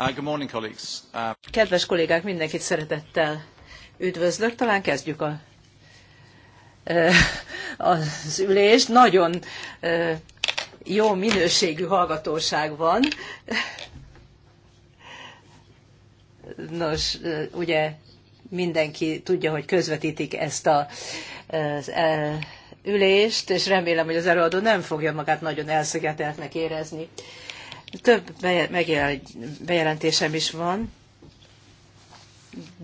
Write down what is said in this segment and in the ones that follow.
Uh, uh, Kedves kollégák, mindenkit szeretettel üdvözlök. Talán kezdjük a, uh, az ülést. Nagyon jó minőségű hallgatóság van. Nos, ugye mindenki tudja, hogy közvetítik ezt a, az ülést, és remélem, hogy az előadó nem fogja magát nagyon elszigeteltnek érezni. Több bejelentésem is van,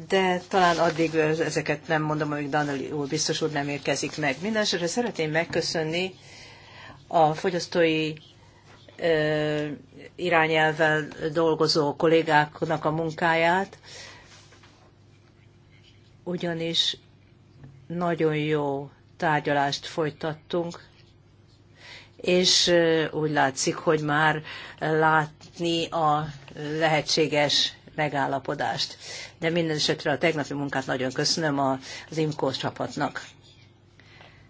de talán addig ezeket nem mondom, amíg Danali úr biztos úr nem érkezik meg. Mindenesetre szeretném megköszönni a fogyasztói irányelvvel dolgozó kollégáknak a munkáját, ugyanis nagyon jó tárgyalást folytattunk és úgy látszik, hogy már látni a lehetséges megállapodást. De minden esetre a tegnapi munkát nagyon köszönöm az IMCO csapatnak.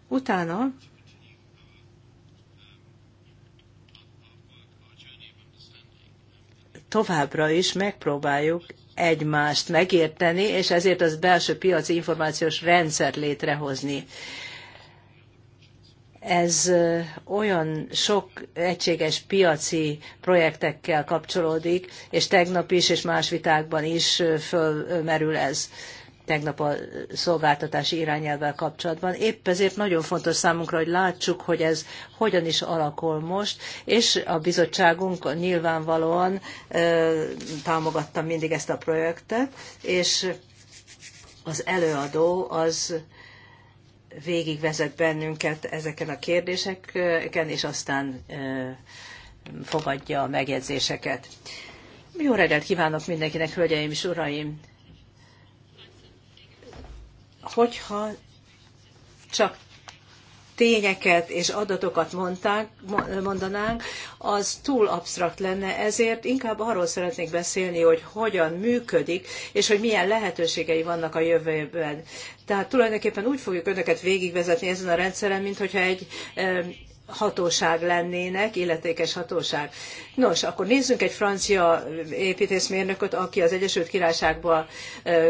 Utána továbbra is megpróbáljuk egymást megérteni, és ezért az belső piaci információs rendszer létrehozni ez olyan sok egységes piaci projektekkel kapcsolódik, és tegnap is, és más vitákban is fölmerül ez tegnap a szolgáltatási irányelvvel kapcsolatban. Épp ezért nagyon fontos számunkra, hogy látsuk, hogy ez hogyan is alakul most, és a bizottságunk nyilvánvalóan ö, támogatta mindig ezt a projektet, és az előadó az végigvezet bennünket ezeken a kérdéseken, és aztán fogadja a megjegyzéseket. Jó reggelt kívánok mindenkinek, hölgyeim és uraim! Hogyha csak tényeket és adatokat mondták, mondanánk, az túl absztrakt lenne, ezért inkább arról szeretnék beszélni, hogy hogyan működik, és hogy milyen lehetőségei vannak a jövőben. Tehát tulajdonképpen úgy fogjuk önöket végigvezetni ezen a rendszeren, mint egy hatóság lennének, illetékes hatóság. Nos, akkor nézzünk egy francia építészmérnököt, aki az Egyesült Királyságba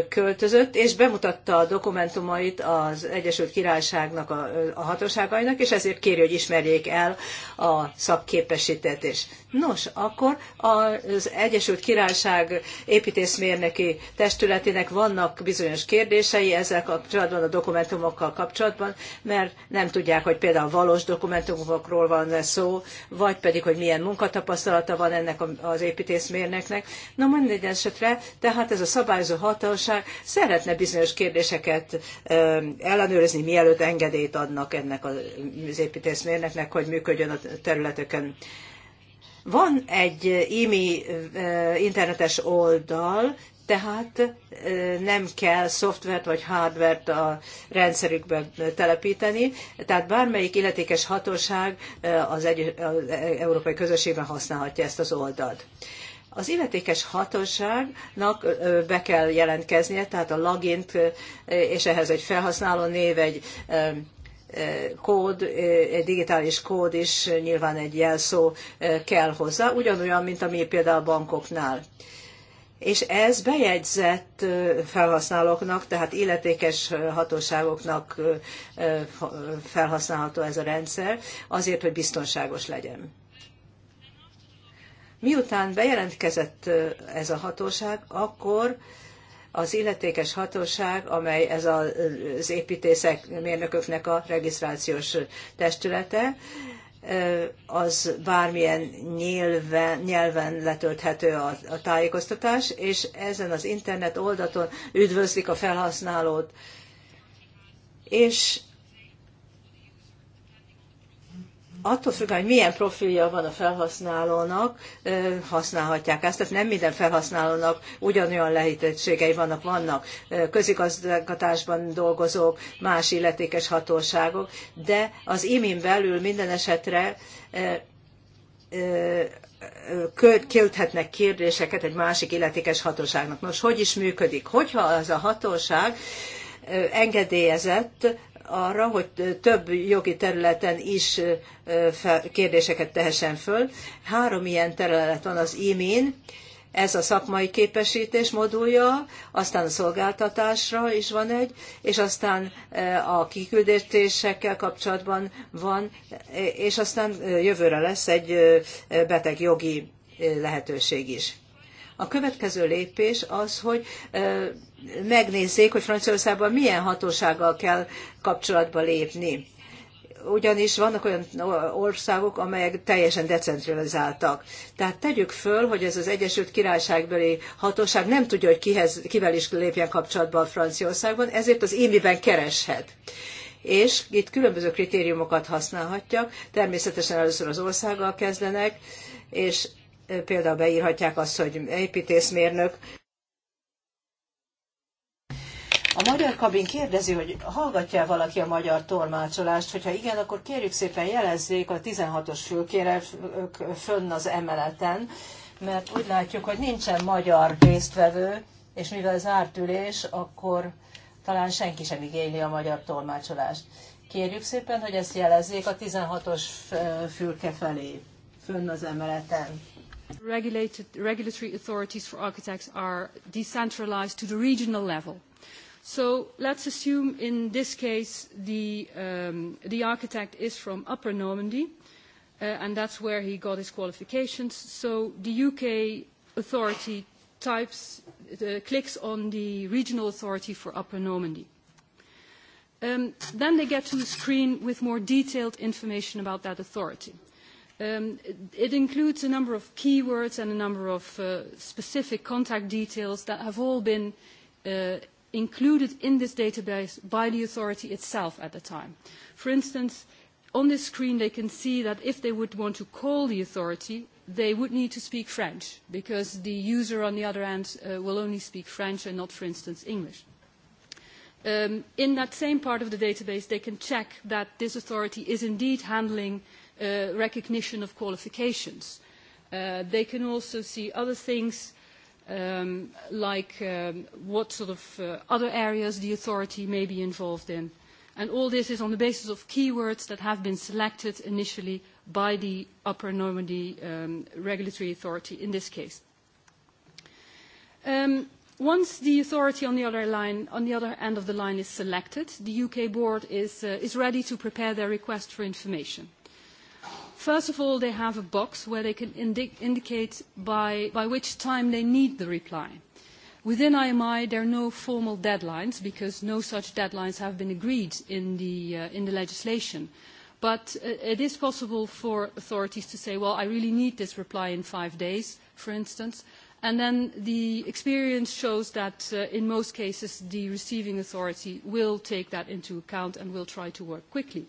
költözött, és bemutatta a dokumentumait az Egyesült Királyságnak a, a hatóságainak, és ezért kéri, hogy ismerjék el a szakképesítetés. Nos, akkor az Egyesült Királyság építészmérnöki testületének vannak bizonyos kérdései ezzel kapcsolatban, a dokumentumokkal kapcsolatban, mert nem tudják, hogy például valós dokumentum dokumentumokról van szó, vagy pedig, hogy milyen munkatapasztalata van ennek az építészmérnöknek. Na mindegy esetre, tehát ez a szabályozó hatóság szeretne bizonyos kérdéseket ellenőrizni, mielőtt engedélyt adnak ennek az építészmérnöknek, hogy működjön a területeken. Van egy IMI internetes oldal, tehát nem kell szoftvert vagy hardvert a rendszerükbe telepíteni, tehát bármelyik illetékes hatóság az, egy, az európai közösségben használhatja ezt az oldalt. Az illetékes hatóságnak be kell jelentkeznie, tehát a logint, és ehhez egy felhasználó név, egy kód, egy digitális kód is, nyilván egy jelszó kell hozzá, ugyanolyan, mint ami például a bankoknál és ez bejegyzett felhasználóknak, tehát illetékes hatóságoknak felhasználható ez a rendszer, azért, hogy biztonságos legyen. Miután bejelentkezett ez a hatóság, akkor az illetékes hatóság, amely ez az építészek, mérnököknek a regisztrációs testülete, az bármilyen nyelven, nyelven letölthető a, a tájékoztatás, és ezen az internet oldaton üdvözlik a felhasználót, és attól függően, hogy milyen profilja van a felhasználónak, használhatják ezt. Tehát nem minden felhasználónak ugyanolyan lehetőségei vannak. Vannak közigazgatásban dolgozók, más illetékes hatóságok, de az imin belül minden esetre küldhetnek kérdéseket egy másik illetékes hatóságnak. Nos, hogy is működik? Hogyha az a hatóság engedélyezett arra, hogy több jogi területen is kérdéseket tehessen föl. Három ilyen terület van az imén, ez a szakmai képesítés modulja, aztán a szolgáltatásra is van egy, és aztán a kiküldetésekkel kapcsolatban van, és aztán jövőre lesz egy betegjogi lehetőség is. A következő lépés az, hogy megnézzék, hogy Franciaországban milyen hatósággal kell kapcsolatba lépni. Ugyanis vannak olyan országok, amelyek teljesen decentralizáltak. Tehát tegyük föl, hogy ez az Egyesült Királyságbeli hatóság nem tudja, hogy kihez, kivel is lépjen kapcsolatba a Franciaországban, ezért az émiben kereshet és itt különböző kritériumokat használhatják. Természetesen először az országgal kezdenek, és például beírhatják azt, hogy építészmérnök. A magyar kabin kérdezi, hogy hallgatja valaki a magyar tolmácsolást, hogyha igen, akkor kérjük szépen jelezzék a 16-os fülkére fönn az emeleten, mert úgy látjuk, hogy nincsen magyar résztvevő, és mivel zárt ülés, akkor talán senki sem igényli a magyar tolmácsolást. Kérjük szépen, hogy ezt jelezzék a 16-os fülke felé, fönn az emeleten regulatory authorities for architects are decentralized to the regional level. So let's assume in this case the, um, the architect is from Upper Normandy, uh, and that's where he got his qualifications. So the UK authority types, uh, clicks on the regional authority for Upper Normandy. Um, then they get to a screen with more detailed information about that authority. Um, it includes a number of keywords and a number of uh, specific contact details that have all been uh, included in this database by the authority itself at the time. For instance, on this screen they can see that if they would want to call the authority, they would need to speak French because the user on the other end uh, will only speak French and not, for instance, English. Um, in that same part of the database, they can check that this authority is indeed handling uh, recognition of qualifications. Uh, they can also see other things um, like um, what sort of uh, other areas the authority may be involved in. And all this is on the basis of keywords that have been selected initially by the Upper Normandy um, Regulatory Authority in this case. Um, once the authority on the, other line, on the other end of the line is selected, the UK board is, uh, is ready to prepare their request for information. First of all, they have a box where they can indi indicate by, by which time they need the reply. Within IMI, there are no formal deadlines because no such deadlines have been agreed in the, uh, in the legislation. But uh, it is possible for authorities to say, well, I really need this reply in five days, for instance. And then the experience shows that uh, in most cases, the receiving authority will take that into account and will try to work quickly.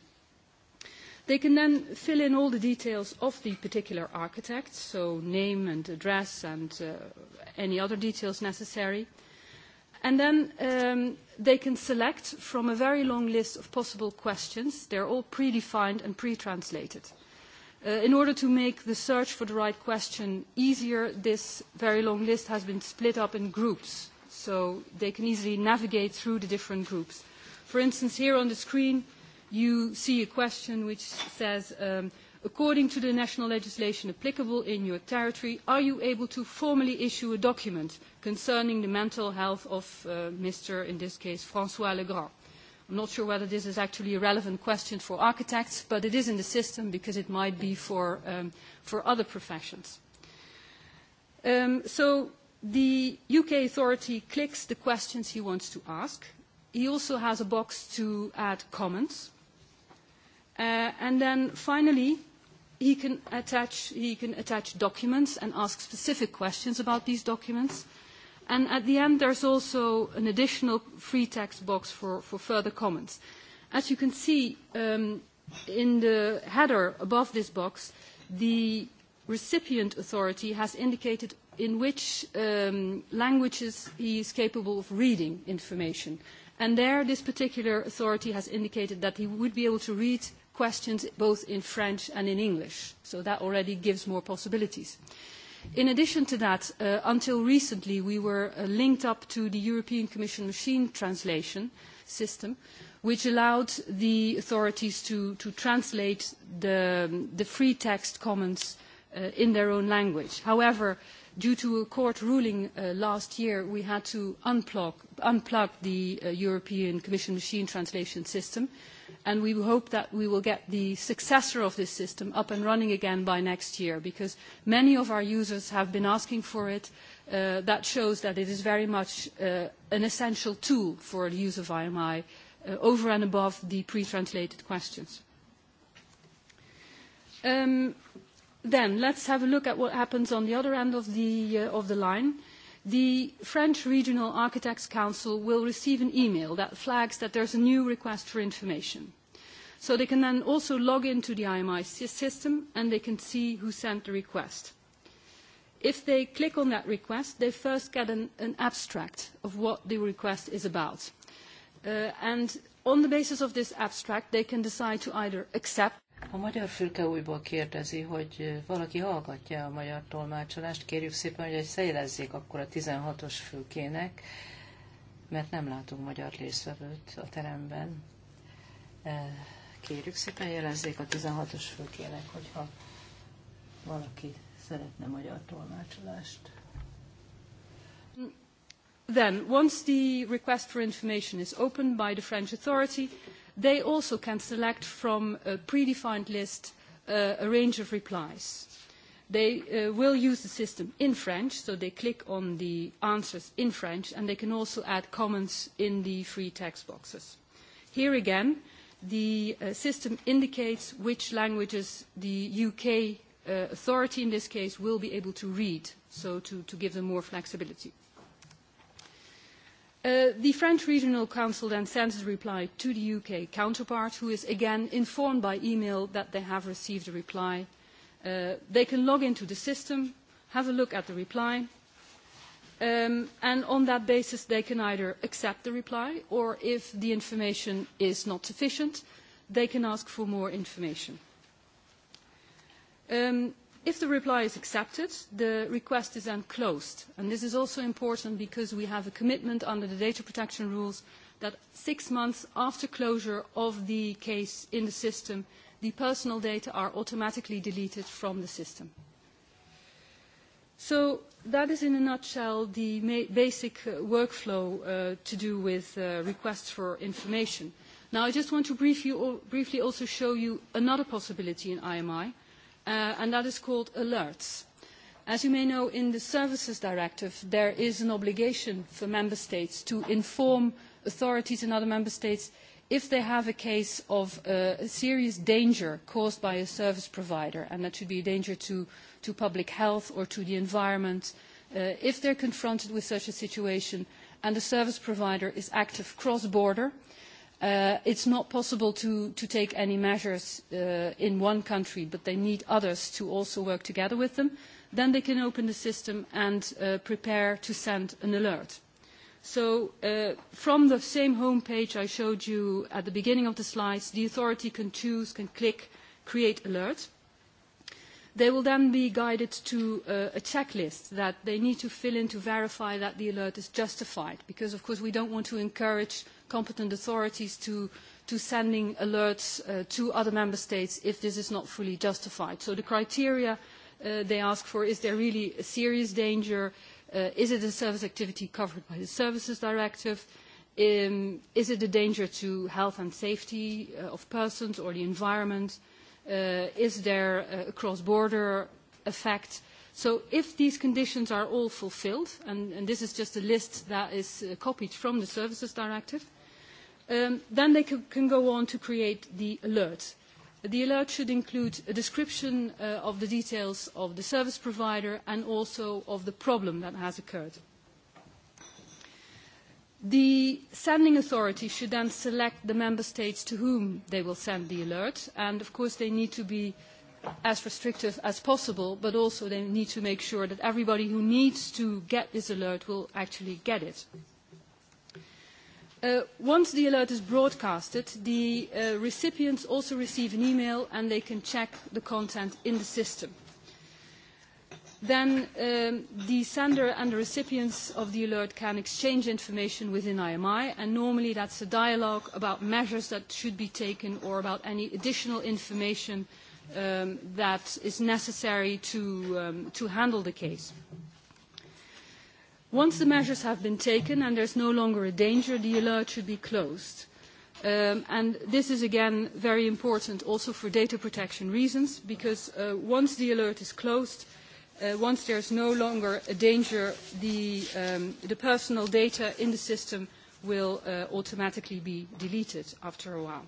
They can then fill in all the details of the particular architect, so name and address and uh, any other details necessary. And then um, they can select from a very long list of possible questions. They're all predefined and pre-translated. Uh, in order to make the search for the right question easier, this very long list has been split up in groups, so they can easily navigate through the different groups. For instance, here on the screen, you see a question which says, um, according to the national legislation applicable in your territory, are you able to formally issue a document concerning the mental health of uh, Mr., in this case, François Legrand? I'm not sure whether this is actually a relevant question for architects, but it is in the system because it might be for, um, for other professions. Um, so the UK authority clicks the questions he wants to ask. He also has a box to add comments. Uh, and then finally, he can, attach, he can attach documents and ask specific questions about these documents. And at the end, there's also an additional free text box for, for further comments. As you can see um, in the header above this box, the recipient authority has indicated in which um, languages he is capable of reading information. And there, this particular authority has indicated that he would be able to read questions both in French and in English. So that already gives more possibilities. In addition to that, uh, until recently, we were uh, linked up to the European Commission machine translation system, which allowed the authorities to, to translate the, the, free text comments uh, in their own language. However, due to a court ruling uh, last year, we had to unplug, unplug the uh, European Commission machine translation system, uh, and we hope that we will get the successor of this system up and running again by next year because many of our users have been asking for it. Uh, that shows that it is very much uh, an essential tool for the use of IMI uh, over and above the pre-translated questions. Um, then let's have a look at what happens on the other end of the, uh, of the line the French Regional Architects Council will receive an email that flags that there's a new request for information. So they can then also log into the IMI system and they can see who sent the request. If they click on that request, they first get an, an abstract of what the request is about. Uh, and on the basis of this abstract, they can decide to either accept a magyar fülke újból kérdezi, hogy valaki hallgatja a magyar tolmácsolást. Kérjük szépen, hogy egy szélezzék akkor a 16-os fülkének, mert nem látunk magyar részvevőt a teremben. E, kérjük szépen, jelezzék a 16-os fülkének, hogyha valaki szeretne magyar tolmácsolást. Then, once the request for information is opened by the French authority, they also can select from a predefined list uh, a range of replies. They uh, will use the system in French, so they click on the answers in French, and they can also add comments in the free text boxes. Here again, the uh, system indicates which languages the UK uh, authority in this case will be able to read, so to, to give them more flexibility. Uh, the French Regional Council then sends a reply to the UK counterpart, who is again informed by email that they have received a reply. Uh, they can log into the system, have a look at the reply, um, and on that basis they can either accept the reply or if the information is not sufficient, they can ask for more information. Um, If the reply is accepted, the request is then closed. And this is also important because we have a commitment under the data protection rules that six months after closure of the case in the system, the personal data are automatically deleted from the system. So that is in a nutshell the basic uh, workflow uh, to do with uh, requests for information. Now I just want to brief you, briefly also show you another possibility in IMI, uh, and that is called alerts. As you may know, in the Services Directive, there is an obligation for member states to inform authorities in other member states if they have a case of uh, a serious danger caused by a service provider, and that should be a danger to, to public health or to the environment, uh, if they're confronted with such a situation and the service provider is active cross-border, uh, Uh, it's not possible to, to take any measures uh, in one country, but they need others to also work together with them. Then they can open the system and uh, prepare to send an alert. So uh, from the same homepage I showed you at the beginning of the slides, the authority can choose, can click Create Alert. They will then be guided to uh, a checklist that they need to fill in to verify that the alert is justified, because of course we don't want to encourage competent authorities to, to sending alerts uh, to other member states if this is not fully justified. So the criteria uh, they ask for is there really a serious danger? Uh, is it a service activity covered by the Services Directive? Um, is it a danger to health and safety uh, of persons or the environment? Uh, is there a cross-border effect? So if these conditions are all fulfilled, and, and this is just a list that is uh, copied from the Services Directive, Um, then they can, go on to create the alert. The alert should include a description uh, of the details of the service provider and also of the problem that has occurred. The sending authority should then select the member states to whom they will send the alert, and of course they need to be as restrictive as possible, but also they need to make sure that everybody who needs to get this alert will actually get it. Uh, once the alert is broadcasted, the uh, recipients also receive an email and they can check the content in the system. Then um, the sender and the recipients of the alert can exchange information within IMI, and normally that's a dialogue about measures that should be taken or about any additional information um, that is necessary to, um, to handle the case. Once the measures have been taken and there's no longer a danger, the e alert should be closed. Um, and this is again very important also for data protection reasons because uh, once the alert is closed, uh, once there's no longer a danger, the, um, the personal data in the system will uh, automatically be deleted after a while.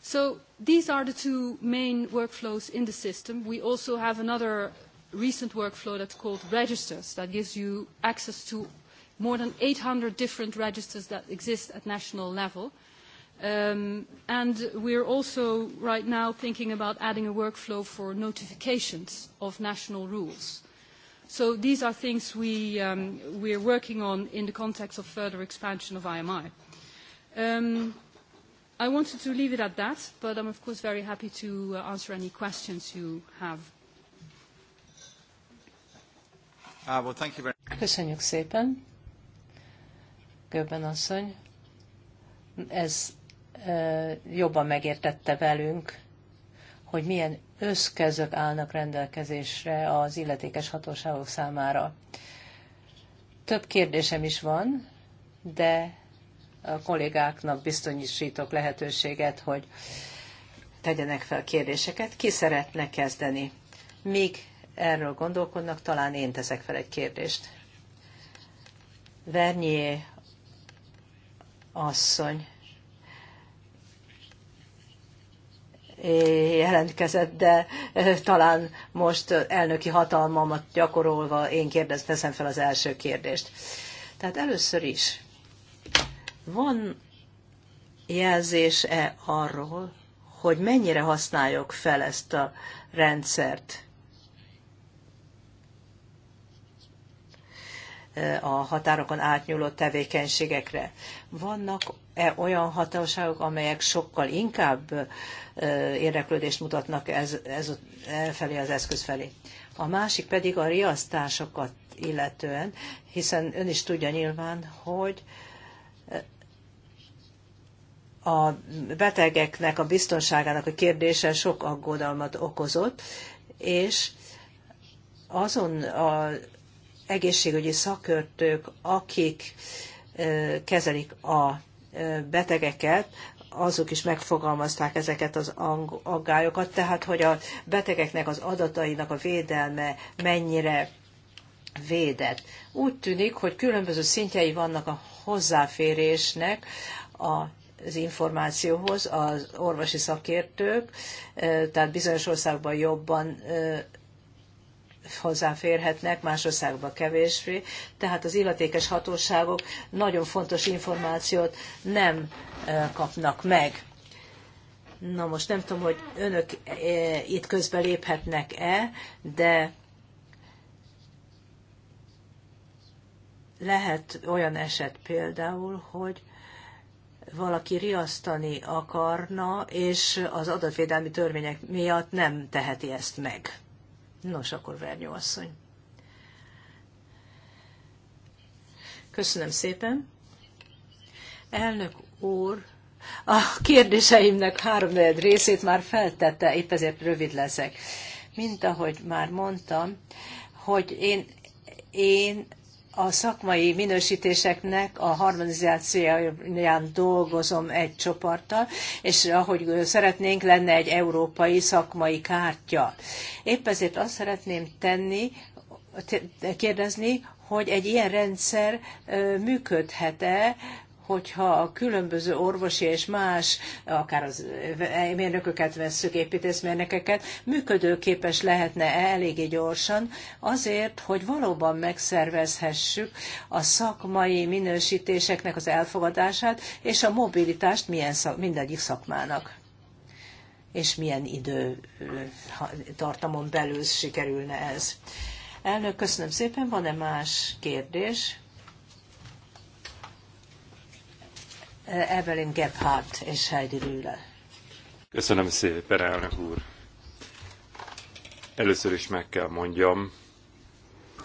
So these are the two main workflows in the system. We also have another recent workflow that's called registers that gives you access to more than 800 different registers that exist at national level. Um, and we're also right now thinking about adding a workflow for notifications of national rules. So these are things we, um, we're working on in the context of further expansion of IMI. Um, I wanted to leave it at that, but I'm of course very happy to uh, answer any questions you have. Ah, Köszönjük szépen, Göbben asszony. Ez jobban megértette velünk, hogy milyen összkezök állnak rendelkezésre az illetékes hatóságok számára. Több kérdésem is van, de a kollégáknak biztosítok lehetőséget, hogy tegyenek fel kérdéseket. Ki szeretne kezdeni? Míg erről gondolkodnak, talán én teszek fel egy kérdést. Vernyé asszony jelentkezett, de eh, talán most elnöki hatalmamat gyakorolva én kérdez, teszem fel az első kérdést. Tehát először is, van jelzés-e arról, hogy mennyire használjuk fel ezt a rendszert? a határokon átnyúló tevékenységekre. Vannak-e olyan hatóságok, amelyek sokkal inkább érdeklődést mutatnak ez, ez e felé az eszköz felé? A másik pedig a riasztásokat illetően, hiszen ön is tudja nyilván, hogy a betegeknek a biztonságának a kérdése sok aggodalmat okozott, és azon a egészségügyi szakértők, akik kezelik a betegeket, azok is megfogalmazták ezeket az aggályokat, tehát hogy a betegeknek az adatainak a védelme mennyire védett. Úgy tűnik, hogy különböző szintjei vannak a hozzáférésnek a az információhoz az orvosi szakértők, tehát bizonyos országban jobban hozzáférhetnek, más országokban kevésbé. Tehát az illetékes hatóságok nagyon fontos információt nem e, kapnak meg. Na most nem tudom, hogy önök e, itt közbe léphetnek-e, de lehet olyan eset például, hogy valaki riasztani akarna, és az adatvédelmi törvények miatt nem teheti ezt meg. Nos, akkor Vernyó asszony. Köszönöm szépen. Elnök úr, a kérdéseimnek három részét már feltette, épp ezért rövid leszek. Mint ahogy már mondtam, hogy én, én a szakmai minősítéseknek a harmonizációján dolgozom egy csoporttal, és ahogy szeretnénk, lenne egy európai szakmai kártya. Épp ezért azt szeretném tenni, kérdezni, hogy egy ilyen rendszer működhet-e, hogyha a különböző orvosi és más, akár az mérnököket vesszük, építészmérnökeket, működőképes lehetne eléggé gyorsan, azért, hogy valóban megszervezhessük a szakmai minősítéseknek az elfogadását és a mobilitást milyen szak, mindegyik szakmának és milyen idő tartamon belül sikerülne ez. Elnök, köszönöm szépen. Van-e más kérdés? Eh, Evelyn Gebhardt és Heidi Rühle. Köszönöm szépen, elnök úr. Először is meg kell mondjam,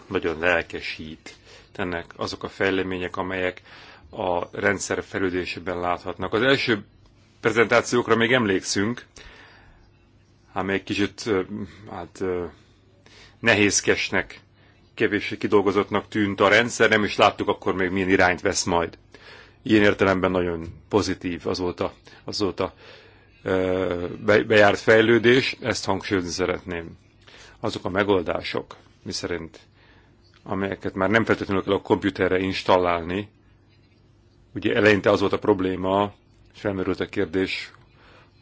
nagyon lelkesít ennek azok a fejlemények, amelyek a rendszer felüldésében láthatnak. Az első prezentációkra még emlékszünk, ami hát egy kicsit hát, nehézkesnek, kevéssé kidolgozottnak tűnt a rendszer, nem is láttuk akkor még milyen irányt vesz majd. Ilyen értelemben nagyon pozitív azóta, azóta bejárt fejlődés, ezt hangsúlyozni szeretném. Azok a megoldások, miszerint amelyeket már nem feltétlenül kell a kompjúterre installálni, ugye eleinte az volt a probléma, és felmerült a kérdés,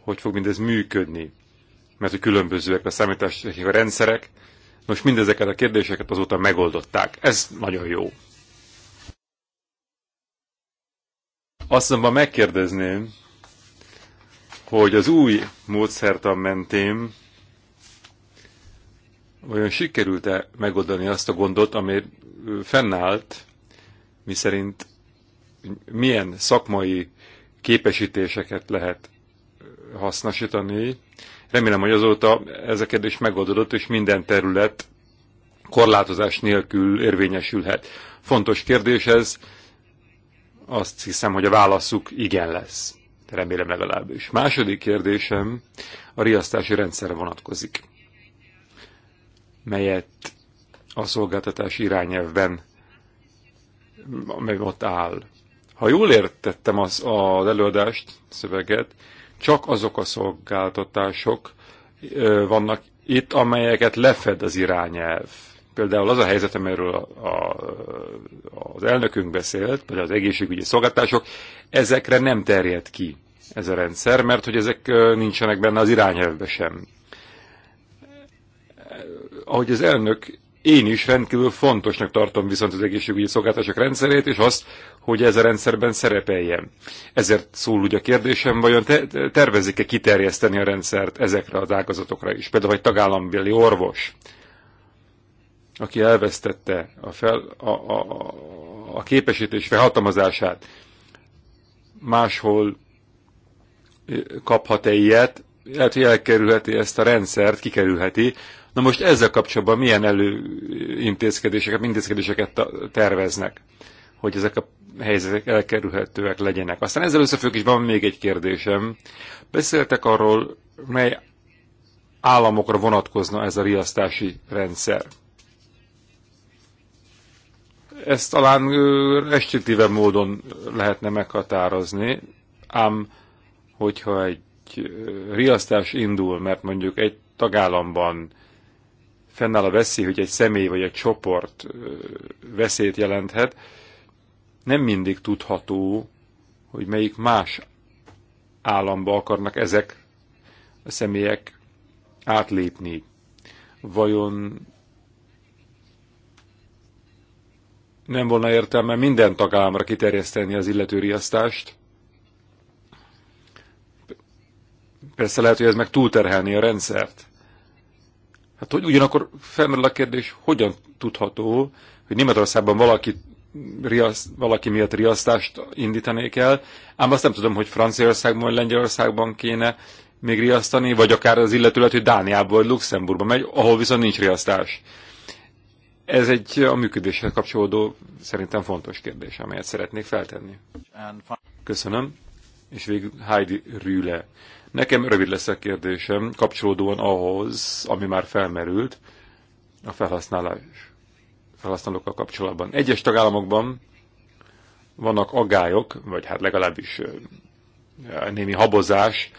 hogy fog mindez működni, mert hogy különbözőek a számítástechnikai rendszerek, Nos, mindezeket a kérdéseket azóta megoldották. Ez nagyon jó. Azonban megkérdezném, hogy az új módszertan mentén olyan sikerült-e megoldani azt a gondot, ami fennállt, miszerint milyen szakmai képesítéseket lehet hasznosítani. Remélem, hogy azóta ez a kérdés megoldódott, és minden terület korlátozás nélkül érvényesülhet. Fontos kérdés ez, azt hiszem, hogy a válaszuk igen lesz. Remélem legalábbis. Második kérdésem a riasztási rendszerre vonatkozik, melyet a szolgáltatás irányelvben, amely ott áll. Ha jól értettem az, az előadást, szöveget, csak azok a szolgáltatások ö, vannak itt, amelyeket lefed az irányelv Például az a helyzet, amiről a, a, az elnökünk beszélt, vagy az egészségügyi szolgáltatások, ezekre nem terjed ki ez a rendszer, mert hogy ezek nincsenek benne az irányelvbe sem. Ahogy az elnök, én is rendkívül fontosnak tartom viszont az egészségügyi szolgáltatások rendszerét, és azt, hogy ez a rendszerben szerepeljen. Ezért szól úgy a kérdésem, vajon te, tervezik-e kiterjeszteni a rendszert ezekre az ágazatokra is? Például egy tagállambéli orvos, aki elvesztette a, fel, a, a, a képesítés felhatalmazását, máshol kaphat-e ilyet, lehet, hogy elkerülheti ezt a rendszert, kikerülheti. Na most ezzel kapcsolatban milyen előintézkedéseket, intézkedéseket terveznek, hogy ezek a helyzetek elkerülhetőek legyenek. Aztán ezzel is van még egy kérdésem. Beszéltek arról, mely államokra vonatkozna ez a riasztási rendszer ezt talán restriktívebb módon lehetne meghatározni, ám hogyha egy riasztás indul, mert mondjuk egy tagállamban fennáll a veszély, hogy egy személy vagy egy csoport veszélyt jelenthet, nem mindig tudható, hogy melyik más államba akarnak ezek a személyek átlépni. Vajon nem volna értelme minden tagállamra kiterjeszteni az illető riasztást. Persze lehet, hogy ez meg túlterhelni a rendszert. Hát hogy ugyanakkor felmerül a kérdés, hogyan tudható, hogy Németországban valaki, riaszt, valaki miatt riasztást indítanék el, ám azt nem tudom, hogy Franciaországban vagy Lengyelországban kéne még riasztani, vagy akár az illető lehet, hogy Dániából vagy Luxemburgban megy, ahol viszont nincs riasztás. Ez egy a működéshez kapcsolódó, szerintem fontos kérdés, amelyet szeretnék feltenni. Köszönöm. És végül Heidi Rüle. Nekem rövid lesz a kérdésem, kapcsolódóan ahhoz, ami már felmerült, a felhasználás felhasználókkal kapcsolatban. Egyes tagállamokban vannak agályok, vagy hát legalábbis némi habozás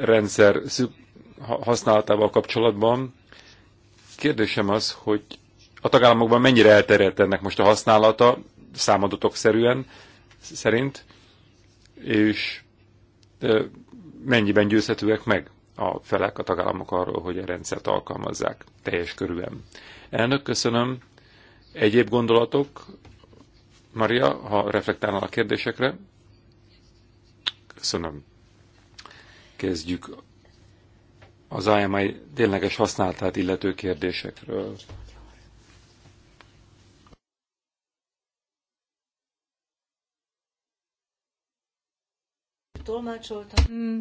rendszer használatával kapcsolatban, Kérdésem az, hogy a tagállamokban mennyire elterjedt ennek most a használata, számadatok szerűen, szerint, és mennyiben győzhetőek meg a felek, a tagállamok arról, hogy a rendszert alkalmazzák teljes körülön. Elnök, köszönöm. Egyéb gondolatok? Maria, ha reflektálnál a kérdésekre. Köszönöm. Kezdjük az IMI tényleges használatát illető kérdésekről. Mm,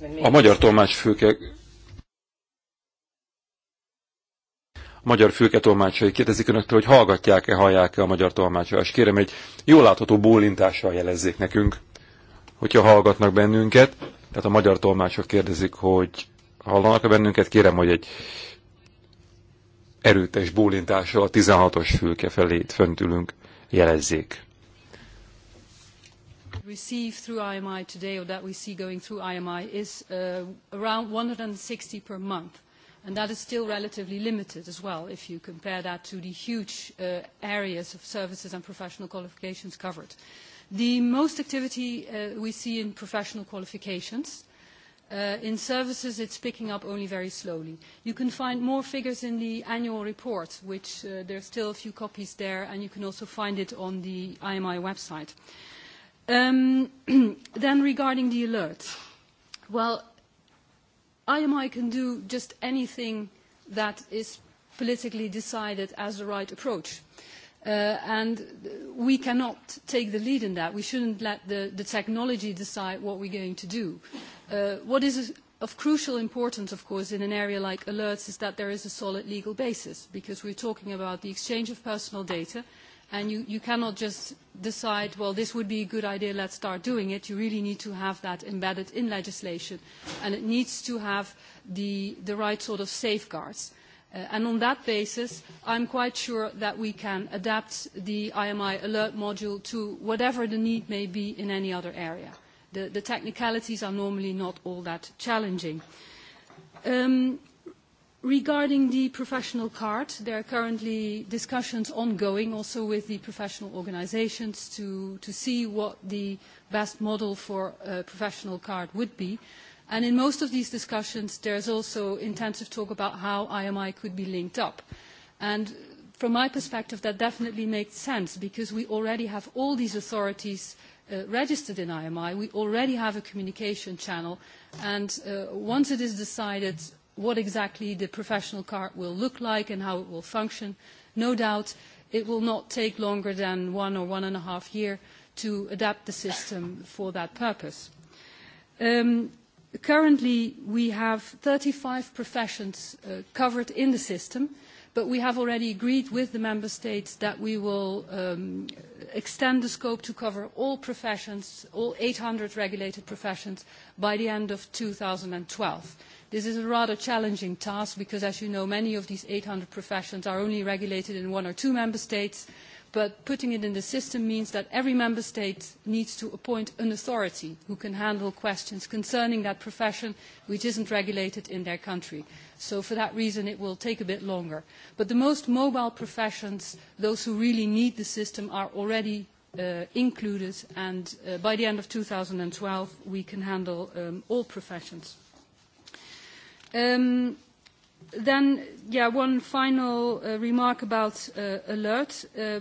uh, a magyar tolmács főke a magyar főke tolmácsai kérdezik önöktől, hogy hallgatják-e, hallják-e a magyar tolmácsai, és kérem egy jól látható bólintással jelezzék nekünk, hogyha hallgatnak bennünket. Tehát a magyar tolmácsok kérdezik, hogy hallanak-e bennünket? Kérem, hogy egy erőtes bólintással a 16-os fülke felé fönt ülünk, jelezzék. Receive through IMI today, or that we see going through IMI, is uh, around 160 per month. And that is still relatively limited as well, if you compare that to the huge uh, areas of services and professional qualifications covered. Uh, The most activity uh, we see in professional qualifications. Uh, in services, it's picking up only very slowly. You can find more figures in the annual report, which uh, there are still a few copies there, and you can also find it on the IMI website. Um, regarding the alert. well, IMI can do just anything that is politically decided as the right approach. Uh, and we cannot take the lead in that. We shouldn't let the, the technology decide what we're going to do. Uh, what is of crucial importance, of course, in an area like alerts is that there is a solid legal basis, because we're talking about the exchange of personal data, and you, you cannot just decide, well, this would be a good idea, let's start doing it. You really need to have that embedded in legislation, and it needs to have the, the right sort of safeguards. Uh, and on that basis, I'm quite sure that we can adapt the IMI alert module to whatever the need may be in any other area. The, the technicalities are normally not all that challenging. Um, regarding the professional card, there are currently discussions ongoing also with the professional organizations to, to see what the best model for a uh, professional card would be. Uh, And in most of these discussions, there's also intensive talk about how IMI could be linked up. And from my perspective, that definitely makes sense because we already have all these authorities uh, registered in IMI. We already have a communication channel. And uh, once it is decided what exactly the professional card will look like and how it will function, no doubt it will not take longer than one or one and a half year to adapt the system for that purpose. Um, currently we have 35 professions uh, covered in the system, but we have already agreed with the member states that we will um, extend the scope to cover all professions, all 800 regulated professions, by the end of 2012. This is a rather challenging task because, as you know, many of these 800 professions are only regulated in one or two member states, but putting it in the system means that every member state needs to appoint an authority who can handle questions concerning that profession which isn't regulated in their country. So for that reason, it will take a bit longer. But the most mobile professions, those who really need the system, are already uh, included, and uh, by the end of 2012, we can handle um, all professions. Um, Then, yeah, one final uh, remark about uh, alert. Uh,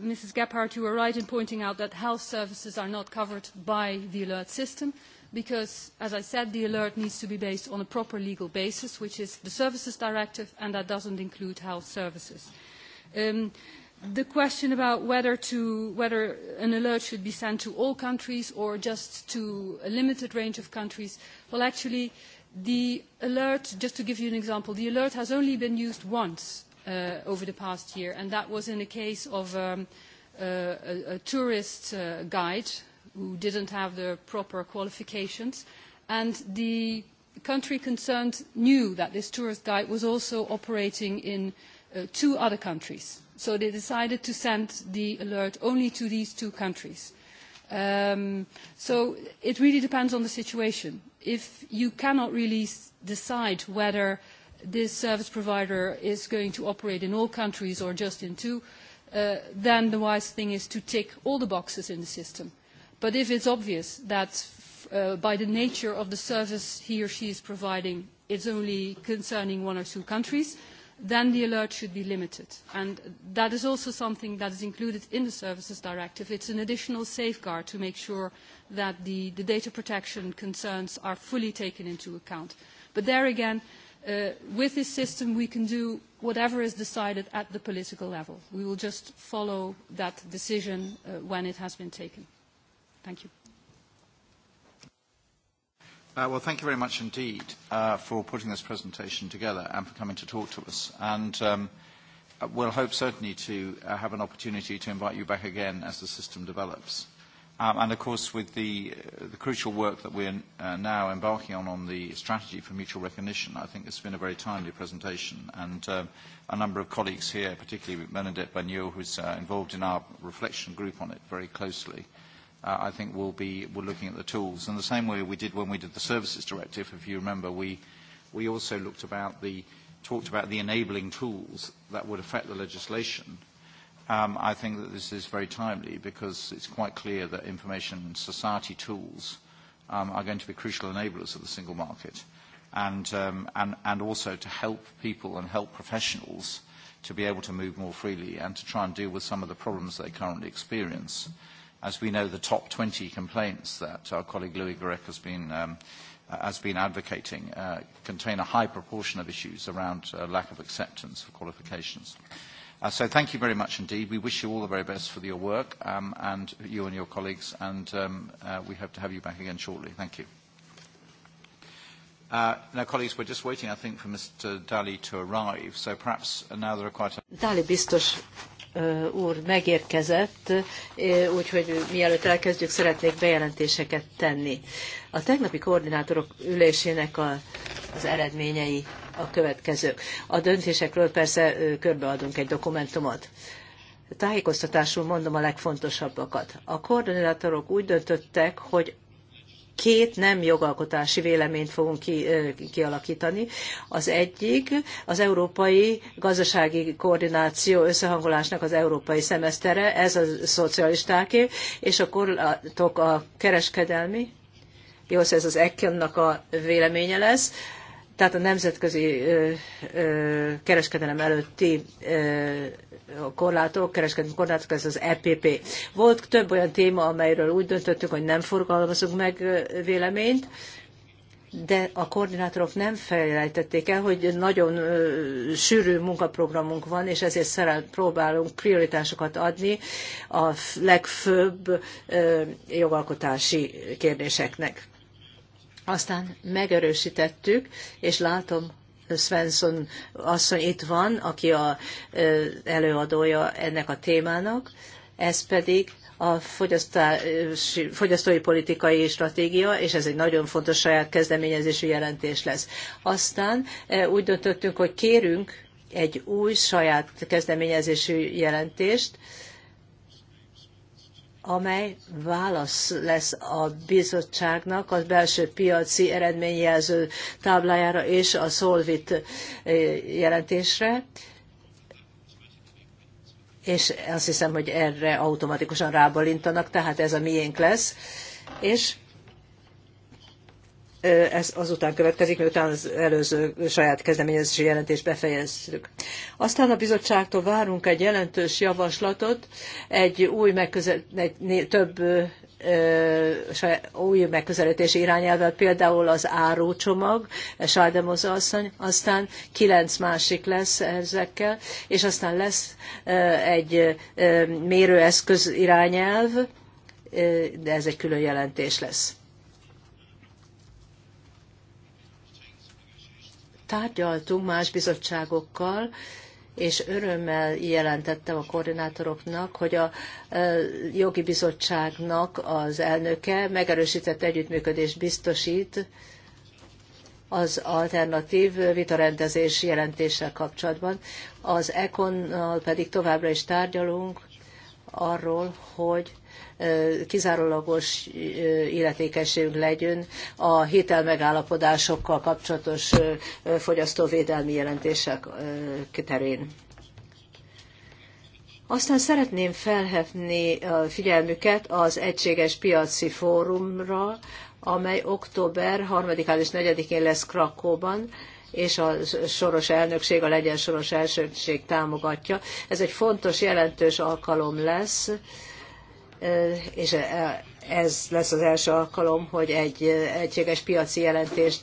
Mrs. Gephardt, you were right in pointing out that health services are not covered by the alert system because, as I said, the alert needs to be based on a proper legal basis, which is the Services Directive, and that doesn't include health services. Um, the question about whether, to, whether an alert should be sent to all countries or just to a limited range of countries, well, actually, The alert, just to give you an example, the alert has only been used once uh, over the past year, and that was in a case of um, uh, a, a tourist uh, guide who didn't have the proper qualifications, and the country concerned knew that this tourist guide was also operating in uh, two other countries. So they decided to send the alert only to these two countries. Um, so it really depends on the situation if you cannot really decide whether this service provider is going to operate in all countries or just in two, uh, then the wise thing is to tick all the boxes in the system. But if it's obvious that uh, by the nature of the service he or she is providing, it's only concerning one or two countries, uh, then the alert should be limited. And that is also something that is included in the Services Directive. It's an additional safeguard to make sure that the, the data protection concerns are fully taken into account. But there again, uh, with this system, we can do whatever is decided at the political level. We will just follow that decision uh, when it has been taken. Thank you. Uh, well, thank you very much indeed uh, for putting this presentation together and for coming to talk to us. And um, uh, we'll hope certainly to uh, have an opportunity to invite you back again as the system develops. Um, and of course, with the, uh, the crucial work that we're uh, now embarking on on the strategy for mutual recognition, I think it's been a very timely presentation. And um, a number of colleagues here, particularly Bernadette Bagnol, who's uh, involved in our reflection group on it very closely, Uh, I think we'll be looking at the tools. in the same way we did when we did the Services Directive, if you remember, we, also looked about the, talked about the enabling tools that would affect the legislation. Um, I think that this is very timely because it's quite clear that information society tools um, are going to be crucial enablers of the single market um, and, also to help people and help professionals to be able to move more freely and to try and deal with some of the problems they currently experience as we know, the top 20 complaints that our colleague Louis Garek has been, um, uh, has been advocating uh, contain a high proportion of issues around uh, lack of acceptance of qualifications. Uh, so thank you very much indeed. We wish you all the very best for your work, um, and you and your colleagues, and um, uh, we hope to have you back again shortly. Thank you. Uh, now, colleagues, we're just waiting, I think, for Mr. Daly to arrive, so perhaps now there are quite a... Daly, biztos úr megérkezett, úgyhogy mielőtt elkezdjük, szeretnék bejelentéseket tenni. A tegnapi koordinátorok ülésének a, az eredményei a következők. A döntésekről persze körbeadunk egy dokumentumot. Tájékoztatásul mondom a legfontosabbakat. A koordinátorok úgy döntöttek, hogy két nem jogalkotási véleményt fogunk ki, kialakítani. Az egyik az európai gazdasági koordináció összehangolásnak az európai szemesztere, ez a szocialistáké, és a korlátok a kereskedelmi, jó, ez az ECON-nak a véleménye lesz, tehát a nemzetközi ö, ö, kereskedelem előtti ö, korlátok, kereskedelmi korlátok, ez az EPP. Volt több olyan téma, amelyről úgy döntöttük, hogy nem forgalmazunk meg véleményt, de a koordinátorok nem felejtették el, hogy nagyon sűrű munkaprogramunk van, és ezért szerint próbálunk prioritásokat adni a legfőbb jogalkotási kérdéseknek. Aztán megerősítettük, és látom, Svensson asszony itt van, aki a előadója ennek a témának, ez pedig a fogyasztói politikai stratégia, és ez egy nagyon fontos saját kezdeményezésű jelentés lesz. Aztán úgy döntöttünk, hogy kérünk egy új saját kezdeményezésű jelentést, amely válasz lesz a bizottságnak a belső piaci eredményjelző táblájára és a Solvit eh, jelentésre. És azt hiszem, hogy erre automatikusan rábalintanak, tehát ez a miénk lesz. És ez azután következik, miután az előző saját kezdeményezési jelentést befejeztük. Aztán a bizottságtól várunk egy jelentős javaslatot, egy új megközelítés egy több új megközelítési irányelvet, például az árócsomag, Sajdemoza asszony, aztán kilenc másik lesz ezekkel, és aztán lesz egy mérőeszköz irányelv, de ez egy külön jelentés lesz. tárgyaltunk más bizottságokkal, és örömmel jelentettem a koordinátoroknak, hogy a jogi bizottságnak az elnöke megerősített együttműködést biztosít az alternatív vitarendezés jelentéssel kapcsolatban. Az econ pedig továbbra is tárgyalunk, arról, hogy kizárólagos illetékességünk legyen a hitelmegállapodásokkal kapcsolatos fogyasztóvédelmi jelentések terén. Aztán szeretném felhevni a figyelmüket az Egységes Piaci Fórumra, amely október 3-án és 4-én lesz Krakóban, és a soros elnökség, a legyen soros elsőség támogatja. Ez egy fontos, jelentős alkalom lesz, és ez lesz az első alkalom, hogy egy egységes piaci jelentést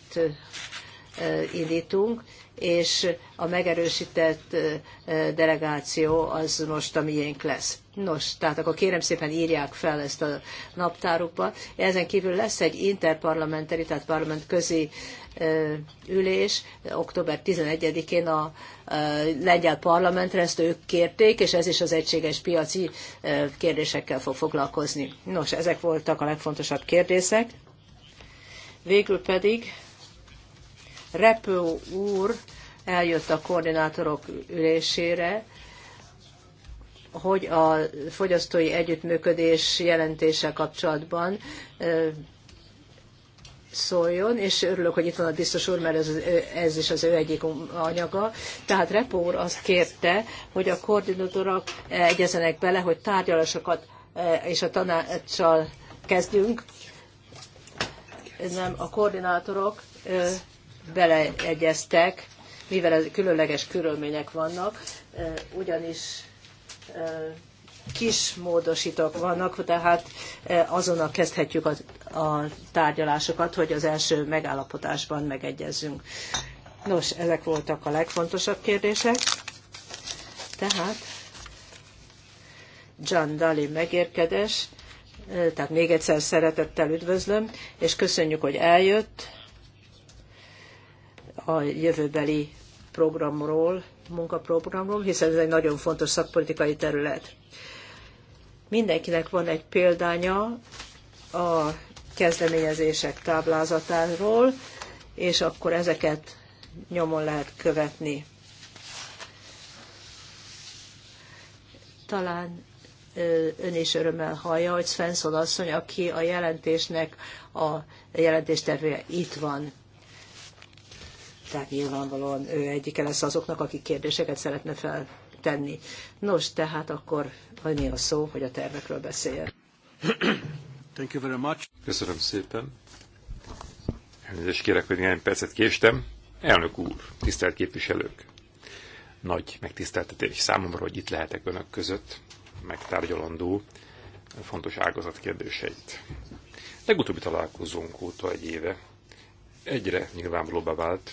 indítunk és a megerősített delegáció az most a miénk lesz. Nos, tehát akkor kérem szépen írják fel ezt a naptárukba. Ezen kívül lesz egy interparlamentari, tehát parlament közi ülés október 11-én a lengyel parlamentre, ezt ők kérték, és ez is az egységes piaci kérdésekkel fog foglalkozni. Nos, ezek voltak a legfontosabb kérdések. Végül pedig Repő úr eljött a koordinátorok ülésére, hogy a fogyasztói együttműködés jelentése kapcsolatban szóljon, és örülök, hogy itt van a biztos úr, mert ez, ez is az ő egyik anyaga. Tehát Repo úr azt kérte, hogy a koordinátorok egyezenek bele, hogy tárgyalásokat és a tanácssal kezdjünk. Nem, a koordinátorok beleegyeztek, mivel különleges körülmények vannak, ugyanis kis módosítók vannak, tehát azonnal kezdhetjük a, a tárgyalásokat, hogy az első megállapodásban megegyezzünk. Nos, ezek voltak a legfontosabb kérdések. Tehát John Dali megérkedes, tehát még egyszer szeretettel üdvözlöm, és köszönjük, hogy eljött a jövőbeli programról, munkaprogramról, hiszen ez egy nagyon fontos szakpolitikai terület. Mindenkinek van egy példánya a kezdeményezések táblázatáról, és akkor ezeket nyomon lehet követni. Talán ön is örömmel hallja, hogy Svensson asszony, aki a jelentésnek a jelentéstervője itt van tehát nyilvánvalóan ő egyike lesz azoknak, akik kérdéseket szeretne feltenni. Nos, tehát akkor annyi a szó, hogy a tervekről beszéljen. Thank you very much. Köszönöm szépen. Elnézést kérek, hogy néhány percet késtem. Elnök úr, tisztelt képviselők! Nagy megtiszteltetés számomra, hogy itt lehetek önök között, megtárgyalandó fontos ágazat kérdéseit. Legutóbbi találkozónk óta egy éve egyre nyilvánvalóbbá vált,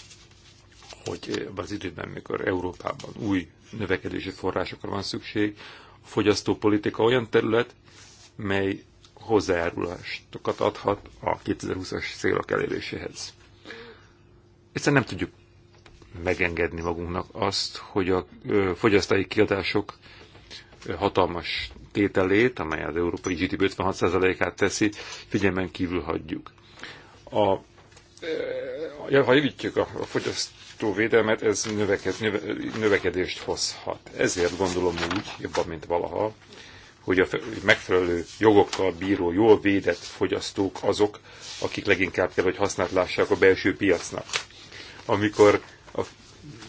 hogy az időben, mikor Európában új növekedési forrásokra van szükség, a fogyasztópolitika olyan terület, mely hozzájárulásokat adhat a 2020-as célok eléréséhez. Egyszerűen nem tudjuk megengedni magunknak azt, hogy a fogyasztói kiadások hatalmas tételét, amely az európai GDP 56%-át teszi, figyelmen kívül hagyjuk. A, ha javítjuk a fogyaszt, védelmet, ez növeked, növe, növekedést hozhat. Ezért gondolom úgy, jobban, mint valaha, hogy a megfelelő jogokkal bíró, jól védett fogyasztók azok, akik leginkább kell, hogy használt lássák a belső piacnak. Amikor a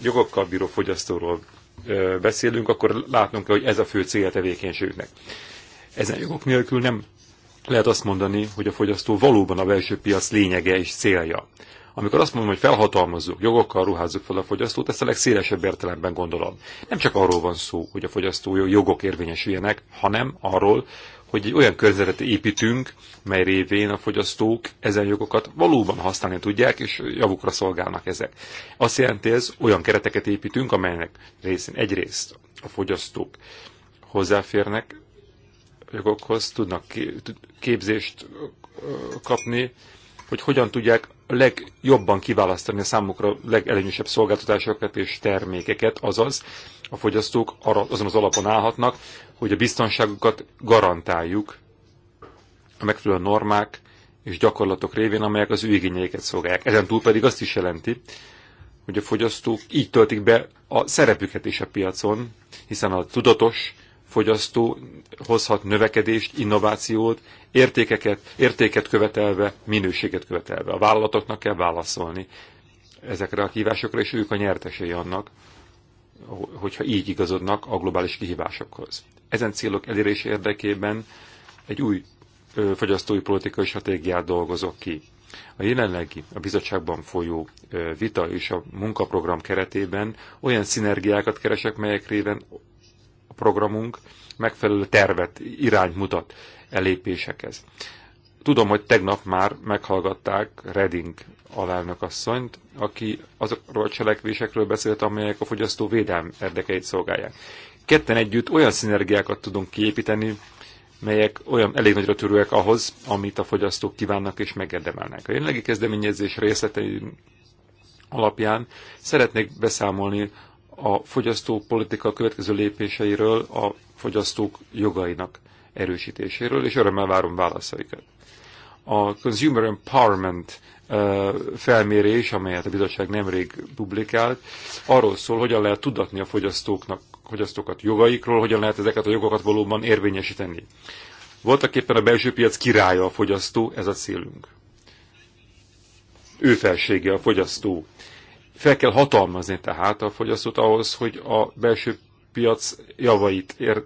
jogokkal bíró fogyasztóról beszélünk, akkor látnunk kell, hogy ez a fő célja tevékenységnek. Ezen jogok nélkül nem lehet azt mondani, hogy a fogyasztó valóban a belső piac lényege és célja. Amikor azt mondom, hogy felhatalmazzuk, jogokkal ruházzuk fel a fogyasztót, ezt a legszélesebb értelemben gondolom. Nem csak arról van szó, hogy a fogyasztó jogok érvényesüljenek, hanem arról, hogy egy olyan környezetet építünk, mely révén a fogyasztók ezen jogokat valóban használni tudják, és javukra szolgálnak ezek. Azt jelenti ez, olyan kereteket építünk, amelynek részén egyrészt a fogyasztók hozzáférnek jogokhoz, tudnak képzést kapni, hogy hogyan tudják legjobban kiválasztani a számukra legelőnyösebb szolgáltatásokat és termékeket, azaz a fogyasztók arra, azon az alapon állhatnak, hogy a biztonságukat garantáljuk a megfelelő normák és gyakorlatok révén, amelyek az ő igényeiket szolgálják. Ezen túl pedig azt is jelenti, hogy a fogyasztók így töltik be a szerepüket is a piacon, hiszen a tudatos fogyasztó hozhat növekedést, innovációt, értékeket, értéket követelve, minőséget követelve. A vállalatoknak kell válaszolni ezekre a kihívásokra, és ők a nyertesei annak, hogyha így igazodnak a globális kihívásokhoz. Ezen célok elérése érdekében egy új fogyasztói politikai stratégiát dolgozok ki. A jelenlegi a bizottságban folyó vita és a munkaprogram keretében olyan szinergiákat keresek, melyek réven programunk megfelelő tervet, irányt mutat elépésekhez. Tudom, hogy tegnap már meghallgatták Reding alelnök asszonyt, aki azokról a cselekvésekről beszélt, amelyek a fogyasztó védelm érdekeit szolgálják. Ketten együtt olyan szinergiákat tudunk kiépíteni, melyek olyan elég nagyra törőek ahhoz, amit a fogyasztók kívánnak és megérdemelnek. A jelenlegi kezdeményezés részletei alapján szeretnék beszámolni a fogyasztópolitika következő lépéseiről, a fogyasztók jogainak erősítéséről, és örömmel várom válaszaikat. A Consumer Empowerment felmérés, amelyet a bizottság nemrég publikált, arról szól, hogyan lehet tudatni a fogyasztóknak, fogyasztókat jogaikról, hogyan lehet ezeket a jogokat valóban érvényesíteni. Voltak éppen a belső piac királya a fogyasztó, ez a célunk. Ő felsége a fogyasztó fel kell hatalmazni tehát a fogyasztót ahhoz, hogy a belső piac javait, ér,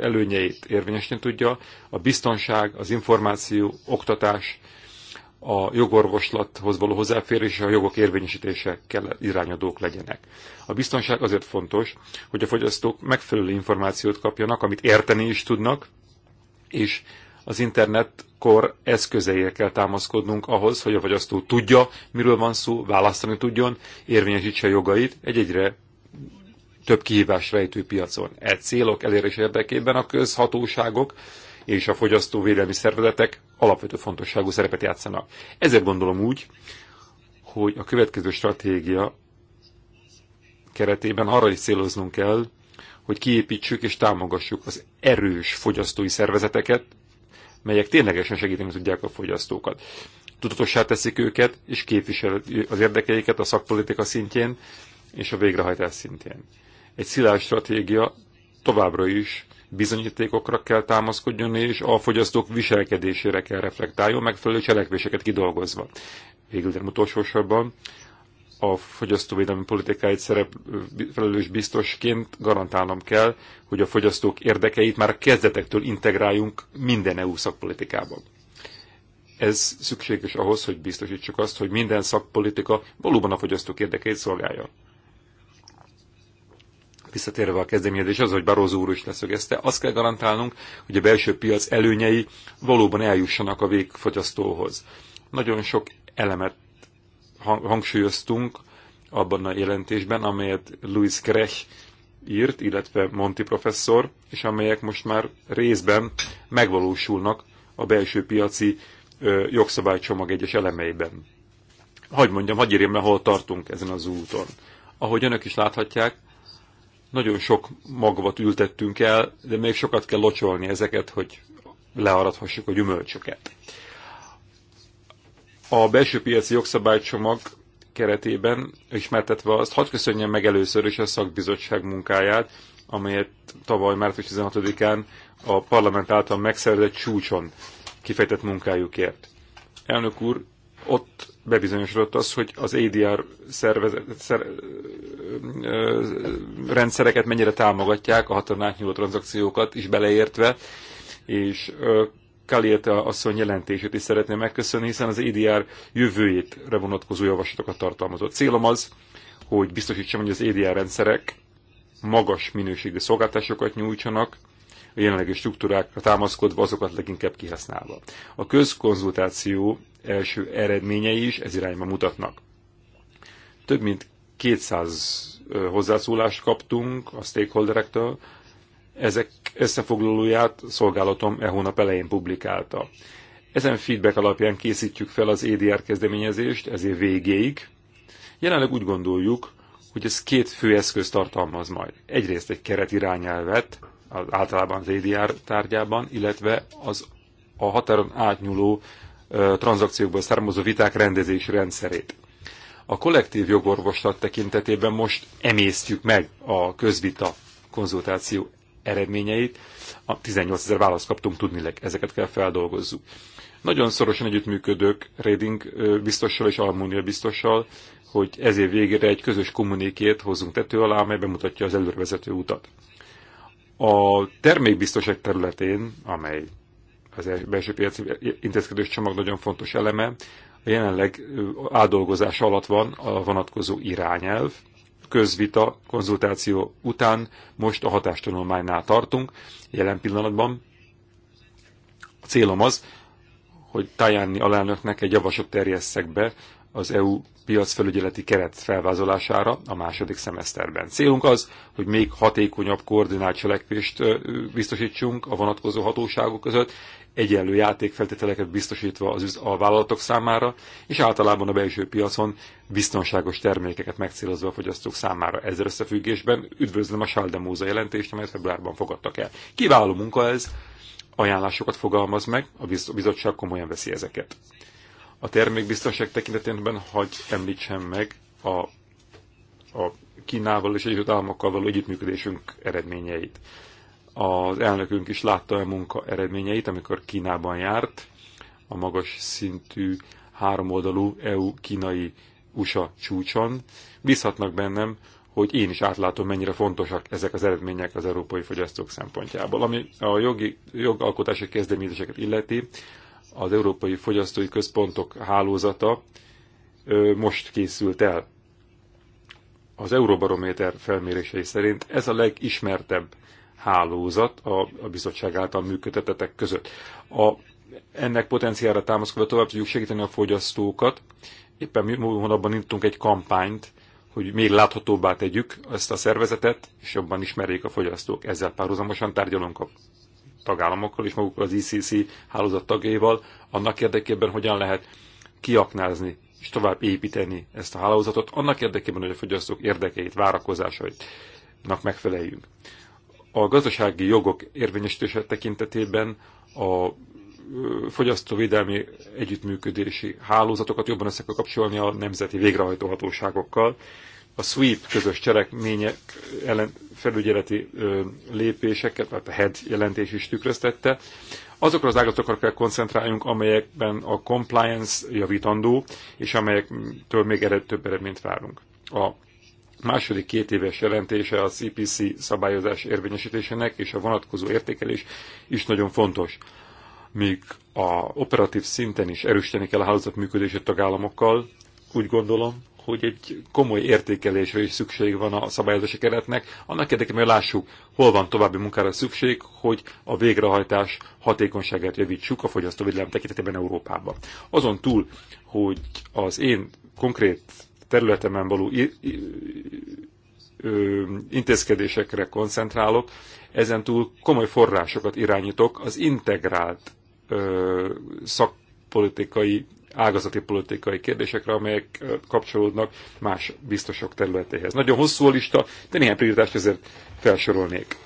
előnyeit érvényesen tudja, a biztonság, az információ, oktatás, a jogorvoslathoz való hozzáférés és a jogok érvényesítése kell irányadók legyenek. A biztonság azért fontos, hogy a fogyasztók megfelelő információt kapjanak, amit érteni is tudnak, és az internetkor eszközeire kell támaszkodnunk ahhoz, hogy a fogyasztó tudja, miről van szó, választani tudjon, érvényesítse jogait egy egyre több kihívás rejtő piacon. E célok elérés érdekében a közhatóságok és a fogyasztóvédelmi szervezetek alapvető fontosságú szerepet játszanak. Ezért gondolom úgy, hogy a következő stratégia keretében arra is céloznunk kell, hogy kiépítsük és támogassuk az erős fogyasztói szervezeteket, melyek ténylegesen segíteni tudják a fogyasztókat. Tudatossá teszik őket, és képviselik az érdekeiket a szakpolitika szintjén és a végrehajtás szintjén. Egy szilárd stratégia továbbra is bizonyítékokra kell támaszkodjon, és a fogyasztók viselkedésére kell reflektáljon, megfelelő cselekvéseket kidolgozva. Végül, de utolsó sorban, a fogyasztóvédelmi politikáit szerep, felelős biztosként garantálnom kell, hogy a fogyasztók érdekeit már kezdetektől integráljunk minden EU szakpolitikába. Ez szükséges ahhoz, hogy biztosítsuk azt, hogy minden szakpolitika valóban a fogyasztók érdekeit szolgálja. Visszatérve a kezdeményezés az, hogy Barózó úr is leszögezte, azt kell garantálnunk, hogy a belső piac előnyei valóban eljussanak a végfogyasztóhoz. Nagyon sok elemet hangsúlyoztunk abban a jelentésben, amelyet Louis Krech írt, illetve Monti professzor, és amelyek most már részben megvalósulnak a belső piaci ö, jogszabálycsomag egyes elemeiben. Hagy mondjam, hagyj érjem, hol tartunk ezen az úton. Ahogy önök is láthatják, nagyon sok magvat ültettünk el, de még sokat kell locsolni ezeket, hogy learadhassuk a gyümölcsöket a belső piaci jogszabálycsomag keretében ismertetve azt, hadd köszönjem meg először is a szakbizottság munkáját, amelyet tavaly március 16-án a parlament által megszerzett csúcson kifejtett munkájukért. Elnök úr, ott bebizonyosodott az, hogy az ADR szervezet, szer, ö, rendszereket mennyire támogatják, a határon átnyúló tranzakciókat is beleértve, és ö, Kalieta asszony jelentését is szeretném megköszönni, hiszen az EDR jövőjétre vonatkozó javaslatokat tartalmazott. Célom az, hogy biztosítsam, hogy az EDR rendszerek magas minőségű szolgáltásokat nyújtsanak, a jelenlegi struktúrákra támaszkodva azokat leginkább kihasználva. A közkonzultáció első eredményei is ez irányba mutatnak. Több mint 200 hozzászólást kaptunk a stakeholderektől, ezek összefoglalóját szolgálatom e hónap elején publikálta. Ezen feedback alapján készítjük fel az EDR kezdeményezést, ezért végéig. Jelenleg úgy gondoljuk, hogy ez két fő eszköz tartalmaz majd. Egyrészt egy keretirányelvet, az általában az EDR tárgyában, illetve az a határon átnyúló ö, tranzakciókból származó viták rendezés rendszerét. A kollektív jogorvoslat tekintetében most emésztjük meg a közvita konzultáció eredményeit. A 18 ezer választ kaptunk, tudnileg ezeket kell feldolgozzuk. Nagyon szorosan együttműködök Reding biztossal és Almunia biztossal, hogy ez év végére egy közös kommunikét hozzunk tető alá, amely bemutatja az előrevezető utat. A termékbiztoság területén, amely az e- belső piaci intézkedős csomag nagyon fontos eleme, a jelenleg áldolgozás alatt van a vonatkozó irányelv, közvita, konzultáció után most a hatástanulmánynál tartunk, jelen pillanatban. A célom az, hogy Tajani alelnöknek egy javaslat terjesszek be az EU piacfelügyeleti keret felvázolására a második szemeszterben. Célunk az, hogy még hatékonyabb koordinált cselekvést biztosítsunk a vonatkozó hatóságok között, egyenlő játékfeltételeket biztosítva az, a vállalatok számára, és általában a belső piacon biztonságos termékeket megcélozva a fogyasztók számára. Ezzel összefüggésben üdvözlöm a Sáldemóza jelentést, amelyet februárban fogadtak el. Kiváló munka ez, ajánlásokat fogalmaz meg, a bizottság komolyan veszi ezeket. A termékbiztonság tekintetében hagy említsem meg a, a Kínával és Egyesült Államokkal való együttműködésünk eredményeit. Az elnökünk is látta a munka eredményeit, amikor Kínában járt, a magas szintű háromoldalú EU-kínai USA csúcson. Bízhatnak bennem, hogy én is átlátom, mennyire fontosak ezek az eredmények az európai fogyasztók szempontjából. Ami a jogi, jogalkotási kezdeményezéseket illeti, az Európai Fogyasztói Központok hálózata ö, most készült el. Az Euróbarométer felmérései szerint ez a legismertebb hálózat a, a bizottság által működtetetek között. A, ennek potenciára támaszkodva tovább tudjuk segíteni a fogyasztókat. Éppen mi hónapban indítunk egy kampányt, hogy még láthatóbbá tegyük ezt a szervezetet, és jobban ismerjék a fogyasztók. Ezzel párhuzamosan tárgyalunk a tagállamokkal és magukkal az ICC hálózat tagjaival, annak érdekében hogyan lehet kiaknázni és tovább építeni ezt a hálózatot, annak érdekében, hogy a fogyasztók érdekeit, várakozásait megfeleljünk a gazdasági jogok érvényesítése tekintetében a fogyasztóvédelmi együttműködési hálózatokat jobban össze kell kapcsolni a nemzeti végrehajtóhatóságokkal. A SWEEP közös cselekmények ellen felügyeleti lépéseket, tehát a HED jelentés is tükröztette. Azokra az ágazatokra kell koncentráljunk, amelyekben a compliance javítandó, és amelyektől még ered, több eredményt várunk. A második két éves jelentése a CPC szabályozás érvényesítésének és a vonatkozó értékelés is nagyon fontos. Míg a operatív szinten is erősíteni kell a hálózat működését tagállamokkal, úgy gondolom, hogy egy komoly értékelésre is szükség van a szabályozási keretnek, annak érdekében, hogy lássuk, hol van további munkára szükség, hogy a végrehajtás hatékonyságát javítsuk a fogyasztóvédelem tekintetében Európában. Azon túl, hogy az én konkrét területemen való intézkedésekre koncentrálok, ezen túl komoly forrásokat irányítok az integrált szakpolitikai, ágazati politikai kérdésekre, amelyek kapcsolódnak más biztosok területéhez. Nagyon hosszú a lista, de néhány prioritást ezért felsorolnék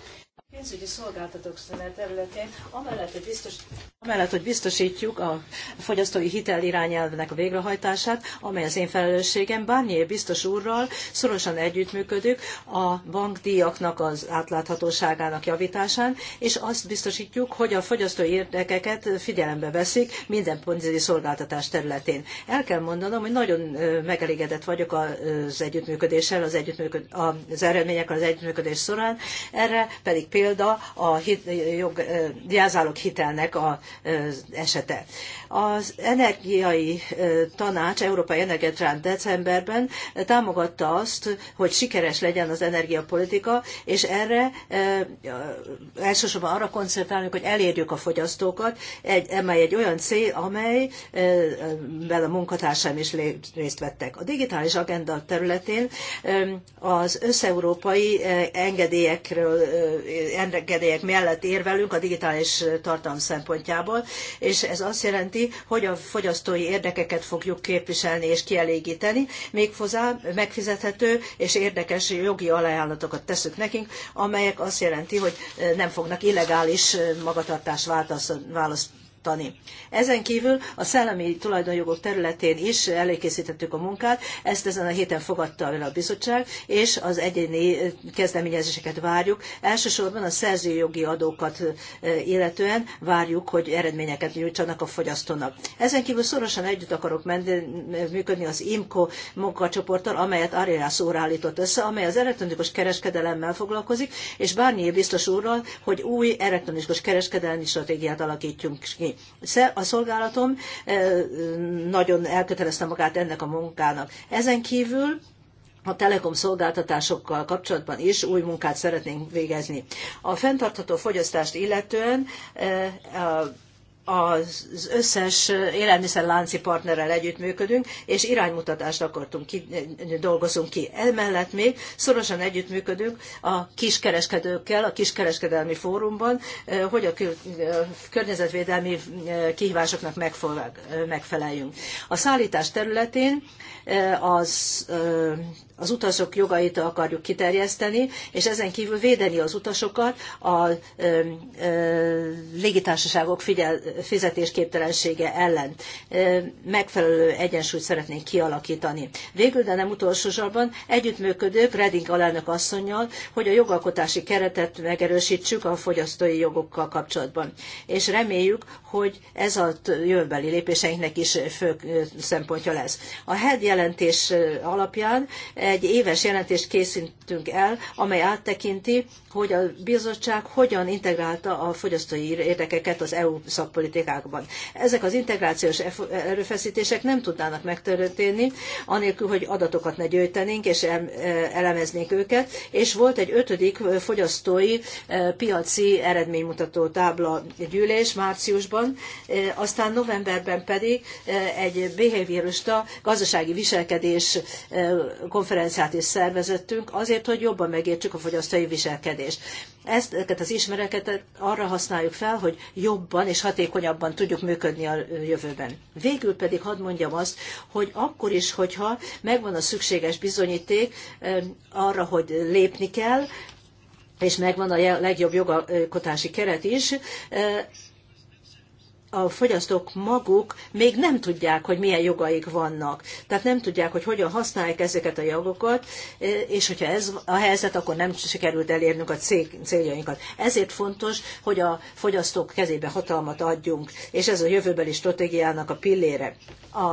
pénzügyi szolgáltatók területén, amellett, hogy biztos, amellett, hogy biztosítjuk a fogyasztói hitel irányelvnek a végrehajtását, amely az én felelősségem, Barnier biztos úrral szorosan együttműködünk a bankdíjaknak az átláthatóságának javításán, és azt biztosítjuk, hogy a fogyasztói érdekeket figyelembe veszik minden pénzügyi szolgáltatás területén. El kell mondanom, hogy nagyon megelégedett vagyok az együttműködéssel, az, együttműköd, az eredményekkel az együttműködés során, erre pedig például példa a hit, jog, jelzálog hitelnek az esete. Az energiai tanács, Európai Energetrán decemberben támogatta azt, hogy sikeres legyen az energiapolitika, és erre elsősorban arra koncentrálunk, hogy elérjük a fogyasztókat, egy, amely egy olyan cél, amely vel a munkatársaim is részt vettek. A digitális agenda területén az összeurópai engedélyekről, engedélyek mellett érvelünk a digitális tartalom szempontjából, és ez azt jelenti, hogy a fogyasztói érdekeket fogjuk képviselni és kielégíteni, méghozzá megfizethető és érdekes jogi alajánlatokat teszünk nekik, amelyek azt jelenti, hogy nem fognak illegális magatartást választ, választ javítani. Ezen kívül a szellemi tulajdonjogok területén is előkészítettük a munkát, ezt ezen a héten fogadta el a bizottság, és az egyéni kezdeményezéseket várjuk. Elsősorban a szerzőjogi adókat illetően várjuk, hogy eredményeket nyújtsanak a fogyasztónak. Ezen kívül szorosan együtt akarok működni az IMCO munkacsoporttal, amelyet Arias úr állított össze, amely az elektronikus kereskedelemmel foglalkozik, és Barnier biztos úrral, hogy új elektronikus kereskedelmi stratégiát alakítjunk ki tenni. A szolgálatom e, e, nagyon elkötelezte magát ennek a munkának. Ezen kívül a telekom szolgáltatásokkal kapcsolatban is új munkát szeretnénk végezni. A fenntartható fogyasztást illetően e, az összes élelmiszerlánci partnerrel együttműködünk, és iránymutatást akartunk ki, dolgozunk ki. Emellett még szorosan együttműködünk a kiskereskedőkkel, a kiskereskedelmi fórumban, eh, hogy a eh, környezetvédelmi eh, kihívásoknak megfeleljünk. A szállítás területén az az utasok jogait akarjuk kiterjeszteni, és ezen kívül védeni az utasokat a ö, ö, légitársaságok figyel, fizetésképtelensége ellen. Ö, megfelelő egyensúlyt szeretnénk kialakítani. Végül, de nem utolsó sorban, együttműködők Reding alelnök asszonynal, hogy a jogalkotási keretet megerősítsük a fogyasztói jogokkal kapcsolatban. És reméljük, hogy ez a jövőbeli lépéseinknek is fő szempontja lesz. A HED jelentés alapján egy éves jelentést készítünk el, amely áttekinti, hogy a bizottság hogyan integrálta a fogyasztói érdekeket az EU szakpolitikákban. Ezek az integrációs e- erőfeszítések nem tudnának megtörténni, anélkül, hogy adatokat ne gyűjtenénk és e- elemeznénk őket, és volt egy ötödik fogyasztói e, piaci eredménymutató tábla gyűlés márciusban, aztán novemberben pedig egy behaviorista gazdasági viselkedés konferencia konferenciát is szervezettünk azért, hogy jobban megértsük a fogyasztói viselkedést. Ezt, ezeket az ismereteket arra használjuk fel, hogy jobban és hatékonyabban tudjuk működni a jövőben. Végül pedig hadd mondjam azt, hogy akkor is, hogyha megvan a szükséges bizonyíték arra, hogy lépni kell, és megvan a legjobb jogalkotási keret is, a fogyasztók maguk még nem tudják, hogy milyen jogaik vannak. Tehát nem tudják, hogy hogyan használják ezeket a jogokat, eh, és hogyha ez a helyzet, akkor nem sikerült elérnünk a cég, céljainkat. Ezért fontos, hogy a fogyasztók kezébe hatalmat adjunk, és ez a jövőbeli stratégiának a pillére. A,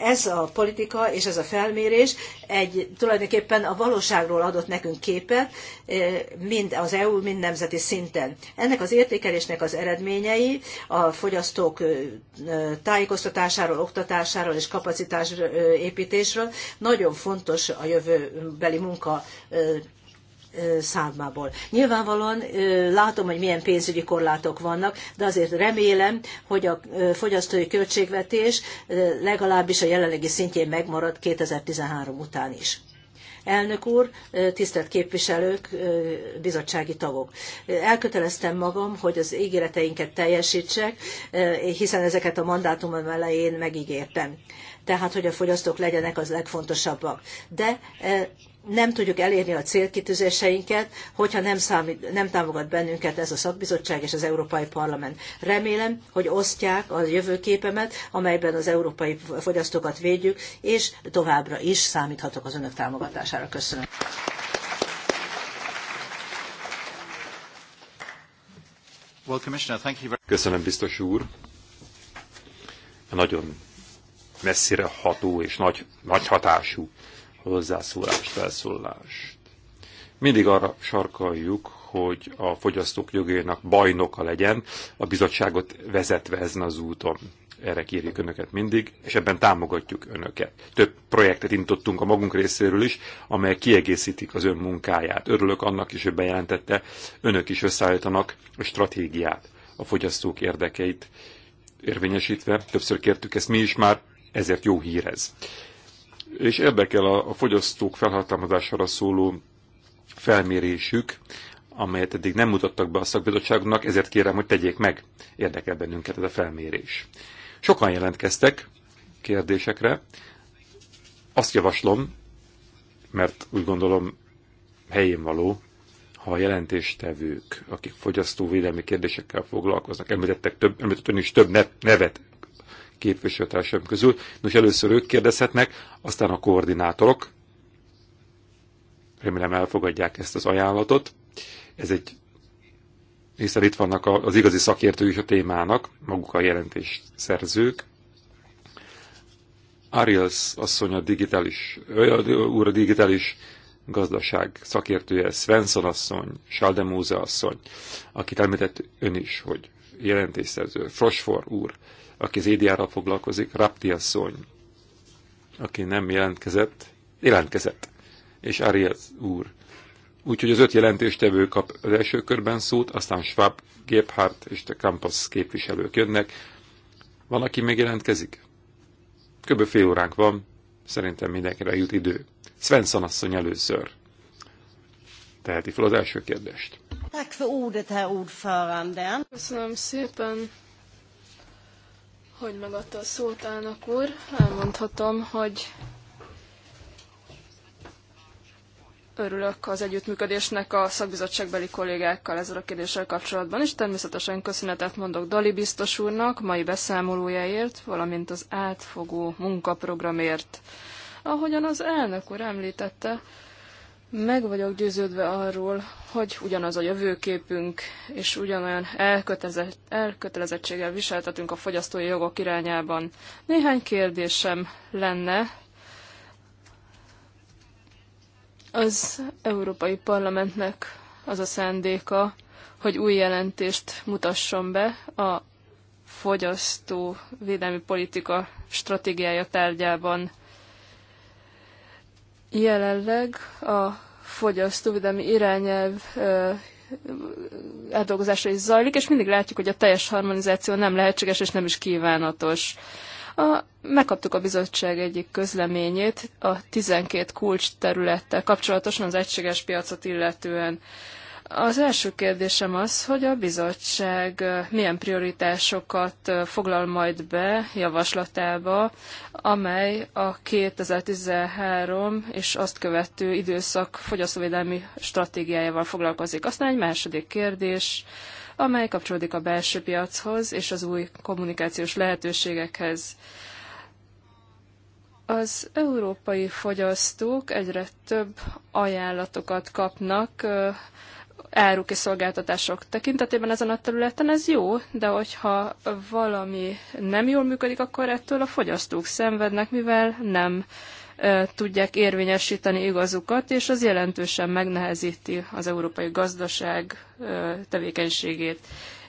ez a politika és ez a felmérés egy tulajdonképpen a valóságról adott nekünk képet, eh, mind az EU, mind nemzeti szinten. Ennek az értékelésnek az eredményei a fogyasztók fogyasztók tájékoztatásáról, oktatásáról és kapacitás építésről nagyon fontos a jövőbeli munka számából. Nyilvánvalóan látom, hogy milyen pénzügyi korlátok vannak, de azért remélem, hogy a fogyasztói költségvetés legalábbis a jelenlegi szintjén megmarad 2013 után is. Elnök úr, tisztelt képviselők, bizottsági tagok. Elköteleztem magam, hogy az ígéreteinket teljesítsek, hiszen ezeket a mandátumom elején megígértem. Tehát, hogy a fogyasztók legyenek az legfontosabbak. De nem tudjuk elérni a célkitűzéseinket, hogyha nem, számít, nem támogat bennünket ez a szakbizottság és az Európai Parlament. Remélem, hogy osztják a jövőképemet, amelyben az európai fogyasztókat védjük, és továbbra is számíthatok az önök támogatására. Köszönöm. Köszönöm, biztos úr. Nagyon messzire ható és nagy, nagy hatású hozzászólás, felszólást. Mindig arra sarkaljuk, hogy a fogyasztók jogainak bajnoka legyen, a bizottságot vezetve ezen az úton. Erre kérjük önöket mindig, és ebben támogatjuk önöket. Több projektet intottunk a magunk részéről is, amely kiegészítik az ön munkáját. Örülök annak is, hogy bejelentette, önök is összeállítanak a stratégiát, a fogyasztók érdekeit érvényesítve. Többször kértük ezt mi is már, ezért jó hír ez és érdekel a, a fogyasztók felhatalmazására szóló felmérésük, amelyet eddig nem mutattak be a szakbizottságnak, ezért kérem, hogy tegyék meg. Érdekel bennünket ez a felmérés. Sokan jelentkeztek kérdésekre. Azt javaslom, mert úgy gondolom helyén való, ha a jelentéstevők, akik fogyasztóvédelmi kérdésekkel foglalkoznak, említettek több, említett ön is több nevet képviselőtársaim közül. Nos, először ők kérdezhetnek, aztán a koordinátorok. Remélem elfogadják ezt az ajánlatot. Ez egy hiszen itt vannak az igazi szakértői is a témának, maguk a jelentés szerzők. Ariels asszony a digitális, úr a digitális gazdaság szakértője, Svensson asszony, Saldemóze asszony, akit említett ön is, hogy jelentésszerző, Frosfor úr, aki az édiára foglalkozik, Rapti asszony, aki nem jelentkezett, jelentkezett, és Arias úr. Úgyhogy az öt jelentéstevő kap az első körben szót, aztán Schwab, Gebhardt és a Campos képviselők jönnek. Van, aki még jelentkezik? Köbben fél óránk van, szerintem mindenkire jut idő. Svensson asszony először. Teheti fel az első kérdést. Köszönöm szépen, hogy megadta a szót elnök úr. Elmondhatom, hogy örülök az együttműködésnek a szakbizottságbeli kollégákkal ezzel a kérdéssel kapcsolatban, és természetesen köszönetet mondok Dali biztos úrnak mai beszámolójáért, valamint az átfogó munkaprogramért. Ahogyan az elnök úr említette, meg vagyok győződve arról, hogy ugyanaz a jövőképünk, és ugyanolyan elkötelezett, elkötelezettséggel viseltetünk a fogyasztói jogok irányában. Néhány kérdésem lenne. Az Európai Parlamentnek az a szándéka, hogy új jelentést mutasson be a fogyasztó védelmi politika stratégiája tárgyában Jelenleg a fogyasztóvédelmi irányelv átdolgozása is zajlik, és mindig látjuk, hogy a teljes harmonizáció nem lehetséges és nem is kívánatos. A, megkaptuk a bizottság egyik közleményét a 12 kulcs területtel kapcsolatosan az egységes piacot illetően. Az első kérdésem az, hogy a bizottság milyen prioritásokat foglal majd be javaslatába, amely a 2013 és azt követő időszak fogyasztóvédelmi stratégiájával foglalkozik. Aztán egy második kérdés, amely kapcsolódik a belső piachoz és az új kommunikációs lehetőségekhez. Az európai fogyasztók egyre több ajánlatokat kapnak áruk szolgáltatások tekintetében ezen a területen ez jó, de hogyha valami nem jól működik, akkor ettől a fogyasztók szenvednek, mivel nem tudják érvényesíteni igazukat, és az jelentősen megnehezíti az európai gazdaság tevékenységét.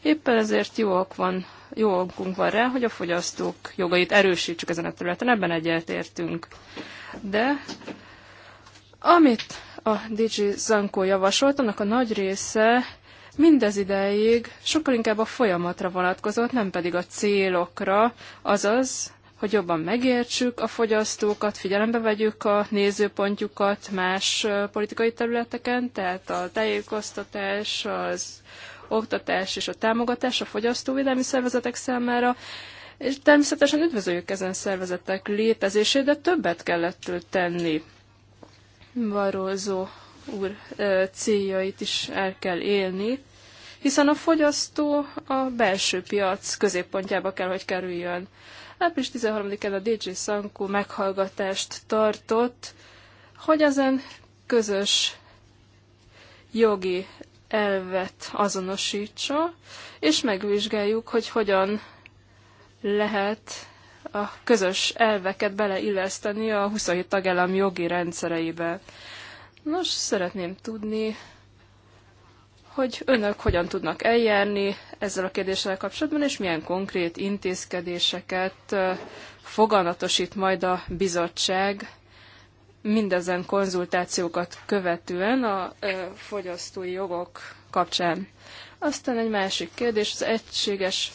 Éppen ezért jó, ok van, jó okunk van rá, hogy a fogyasztók jogait erősítsük ezen a területen, ebben egyetértünk. De amit a DG Zankó javasolt, annak a nagy része mindez ideig sokkal inkább a folyamatra vonatkozott, nem pedig a célokra, azaz, hogy jobban megértsük a fogyasztókat, figyelembe vegyük a nézőpontjukat más politikai területeken, tehát a tájékoztatás, az oktatás és a támogatás a fogyasztóvédelmi szervezetek számára, és természetesen üdvözöljük ezen szervezetek létezését, de többet kellett tenni. Barózó úr céljait is el kell élni, hiszen a fogyasztó a belső piac középpontjába kell, hogy kerüljön. Április 13-án a DJ Sankó meghallgatást tartott, hogy ezen közös jogi elvet azonosítsa, és megvizsgáljuk, hogy hogyan lehet a közös elveket beleilleszteni a 27 tagállam jogi rendszereibe. Nos, szeretném tudni, hogy önök hogyan tudnak eljárni ezzel a kérdéssel kapcsolatban, és milyen konkrét intézkedéseket foganatosít majd a bizottság mindezen konzultációkat követően a fogyasztói jogok kapcsán. Aztán egy másik kérdés, az egységes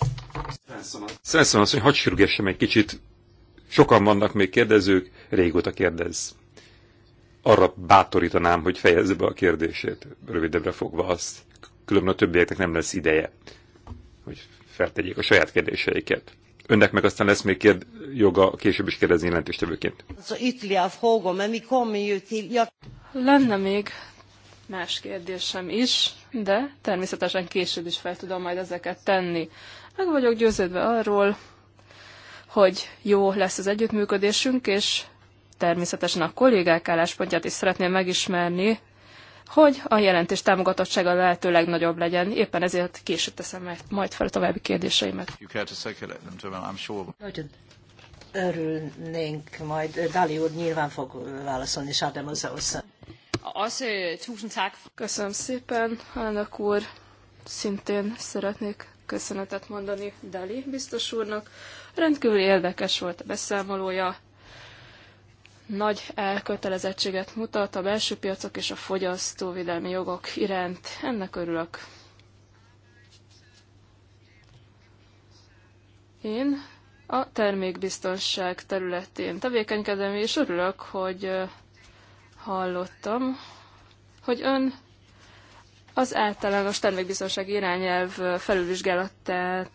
Svensson azt, hogy hadd sürgessem egy kicsit. Sokan vannak még kérdezők, régóta kérdez. Arra bátorítanám, hogy fejezze be a kérdését, rövidebbre fogva azt. Különben a többieknek nem lesz ideje, hogy feltegyék a saját kérdéseiket. Önnek meg aztán lesz még kérd, joga később is kérdezni jelentéstevőként. Lenne még más kérdésem is, de természetesen később is fel tudom majd ezeket tenni. Meg vagyok győződve arról, hogy jó lesz az együttműködésünk, és természetesen a kollégák álláspontját is szeretném megismerni, hogy a jelentés támogatottsága lehető legnagyobb legyen. Éppen ezért később teszem majd fel a további kérdéseimet. Nagyon örülnénk majd. Dali úr nyilván fog válaszolni az Köszönöm szépen, elnök úr. Szintén szeretnék köszönetet mondani Dali biztos úrnak. Rendkívül érdekes volt a beszámolója, nagy elkötelezettséget mutat a belső piacok és a fogyasztóvédelmi jogok iránt. Ennek örülök. Én a termékbiztonság területén tevékenykedem, és örülök, hogy hallottam, hogy ön az általános termékbiztonsági irányelv felülvizsgálatát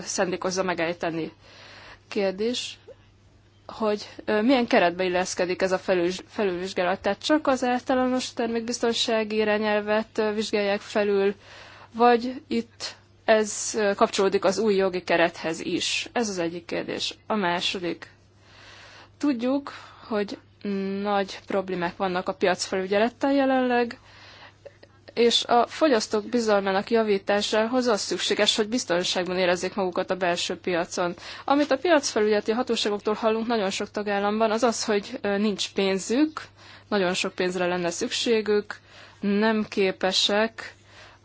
szendékozza megállítani. Kérdés, hogy milyen keretbe illeszkedik ez a felülvizsgálat. Tehát csak az általános termékbiztonsági irányelvet vizsgálják felül, vagy itt ez kapcsolódik az új jogi kerethez is? Ez az egyik kérdés. A második. Tudjuk, hogy nagy problémák vannak a piacfelügyelettel jelenleg, és a fogyasztók bizalmának javításához az szükséges, hogy biztonságban érezzék magukat a belső piacon. Amit a piacfelügyeleti hatóságoktól hallunk nagyon sok tagállamban, az az, hogy nincs pénzük, nagyon sok pénzre lenne szükségük, nem képesek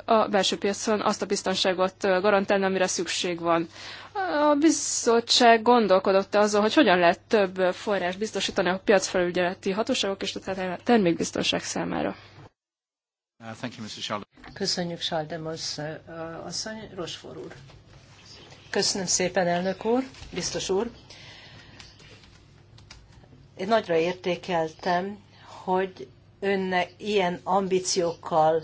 a belső piacon azt a biztonságot garantálni, amire szükség van. A bizottság gondolkodott-e azon, hogy hogyan lehet több forrás biztosítani a piacfelügyeleti hatóságok és a termékbiztonság számára? Uh, thank you, Mr. Schalde. Köszönjük, Saldemosz uh, asszony, Rosfor úr. Köszönöm szépen, elnök úr, biztos úr. Én nagyra értékeltem, hogy önnek ilyen ambíciókkal uh,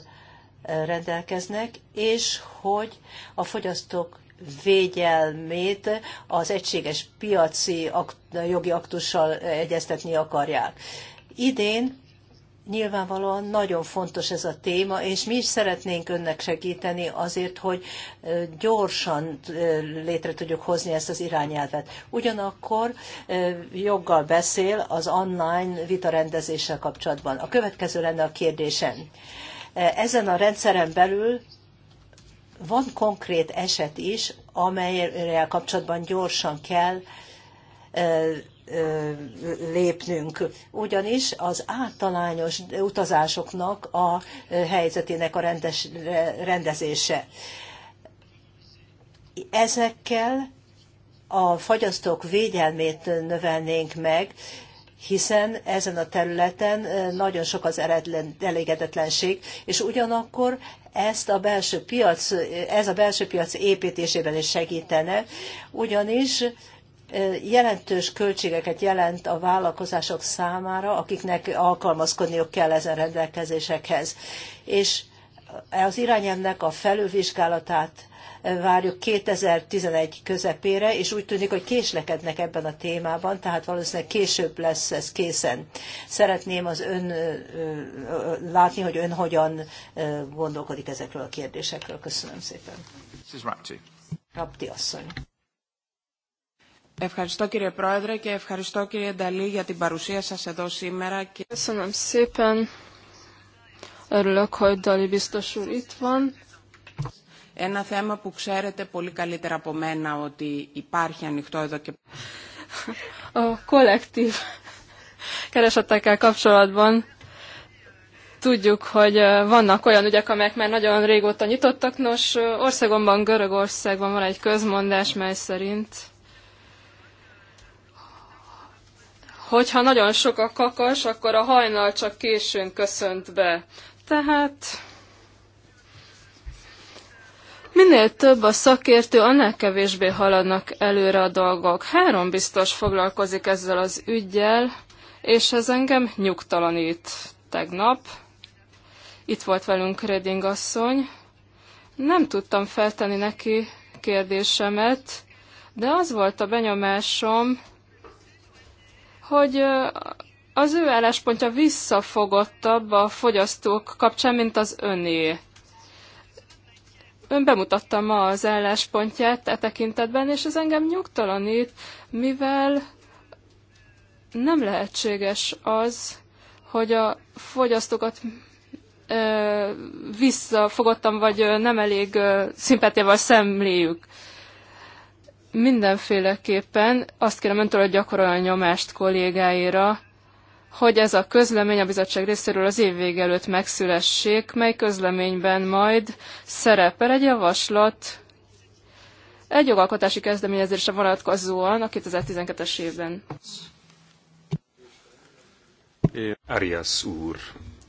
rendelkeznek, és hogy a fogyasztók védelmét az egységes piaci jogi aktussal egyeztetni akarják. Idén nyilvánvalóan nagyon fontos ez a téma, és mi is szeretnénk önnek segíteni azért, hogy gyorsan létre tudjuk hozni ezt az irányelvet. Ugyanakkor joggal beszél az online vitarendezéssel kapcsolatban. A következő lenne a kérdésem. Ezen a rendszeren belül van konkrét eset is, amelyel kapcsolatban gyorsan kell lépnünk, ugyanis az általányos utazásoknak a helyzetének a rendes, rendezése. Ezekkel a fagyasztók védelmét növelnénk meg, hiszen ezen a területen nagyon sok az eredlen, elégedetlenség, és ugyanakkor ezt a belső piac, ez a belső piac építésében is segítene, ugyanis jelentős költségeket jelent a vállalkozások számára, akiknek alkalmazkodniuk kell ezen rendelkezésekhez. És az irányelvnek a felülvizsgálatát várjuk 2011 közepére, és úgy tűnik, hogy késlekednek ebben a témában, tehát valószínűleg később lesz ez készen. Szeretném az ön látni, hogy ön hogyan gondolkodik ezekről a kérdésekről. Köszönöm szépen. Rapti asszony. Ευχαριστώ κύριε Πρόεδρε και ευχαριστώ κύριε Νταλή για την παρουσία σας εδώ σήμερα. Köszönöm szépen. Örülök, hogy Dali biztos úr itt van. Ένα θέμα που ξέρετε πολύ καλύτερα από μένα ότι υπάρχει ανοιχτό εδώ και... A kollektív keresetekkel kapcsolatban tudjuk, hogy vannak olyan ügyek, amelyek már nagyon régóta nyitottak. Nos, országomban, Görögországban van egy közmondás, mely szerint hogyha nagyon sok a kakas, akkor a hajnal csak későn köszönt be. Tehát minél több a szakértő, annál kevésbé haladnak előre a dolgok. Három biztos foglalkozik ezzel az ügyjel, és ez engem nyugtalanít tegnap. Itt volt velünk Reding asszony. Nem tudtam feltenni neki kérdésemet, de az volt a benyomásom, hogy az ő álláspontja visszafogottabb a fogyasztók kapcsán, mint az öné. Ön bemutatta ma az álláspontját e tekintetben, és ez engem nyugtalanít, mivel nem lehetséges az, hogy a fogyasztókat visszafogottam, vagy nem elég szimpátiával szemléljük mindenféleképpen azt kérem öntől, hogy gyakorolja nyomást kollégáira, hogy ez a közlemény a bizottság részéről az év vége előtt megszülessék, mely közleményben majd szerepel egy javaslat egy jogalkotási kezdeményezésre vonatkozóan a 2012-es évben. Arias úr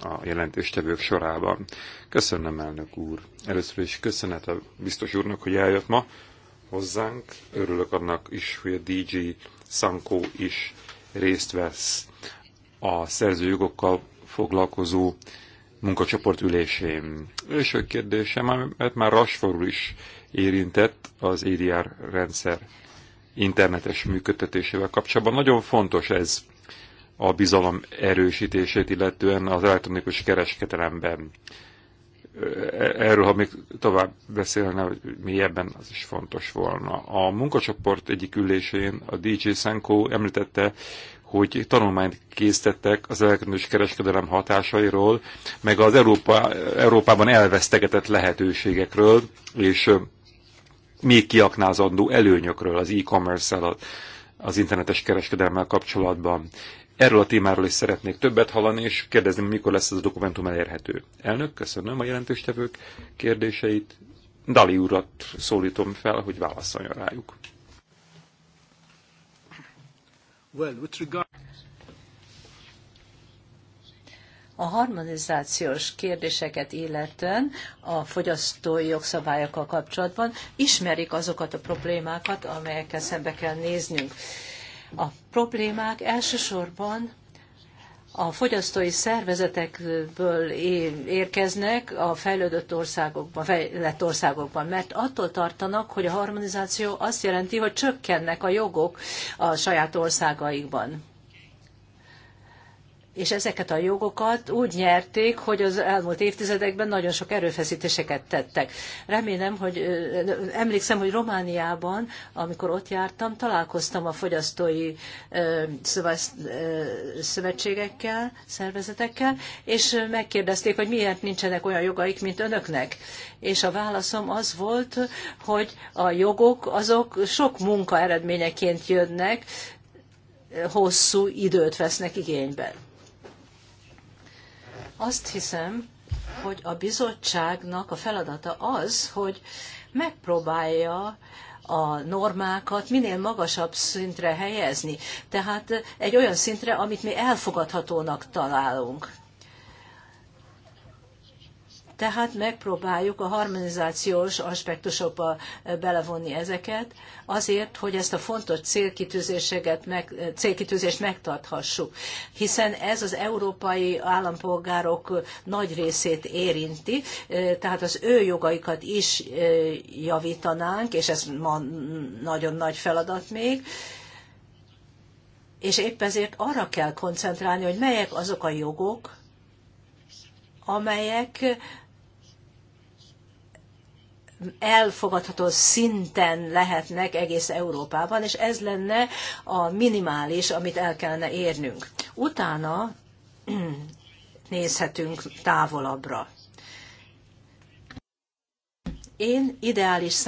a jelentéstevők sorában. Köszönöm, elnök úr. Először is köszönet a biztos úrnak, hogy eljött ma hozzánk. Örülök annak is, hogy a DJ Sankó is részt vesz a szerzőjogokkal foglalkozó munkacsoport ülésén. Első kérdésem, mert már Rasforul is érintett az ADR rendszer internetes működtetésével kapcsolatban. Nagyon fontos ez a bizalom erősítését, illetően az elektronikus kereskedelemben erről, ha még tovább beszélne, hogy mélyebben, az is fontos volna. A munkacsoport egyik ülésén a DJ Senko említette, hogy tanulmányt készítettek az elektronikus kereskedelem hatásairól, meg az Európa, Európában elvesztegetett lehetőségekről, és még kiaknázandó előnyökről az e-commerce-el, az internetes kereskedelemmel kapcsolatban. Erről a témáról is szeretnék többet hallani, és kérdezni, mikor lesz ez a dokumentum elérhető. Elnök, köszönöm a jelentőstevők kérdéseit. Dali urat szólítom fel, hogy válaszoljon rájuk. A harmonizációs kérdéseket illetően a fogyasztói jogszabályokkal kapcsolatban ismerik azokat a problémákat, amelyekkel szembe kell néznünk a problémák elsősorban a fogyasztói szervezetekből érkeznek a fejlődött országokban, fejlett országokban, mert attól tartanak, hogy a harmonizáció azt jelenti, hogy csökkennek a jogok a saját országaikban és ezeket a jogokat úgy nyerték, hogy az elmúlt évtizedekben nagyon sok erőfeszítéseket tettek. Remélem, hogy emlékszem, hogy Romániában, amikor ott jártam, találkoztam a fogyasztói szövetségekkel, szervezetekkel, és megkérdezték, hogy miért nincsenek olyan jogaik, mint önöknek. És a válaszom az volt, hogy a jogok azok sok munka eredményeként jönnek, hosszú időt vesznek igénybe. Azt hiszem, hogy a bizottságnak a feladata az, hogy megpróbálja a normákat minél magasabb szintre helyezni. Tehát egy olyan szintre, amit mi elfogadhatónak találunk. Tehát megpróbáljuk a harmonizációs aspektusokba eh, belevonni ezeket, azért, hogy ezt a fontos célkitűzéseket meg, eh, célkitűzést megtarthassuk. Hiszen ez az európai állampolgárok nagy részét érinti, eh, tehát az ő jogaikat is javítanánk, és ez ma nagyon nagy feladat még, és épp ezért arra kell koncentrálni, hogy melyek azok a jogok, amelyek elfogadható szinten lehetnek egész Európában, és ez lenne a minimális, amit el kellene érnünk. Utána nézhetünk távolabbra. Én ideális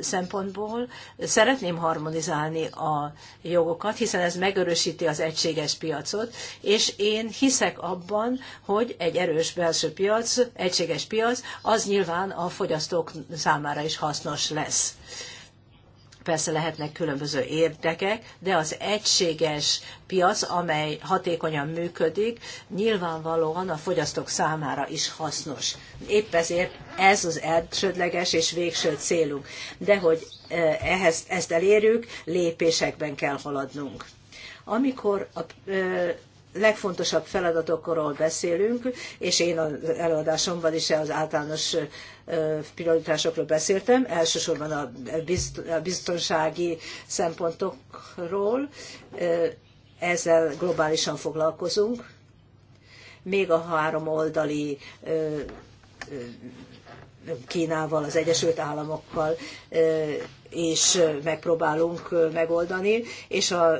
szempontból szeretném harmonizálni a jogokat, hiszen ez megörösíti az egységes piacot, és én hiszek abban, hogy egy erős belső piac, egységes piac, az nyilván a fogyasztók számára is hasznos lesz. Persze lehetnek különböző érdekek, de az egységes piac, amely hatékonyan működik, nyilvánvalóan a fogyasztók számára is hasznos. Épp ezért ez az elsődleges és végső célunk. De hogy e, ehhez, ezt elérjük, lépésekben kell haladnunk. Amikor a e, legfontosabb feladatokról beszélünk, és én az előadásomban is az általános prioritásokról beszéltem, elsősorban a biztonsági szempontokról, ezzel globálisan foglalkozunk, még a három oldali Kínával, az Egyesült Államokkal és megpróbálunk megoldani, és a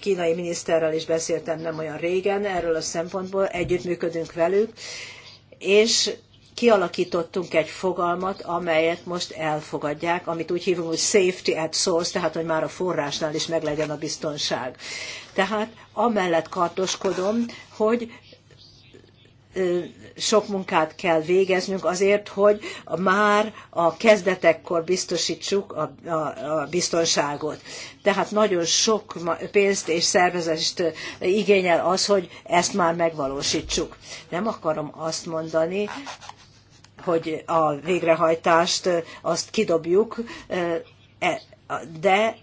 kínai miniszterrel is beszéltem nem olyan régen erről a szempontból, együttműködünk velük, és kialakítottunk egy fogalmat, amelyet most elfogadják, amit úgy hívunk, hogy safety at source, tehát hogy már a forrásnál is meglegyen a biztonság. Tehát amellett kartoskodom, hogy sok munkát kell végeznünk azért, hogy már a kezdetekkor biztosítsuk a, a, a biztonságot. Tehát nagyon sok pénzt és szervezést igényel az, hogy ezt már megvalósítsuk. Nem akarom azt mondani, hogy a végrehajtást azt kidobjuk, e, de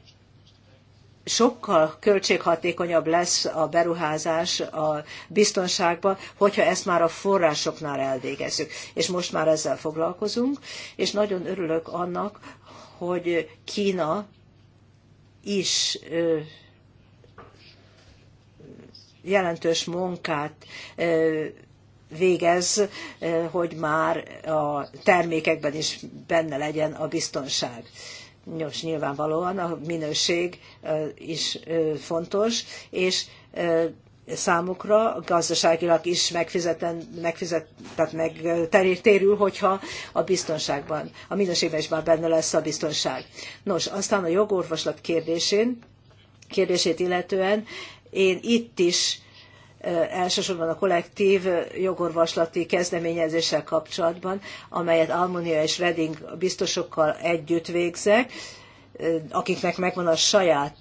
sokkal költséghatékonyabb lesz a beruházás a biztonságba, hogyha ezt már a forrásoknál elvégezzük. És most már ezzel foglalkozunk, és nagyon örülök annak, hogy Kína is jelentős munkát végez, hogy már a termékekben is benne legyen a biztonság. Nos, nyilvánvalóan a minőség is fontos, és számukra gazdaságilag is megfizeten, megfizet, tehát meg térül, hogyha a biztonságban, a minőségben is már benne lesz a biztonság. Nos, aztán a jogorvoslat kérdésén, kérdését illetően én itt is elsősorban a kollektív jogorvaslati kezdeményezéssel kapcsolatban, amelyet Almonia és Reding biztosokkal együtt végzek, akiknek megvan a saját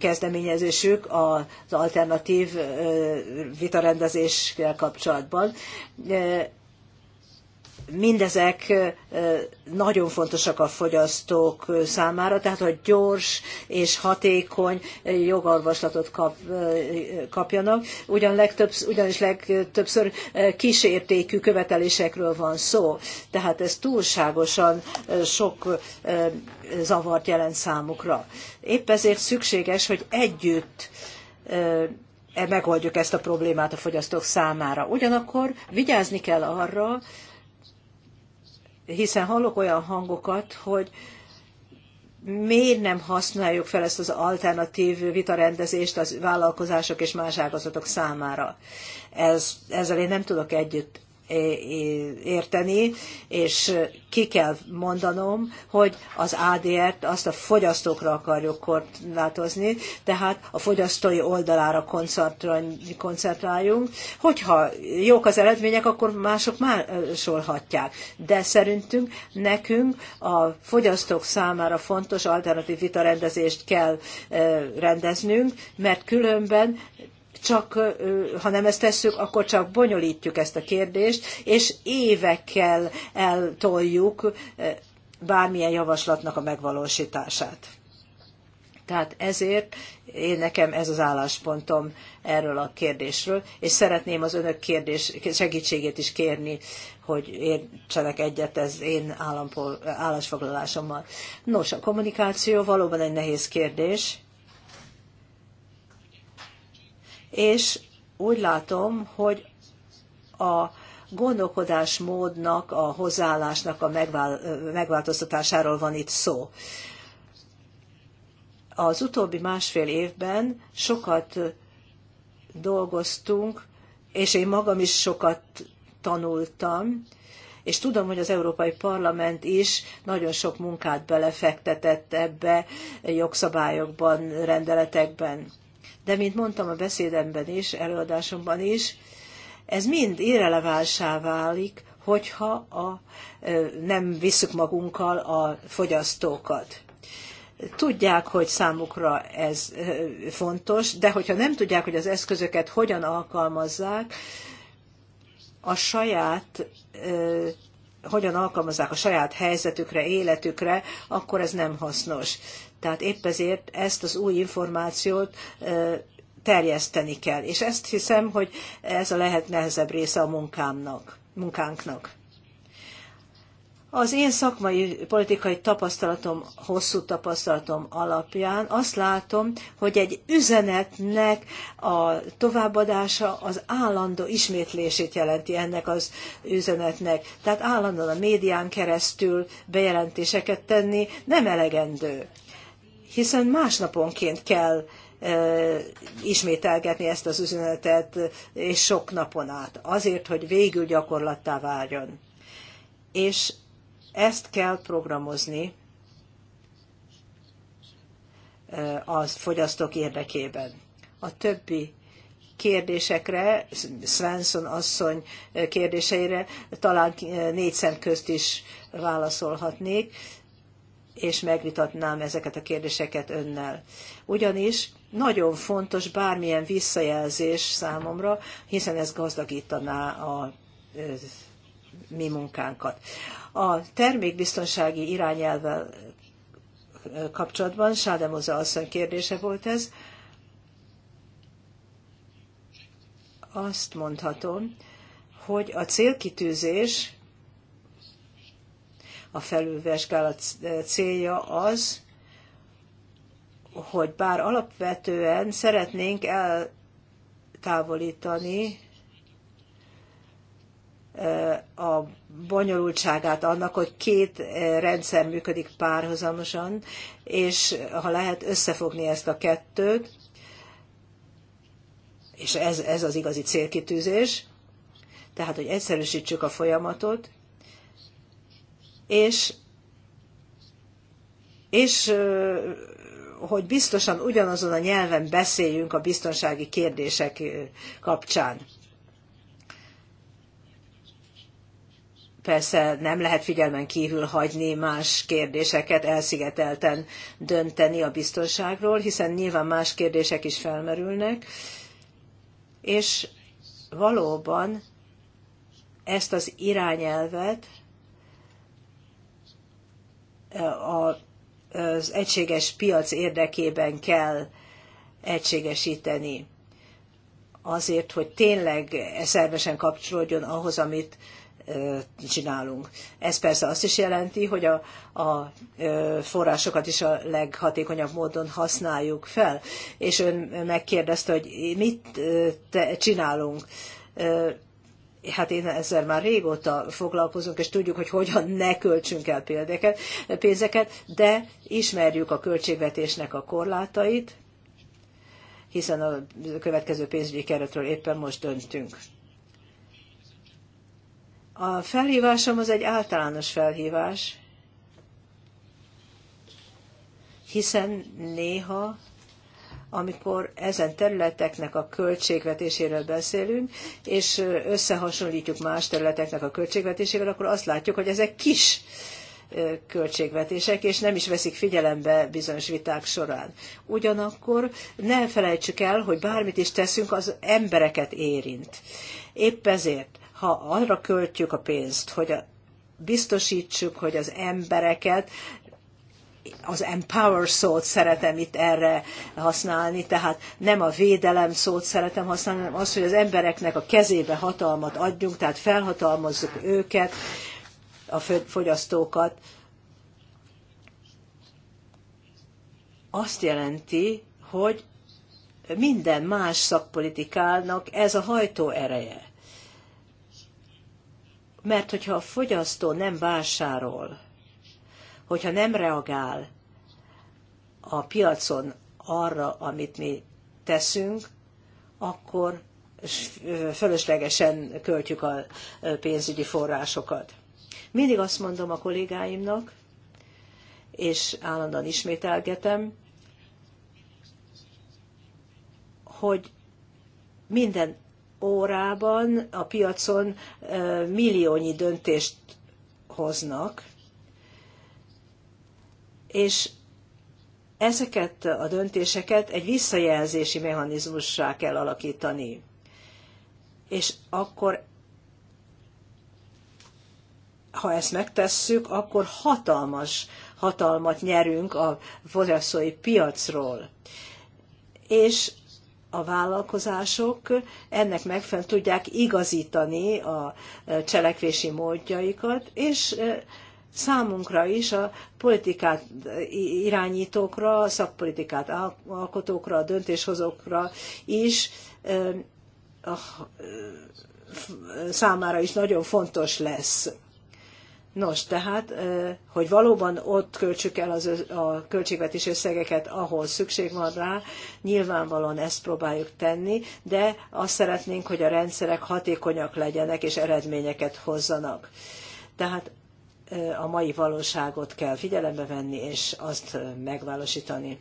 kezdeményezésük az alternatív vitarendezéssel kapcsolatban mindezek nagyon fontosak a fogyasztók számára, tehát hogy gyors és hatékony jogorvoslatot kap, kapjanak. Ugyan ugyanis legtöbbször kísértékű követelésekről van szó, tehát ez túlságosan sok zavart jelent számukra. Épp ezért szükséges, hogy együtt e megoldjuk ezt a problémát a fogyasztók számára. Ugyanakkor vigyázni kell arra, hiszen hallok olyan hangokat, hogy miért nem használjuk fel ezt az alternatív vitarendezést az vállalkozások és más ágazatok számára. Ez, ezzel én nem tudok együtt érteni, és ki kell mondanom, hogy az ADR-t azt a fogyasztókra akarjuk korlátozni, tehát a fogyasztói oldalára koncentráljunk. Hogyha jók az eredmények, akkor mások másolhatják. De szerintünk nekünk a fogyasztók számára fontos alternatív vitarendezést kell e, rendeznünk, mert különben csak ha nem ezt tesszük, akkor csak bonyolítjuk ezt a kérdést, és évekkel eltoljuk bármilyen javaslatnak a megvalósítását. Tehát ezért én nekem ez az álláspontom erről a kérdésről, és szeretném az önök kérdés, segítségét is kérni, hogy értsenek egyet ez én állampol, állásfoglalásommal. Nos, a kommunikáció valóban egy nehéz kérdés, és úgy látom, hogy a gondolkodásmódnak, a hozzáállásnak a megváltoztatásáról van itt szó. Az utóbbi másfél évben sokat dolgoztunk, és én magam is sokat tanultam, és tudom, hogy az Európai Parlament is nagyon sok munkát belefektetett ebbe jogszabályokban, rendeletekben de mint mondtam a beszédemben is, előadásomban is, ez mind irrelevánsá válik, hogyha a, nem visszük magunkkal a fogyasztókat. Tudják, hogy számukra ez fontos, de hogyha nem tudják, hogy az eszközöket hogyan alkalmazzák, a saját hogyan alkalmazzák a saját helyzetükre, életükre, akkor ez nem hasznos. Tehát épp ezért ezt az új információt terjeszteni kell. És ezt hiszem, hogy ez a lehet nehezebb része a munkámnak, munkánknak. Az én szakmai politikai tapasztalatom, hosszú tapasztalatom alapján azt látom, hogy egy üzenetnek a továbbadása az állandó ismétlését jelenti ennek az üzenetnek. Tehát állandóan a médián keresztül bejelentéseket tenni nem elegendő hiszen másnaponként kell ismételgetni ezt az üzenetet, és sok napon át, azért, hogy végül gyakorlattá váljon. És ezt kell programozni a fogyasztók érdekében. A többi kérdésekre, Svensson asszony kérdéseire talán négy szem közt is válaszolhatnék, és megvitatnám ezeket a kérdéseket önnel. Ugyanis nagyon fontos bármilyen visszajelzés számomra, hiszen ez gazdagítaná a mi munkánkat. A termékbiztonsági irányelvvel kapcsolatban, Sádemoza asszony kérdése volt ez, azt mondhatom, hogy a célkitűzés a felülvizsgálat célja az, hogy bár alapvetően szeretnénk eltávolítani a bonyolultságát annak, hogy két rendszer működik párhuzamosan, és ha lehet összefogni ezt a kettőt, és ez, ez az igazi célkitűzés, tehát, hogy egyszerűsítsük a folyamatot, és, és hogy biztosan ugyanazon a nyelven beszéljünk a biztonsági kérdések kapcsán. Persze nem lehet figyelmen kívül hagyni más kérdéseket, elszigetelten dönteni a biztonságról, hiszen nyilván más kérdések is felmerülnek, és valóban ezt az irányelvet az egységes piac érdekében kell egységesíteni azért, hogy tényleg e szervesen kapcsolódjon ahhoz, amit csinálunk. Ez persze azt is jelenti, hogy a, a forrásokat is a leghatékonyabb módon használjuk fel. És ön megkérdezte, hogy mit te, csinálunk hát én ezzel már régóta foglalkozunk, és tudjuk, hogy hogyan ne költsünk el példeket, pénzeket, de ismerjük a költségvetésnek a korlátait, hiszen a következő pénzügyi keretről éppen most döntünk. A felhívásom az egy általános felhívás, hiszen néha amikor ezen területeknek a költségvetéséről beszélünk, és összehasonlítjuk más területeknek a költségvetésével, akkor azt látjuk, hogy ezek kis költségvetések, és nem is veszik figyelembe bizonyos viták során. Ugyanakkor ne felejtsük el, hogy bármit is teszünk, az embereket érint. Épp ezért, ha arra költjük a pénzt, hogy a biztosítsuk, hogy az embereket az empower szót szeretem itt erre használni, tehát nem a védelem szót szeretem használni, hanem az, hogy az embereknek a kezébe hatalmat adjunk, tehát felhatalmazzuk őket, a fogyasztókat. Azt jelenti, hogy minden más szakpolitikának ez a hajtó ereje. Mert hogyha a fogyasztó nem vásárol, Hogyha nem reagál a piacon arra, amit mi teszünk, akkor fölöslegesen költjük a pénzügyi forrásokat. Mindig azt mondom a kollégáimnak, és állandóan ismételgetem, hogy minden órában a piacon milliónyi döntést hoznak, és ezeket a döntéseket egy visszajelzési mechanizmussá kell alakítani. És akkor, ha ezt megtesszük, akkor hatalmas hatalmat nyerünk a fogyasztói piacról. És a vállalkozások ennek megfelelően tudják igazítani a cselekvési módjaikat, és számunkra is, a politikát irányítókra, a szakpolitikát alkotókra, a döntéshozókra is a számára is nagyon fontos lesz. Nos, tehát, hogy valóban ott költsük el az, a költségvetés összegeket, ahol szükség van rá, nyilvánvalóan ezt próbáljuk tenni, de azt szeretnénk, hogy a rendszerek hatékonyak legyenek és eredményeket hozzanak. Tehát a mai valóságot kell figyelembe venni, és azt megvalósítani.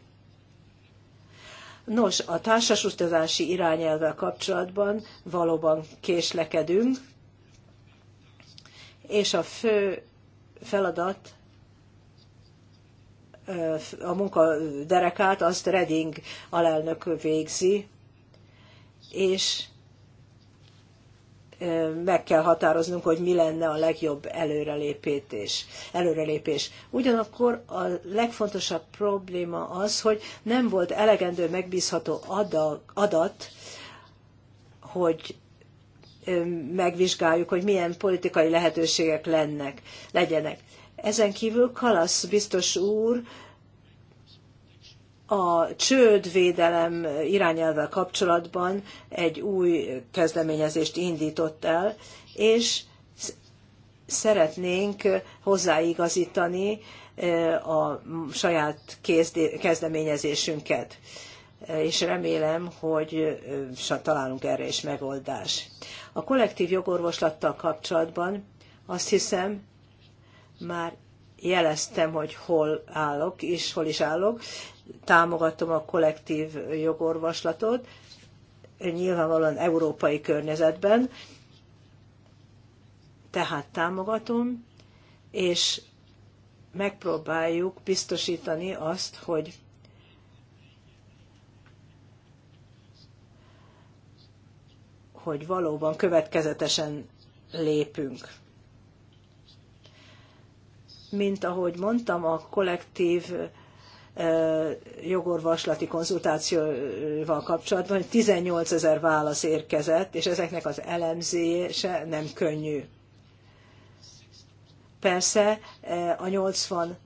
Nos, a társasutazási irányelvvel kapcsolatban valóban késlekedünk, és a fő feladat a munka derekát, azt Reding alelnök végzi, és meg kell határoznunk, hogy mi lenne a legjobb előrelépés. előrelépés. Ugyanakkor a legfontosabb probléma az, hogy nem volt elegendő megbízható adat, hogy megvizsgáljuk, hogy milyen politikai lehetőségek lennek, legyenek. Ezen kívül Kalasz biztos úr a csődvédelem irányelvvel kapcsolatban egy új kezdeményezést indított el, és szeretnénk hozzáigazítani a saját kezdeményezésünket. És remélem, hogy találunk erre is megoldást. A kollektív jogorvoslattal kapcsolatban azt hiszem, már jeleztem, hogy hol állok és hol is állok. Támogatom a kollektív jogorvaslatot, nyilvánvalóan európai környezetben, tehát támogatom, és megpróbáljuk biztosítani azt, hogy hogy valóban következetesen lépünk mint ahogy mondtam, a kollektív jogorvoslati konzultációval kapcsolatban 18 ezer válasz érkezett, és ezeknek az elemzése nem könnyű. Persze a 86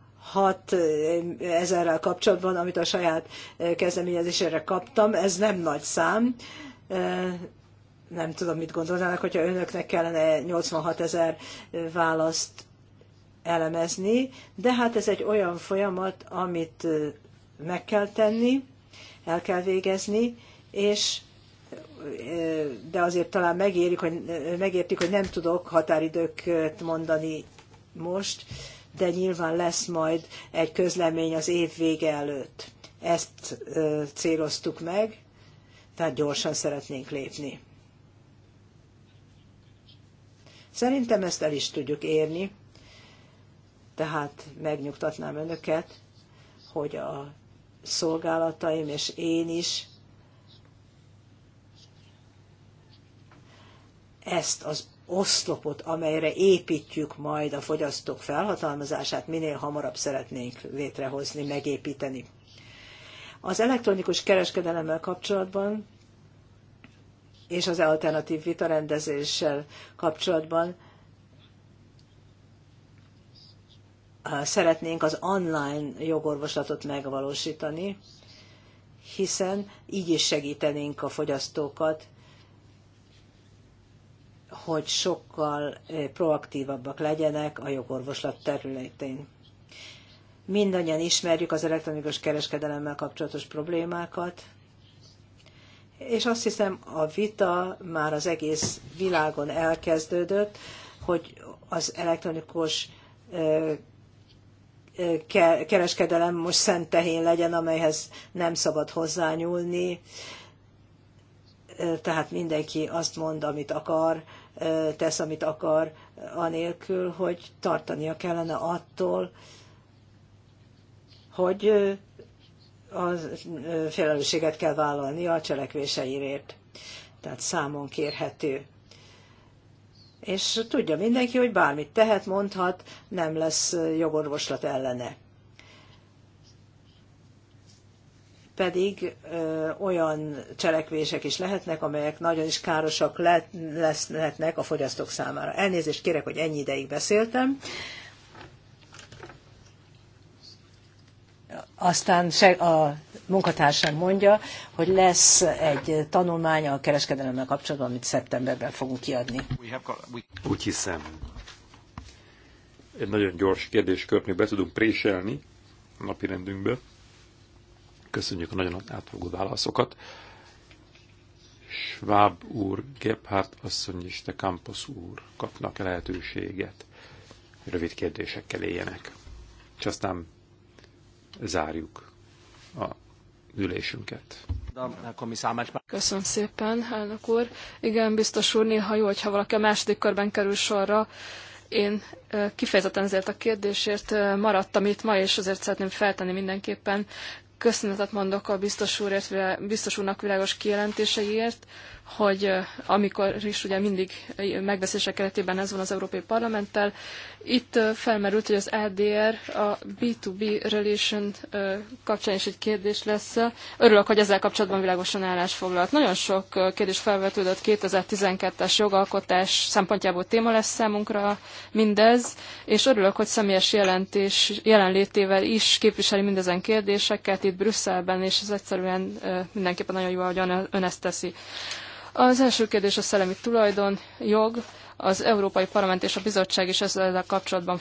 ezerrel kapcsolatban, amit a saját kezdeményezésére kaptam, ez nem nagy szám. Nem tudom, mit gondolnának, hogyha önöknek kellene 86 ezer választ elemezni, de hát ez egy olyan folyamat, amit meg kell tenni, el kell végezni, és de azért talán megérik, hogy, megértik, hogy nem tudok határidőket mondani most, de nyilván lesz majd egy közlemény az év vége előtt. Ezt céloztuk meg, tehát gyorsan szeretnénk lépni. Szerintem ezt el is tudjuk érni. Tehát megnyugtatnám önöket, hogy a szolgálataim és én is ezt az oszlopot, amelyre építjük majd a fogyasztók felhatalmazását, minél hamarabb szeretnénk létrehozni, megépíteni. Az elektronikus kereskedelemmel kapcsolatban és az alternatív vitarendezéssel kapcsolatban szeretnénk az online jogorvoslatot megvalósítani, hiszen így is segítenénk a fogyasztókat, hogy sokkal eh, proaktívabbak legyenek a jogorvoslat területén. Mindannyian ismerjük az elektronikus kereskedelemmel kapcsolatos problémákat, és azt hiszem a vita már az egész világon elkezdődött, hogy az elektronikus eh, kereskedelem most szent tehén legyen, amelyhez nem szabad hozzányúlni. Tehát mindenki azt mond, amit akar, tesz, amit akar, anélkül, hogy tartania kellene attól, hogy a felelősséget kell vállalni a cselekvéseiért. Tehát számon kérhető. És tudja mindenki, hogy bármit tehet, mondhat, nem lesz jogorvoslat ellene. Pedig ö, olyan cselekvések is lehetnek, amelyek nagyon is károsak le, lesz, lehetnek a fogyasztók számára. Elnézést kérek, hogy ennyi ideig beszéltem. Aztán a munkatársam mondja, hogy lesz egy tanulmány a kereskedelemmel kapcsolatban, amit szeptemberben fogunk kiadni. Úgy hiszem, egy nagyon gyors kérdéskörnél be tudunk préselni a napi rendünkbe. Köszönjük a nagyon átfogó válaszokat. Schwab úr, Gebhardt asszony és de Campos úr kapnak -e lehetőséget, hogy rövid kérdésekkel éljenek. És aztán zárjuk a ülésünket. Köszönöm szépen, elnök úr. Igen, biztos úr, néha jó, hogyha valaki a második körben kerül sorra. Én kifejezetten ezért a kérdésért maradtam itt ma, és azért szeretném feltenni mindenképpen. Köszönetet mondok a biztos, úrért, biztos úrnak világos kijelentéseiért hogy amikor is ugye mindig megbeszélések keretében ez van az Európai Parlamenttel, itt felmerült, hogy az ADR a B2B relation kapcsán is egy kérdés lesz. Örülök, hogy ezzel kapcsolatban világosan állás foglalt. Nagyon sok kérdés felvetődött 2012-es jogalkotás szempontjából téma lesz számunkra mindez, és örülök, hogy személyes jelentés, jelenlétével is képviseli mindezen kérdéseket itt Brüsszelben, és ez egyszerűen mindenképpen nagyon jó, hogy ön ezt teszi. Az első kérdés a szellemi tulajdon, jog. Az Európai Parlament és a Bizottság is ezzel kapcsolatban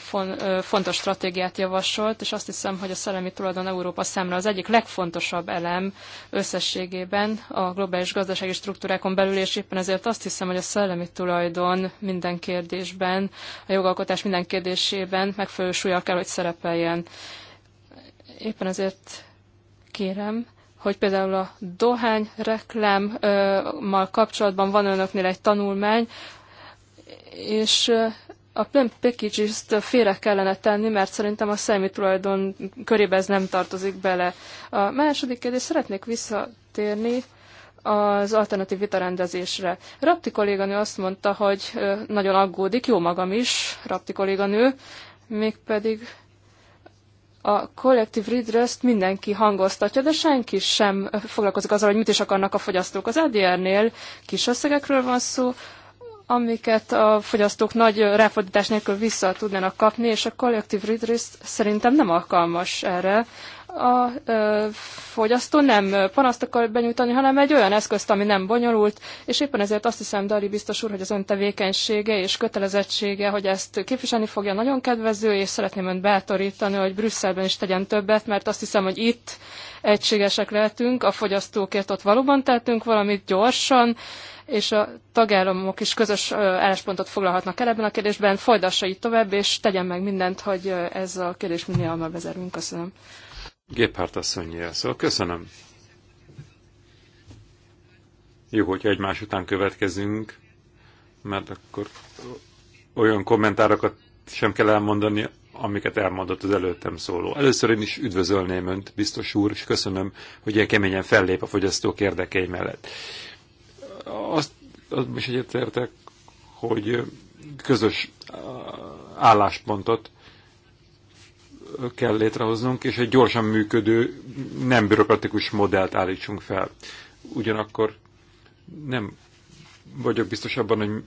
fontos stratégiát javasolt, és azt hiszem, hogy a szellemi tulajdon Európa számára az egyik legfontosabb elem összességében a globális gazdasági struktúrákon belül, és éppen ezért azt hiszem, hogy a szellemi tulajdon minden kérdésben, a jogalkotás minden kérdésében megfelelő súlyal kell, hogy szerepeljen. Éppen ezért kérem, hogy például a dohány reklámmal kapcsolatban van önöknél egy tanulmány, és a plan packages-t félre kellene tenni, mert szerintem a szemi tulajdon körébe ez nem tartozik bele. A második kérdés, szeretnék visszatérni az alternatív vitarendezésre. Rapti kolléganő azt mondta, hogy nagyon aggódik, jó magam is, Rapti kolléganő, mégpedig a kollektív redress mindenki hangoztatja, de senki sem foglalkozik azzal, hogy mit is akarnak a fogyasztók. Az ADR-nél kis összegekről van szó, amiket a fogyasztók nagy ráfordítás nélkül vissza tudnának kapni, és a kollektív redress szerintem nem alkalmas erre a fogyasztó nem panaszt akar benyújtani, hanem egy olyan eszközt, ami nem bonyolult, és éppen ezért azt hiszem, Dari biztos úr, hogy az ön tevékenysége és kötelezettsége, hogy ezt képviselni fogja, nagyon kedvező, és szeretném önt bátorítani, hogy Brüsszelben is tegyen többet, mert azt hiszem, hogy itt egységesek lehetünk, a fogyasztókért ott valóban tettünk valamit gyorsan, és a tagállamok is közös álláspontot foglalhatnak el ebben a kérdésben. Folytassa így tovább, és tegyen meg mindent, hogy ez a kérdés minél hamarabb vezerünk. Köszönöm. Géphárt asszonyja szól. Köszönöm. Jó, hogyha egymás után következünk, mert akkor olyan kommentárokat sem kell elmondani, amiket elmondott az előttem szóló. Először én is üdvözölném Önt, biztos úr, és köszönöm, hogy ilyen keményen fellép a fogyasztók érdekei mellett. Azt, azt is egyetértek, hogy közös álláspontot kell létrehoznunk, és egy gyorsan működő, nem bürokratikus modellt állítsunk fel. Ugyanakkor nem vagyok biztos abban, hogy,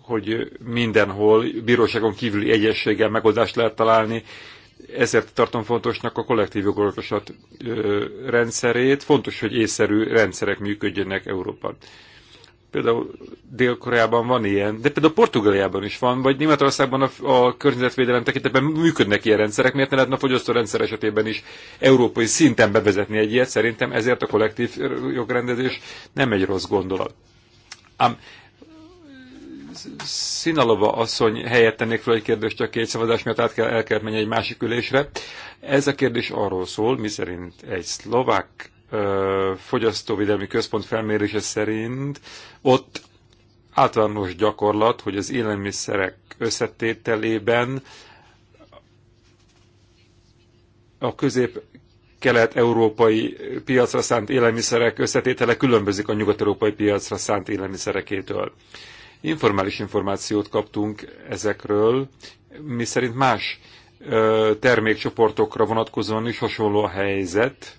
hogy mindenhol bíróságon kívüli egyességgel megoldást lehet találni, ezért tartom fontosnak a kollektív jogorvoslat rendszerét. Fontos, hogy észszerű rendszerek működjenek Európában. Például Dél-Koreában van ilyen, de például Portugáliában is van, vagy Németországban a, a környezetvédelem tekintetben működnek ilyen rendszerek, miért ne lehetne a fogyasztórendszer esetében is európai szinten bevezetni egy ilyet? Szerintem ezért a kollektív jogrendezés nem egy rossz gondolat. Ám Szinalova asszony helyett tennék fel egy kérdést csak két szavazás miatt át kell, el kell menni egy másik ülésre. Ez a kérdés arról szól, miszerint egy szlovák fogyasztóvédelmi központ felmérése szerint ott általános gyakorlat, hogy az élelmiszerek összetételében a közép kelet-európai piacra szánt élelmiszerek összetétele különbözik a nyugat-európai piacra szánt élelmiszerekétől. Informális információt kaptunk ezekről, mi szerint más termékcsoportokra vonatkozóan is hasonló a helyzet,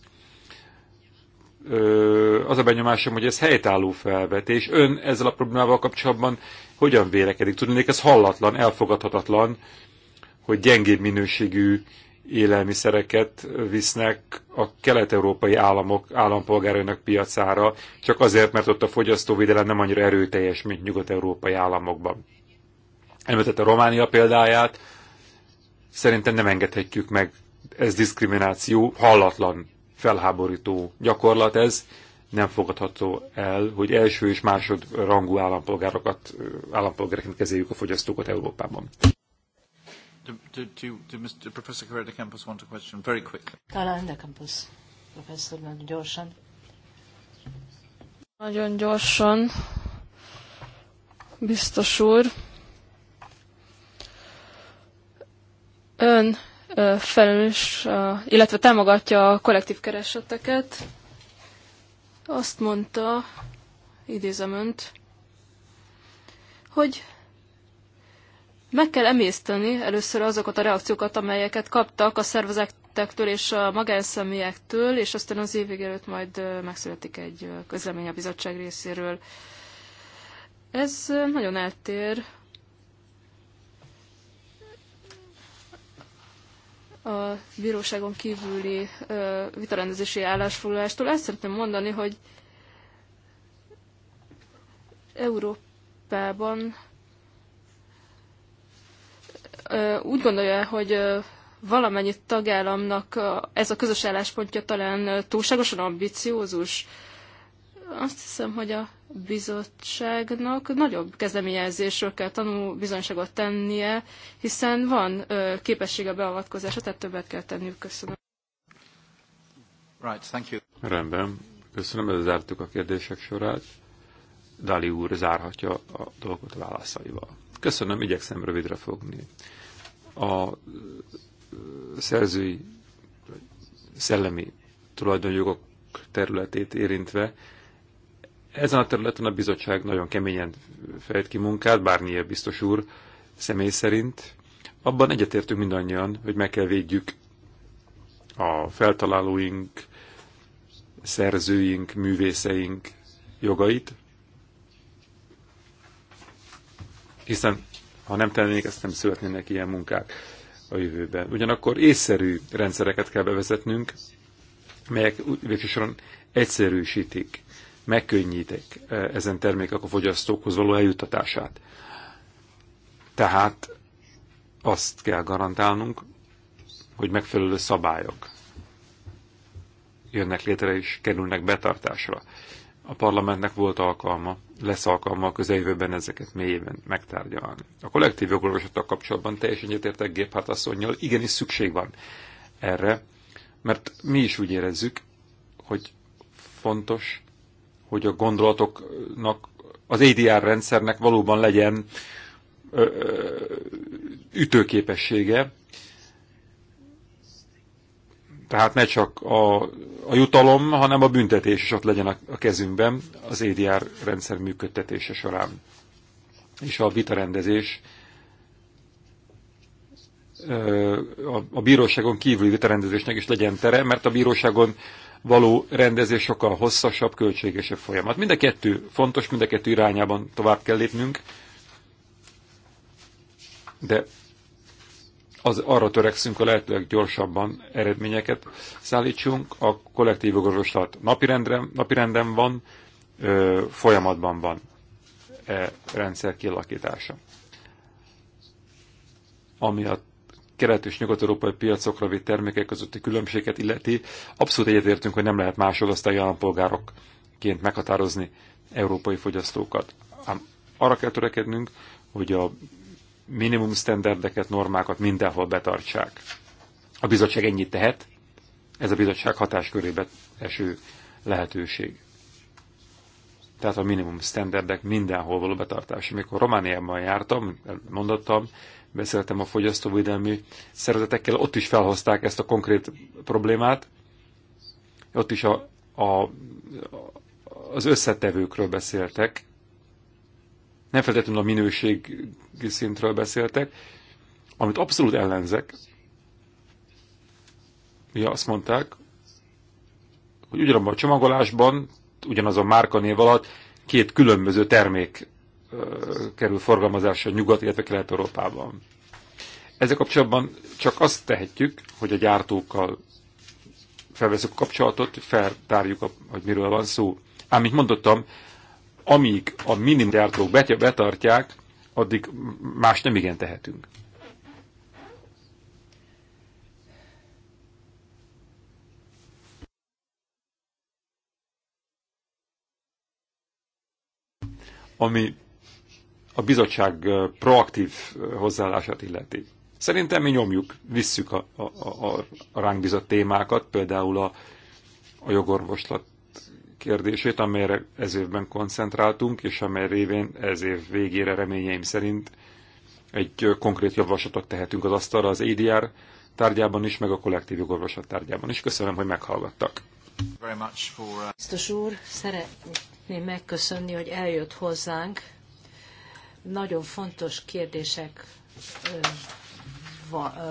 az a benyomásom, hogy ez helytálló felvetés. Ön ezzel a problémával kapcsolatban hogyan vélekedik? Tudnék, ez hallatlan, elfogadhatatlan, hogy gyengébb minőségű élelmiszereket visznek a kelet-európai államok állampolgárainak piacára, csak azért, mert ott a fogyasztóvédelem nem annyira erőteljes, mint nyugat-európai államokban. a Románia példáját, szerintem nem engedhetjük meg, ez diszkrimináció, hallatlan felháborító gyakorlat ez, nem fogadható el, hogy első és másod rangú állampolgárokat, állampolgárként kezeljük a fogyasztókat Európában. Talán de Campos professzor nagyon gyorsan. Nagyon gyorsan, biztos úr. Ön felelős, illetve támogatja a kollektív kereseteket. Azt mondta, idézem önt, hogy meg kell emészteni először azokat a reakciókat, amelyeket kaptak a szervezetektől és a magánszemélyektől, és aztán az évig előtt majd megszületik egy közlemény a bizottság részéről. Ez nagyon eltér a bíróságon kívüli ö, vitarendezési állásfoglalástól. Ezt szeretném mondani, hogy Európában ö, úgy gondolja, hogy ö, valamennyi tagállamnak ez a közös álláspontja talán túlságosan ambiciózus. Azt hiszem, hogy a bizottságnak nagyobb kezdeményezésről kell tanul bizonyságot tennie, hiszen van ö, képessége beavatkozásra, tehát többet kell tenniük. Köszönöm. Right, thank you. Rendben. Köszönöm, hogy zártuk a kérdések sorát. Dali úr zárhatja a dolgot válaszaival. Köszönöm, igyekszem rövidre fogni. A szerzői szellemi tulajdonjogok területét érintve ezen a területen a bizottság nagyon keményen fejt ki munkát, bármilyen biztos úr személy szerint. Abban egyetértünk mindannyian, hogy meg kell védjük a feltalálóink, szerzőink, művészeink jogait, hiszen ha nem tennék, ezt nem születnének ilyen munkák a jövőben. Ugyanakkor észszerű rendszereket kell bevezetnünk, melyek végsősorban egyszerűsítik megkönnyítik e, ezen termékek a fogyasztókhoz való eljutatását. Tehát azt kell garantálnunk, hogy megfelelő szabályok jönnek létre és kerülnek betartásra. A parlamentnek volt alkalma, lesz alkalma a közeljövőben ezeket mélyében megtárgyalni. A kollektív jogorvoslattal kapcsolatban teljesen egyetértek Géphát asszonynal, igenis szükség van erre, mert mi is úgy érezzük, hogy fontos hogy a gondolatoknak, az ADR rendszernek valóban legyen ütőképessége. Tehát ne csak a, a jutalom, hanem a büntetés is ott legyen a, a kezünkben az ADR rendszer működtetése során. És a vitarendezés a, a bíróságon kívüli vitarendezésnek is legyen tere, mert a bíróságon való rendezés sokkal hosszasabb, költségesebb folyamat. Mind a kettő fontos, mind a kettő irányában tovább kell lépnünk, de az, arra törekszünk, a lehetőleg gyorsabban eredményeket szállítsunk. A kollektív jogorvoslat napirenden, napirenden van, ö, folyamatban van e rendszer kilakítása. Ami a kelet- és nyugat-európai piacokra vitt termékek közötti különbséget illeti, abszolút egyetértünk, hogy nem lehet másodosztályi állampolgárokként meghatározni európai fogyasztókat. Ám arra kell törekednünk, hogy a minimum standardeket, normákat mindenhol betartsák. A bizottság ennyit tehet, ez a bizottság hatáskörébe eső lehetőség. Tehát a minimum standardek mindenhol való betartása. Mikor Romániában jártam, mondottam, beszéltem a fogyasztóvédelmi szervezetekkel, ott is felhozták ezt a konkrét problémát, ott is a, a, az összetevőkről beszéltek, nem feltétlenül a minőségi szintről beszéltek, amit abszolút ellenzek. Ja, azt mondták, hogy ugyanabban a csomagolásban, ugyanaz a márkanév alatt két különböző termék kerül forgalmazásra Nyugat, illetve Kelet-Európában. Ezzel kapcsolatban csak azt tehetjük, hogy a gyártókkal felveszünk a kapcsolatot, feltárjuk, hogy miről van szó. Ám, mint mondottam, amíg a minimum gyártók betartják, addig más nem igen tehetünk. Ami a bizottság proaktív hozzáállását illeti. Szerintem mi nyomjuk, visszük a, a, a, a ránk bizott témákat, például a, a jogorvoslat kérdését, amelyre ez évben koncentráltunk, és amely révén ez év végére reményeim szerint egy konkrét javaslatot tehetünk az asztalra az ADR tárgyában is, meg a kollektív jogorvoslat tárgyában is. Köszönöm, hogy meghallgattak. Uh, Biztos úr, szeretném megköszönni, hogy eljött hozzánk nagyon fontos kérdések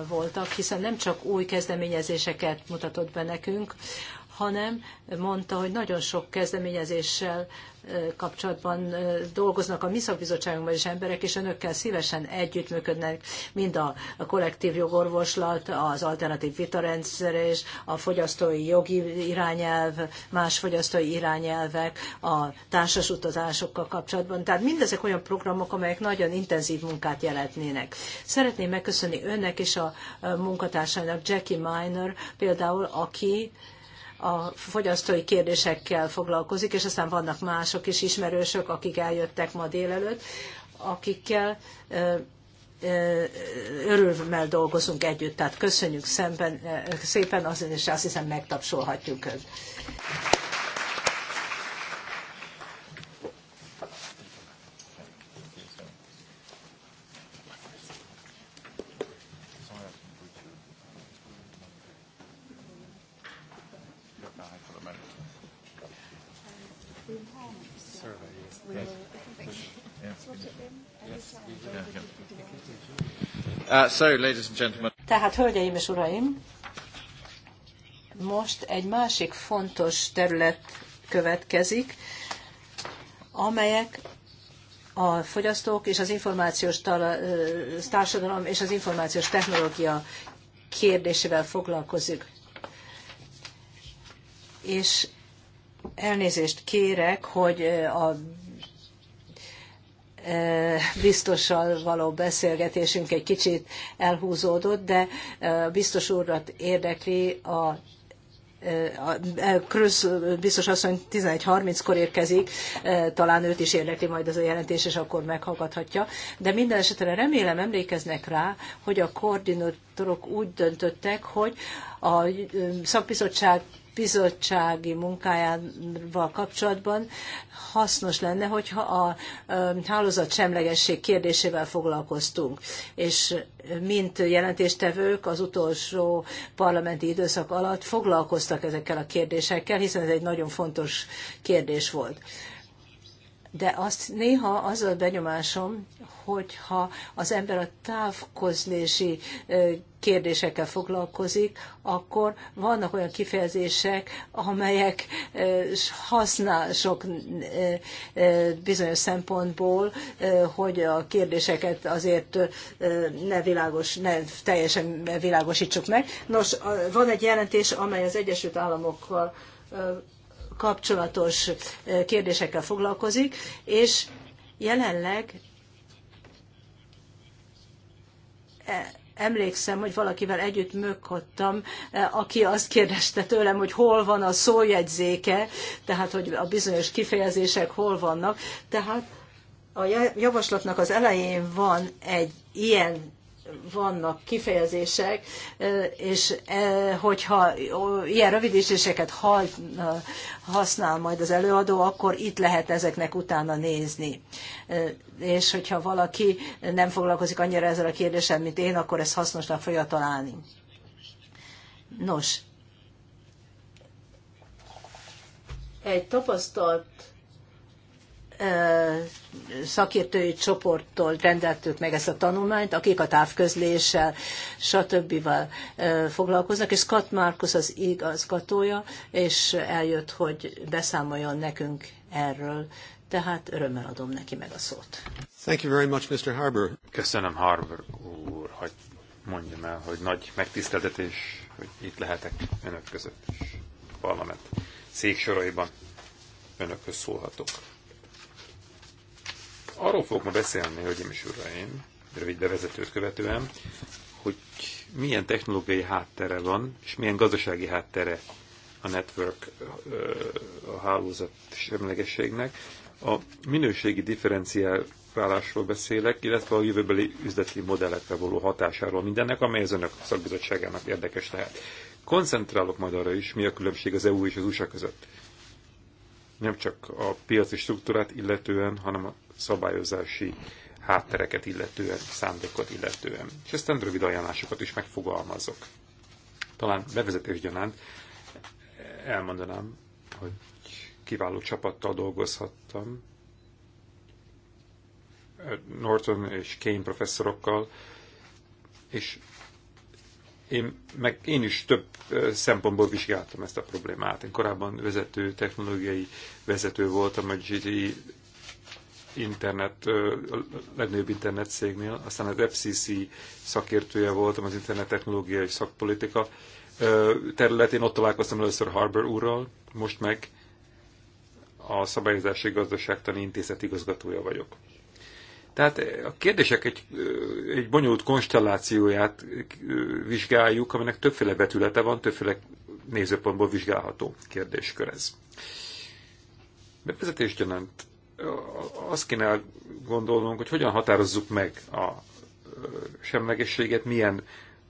voltak, hiszen nem csak új kezdeményezéseket mutatott be nekünk, hanem mondta, hogy nagyon sok kezdeményezéssel kapcsolatban dolgoznak a mi szakbizottságunkban is emberek, és önökkel szívesen együttműködnek, mind a kollektív jogorvoslat, az alternatív vitarendszer és a fogyasztói jogi irányelv, más fogyasztói irányelvek, a társas utazásokkal kapcsolatban. Tehát mindezek olyan programok, amelyek nagyon intenzív munkát jelentnének. Szeretném megköszönni önnek és a munkatársainak, Jackie Miner például, aki a fogyasztói kérdésekkel foglalkozik, és aztán vannak mások is ismerősök, akik eljöttek ma délelőtt, akikkel örülmel dolgozunk együtt. Tehát köszönjük szemben, szépen, azért is azt hiszem megtapsolhatjuk őt. Uh, so, ladies and gentlemen. Tehát, hölgyeim és uraim, most egy másik fontos terület következik, amelyek a fogyasztók és az információs társadalom és az információs technológia kérdésével foglalkozik. És elnézést kérek, hogy a Eh, biztossal való beszélgetésünk egy kicsit elhúzódott, de eh, biztos úrat érdekli a eh, Krösz biztos asszony 11.30-kor érkezik, talán őt is érdekli majd az a jelentés, és akkor meghallgathatja. De minden esetre remélem emlékeznek rá, hogy a koordinátorok úgy döntöttek, hogy a szakbizottság bizottsági munkájával kapcsolatban hasznos lenne, hogyha a hálózat semlegesség kérdésével foglalkoztunk. És mint jelentéstevők az utolsó parlamenti időszak alatt foglalkoztak ezekkel a kérdésekkel, hiszen ez egy nagyon fontos kérdés volt. De azt néha az a benyomásom, hogyha az ember a távkozlési kérdésekkel foglalkozik, akkor vannak olyan kifejezések, amelyek sok bizonyos szempontból, hogy a kérdéseket azért ne, világos, ne teljesen világosítsuk meg. Nos, van egy jelentés, amely az Egyesült Államokkal kapcsolatos kérdésekkel foglalkozik, és jelenleg e, emlékszem, hogy valakivel együtt mögködtem, eh, aki azt kérdezte tőlem, hogy hol van a szójegyzéke, tehát hogy a bizonyos kifejezések hol vannak. Tehát a javaslatnak az elején van egy ilyen vannak kifejezések, és hogyha ilyen rövidítéseket használ majd az előadó, akkor itt lehet ezeknek utána nézni. És hogyha valaki nem foglalkozik annyira ezzel a kérdéssel, mint én, akkor ezt hasznosnak fogja találni. Nos, egy tapasztalt szakértői csoporttól rendeltük meg ezt a tanulmányt, akik a távközléssel, stb. foglalkoznak, és Kat Márkusz az igazgatója, és eljött, hogy beszámoljon nekünk erről, tehát örömmel adom neki meg a szót. Thank you very much, Mr. Harbour. Köszönöm, Harbour úr, hogy mondjam el, hogy nagy megtiszteltetés, hogy itt lehetek önök között, és parlament széksoraiban önökhöz szólhatok. Arról fogok ma beszélni, hölgyeim és uraim, rövid bevezetőt követően, hogy milyen technológiai háttere van, és milyen gazdasági háttere a network, a hálózat semlegességnek. A minőségi differenciálásról beszélek, illetve a jövőbeli üzleti modellekre való hatásáról mindennek, amely az önök szakbizottságának érdekes lehet. Koncentrálok majd arra is, mi a különbség az EU és az USA között. Nem csak a piaci struktúrát illetően, hanem a szabályozási háttereket illetően, szándékot illetően. És aztán rövid ajánlásokat is megfogalmazok. Talán bevezetés gyanánt elmondanám, hogy kiváló csapattal dolgozhattam, Norton és Kane professzorokkal, és én, meg én is több szempontból vizsgáltam ezt a problémát. Én korábban vezető, technológiai vezető voltam a GTI internet, a legnagyobb internet cégnél, aztán az FCC szakértője voltam az internet technológia és szakpolitika területén, ott találkoztam először Harbour úrral, most meg a Szabályozási Gazdaságtani Intézet igazgatója vagyok. Tehát a kérdések egy, egy bonyolult konstellációját vizsgáljuk, aminek többféle betülete van, többféle nézőpontból vizsgálható kérdéskör ez. Bevezetés gyanánt azt kéne gondolnunk, hogy hogyan határozzuk meg a semlegességet, milyen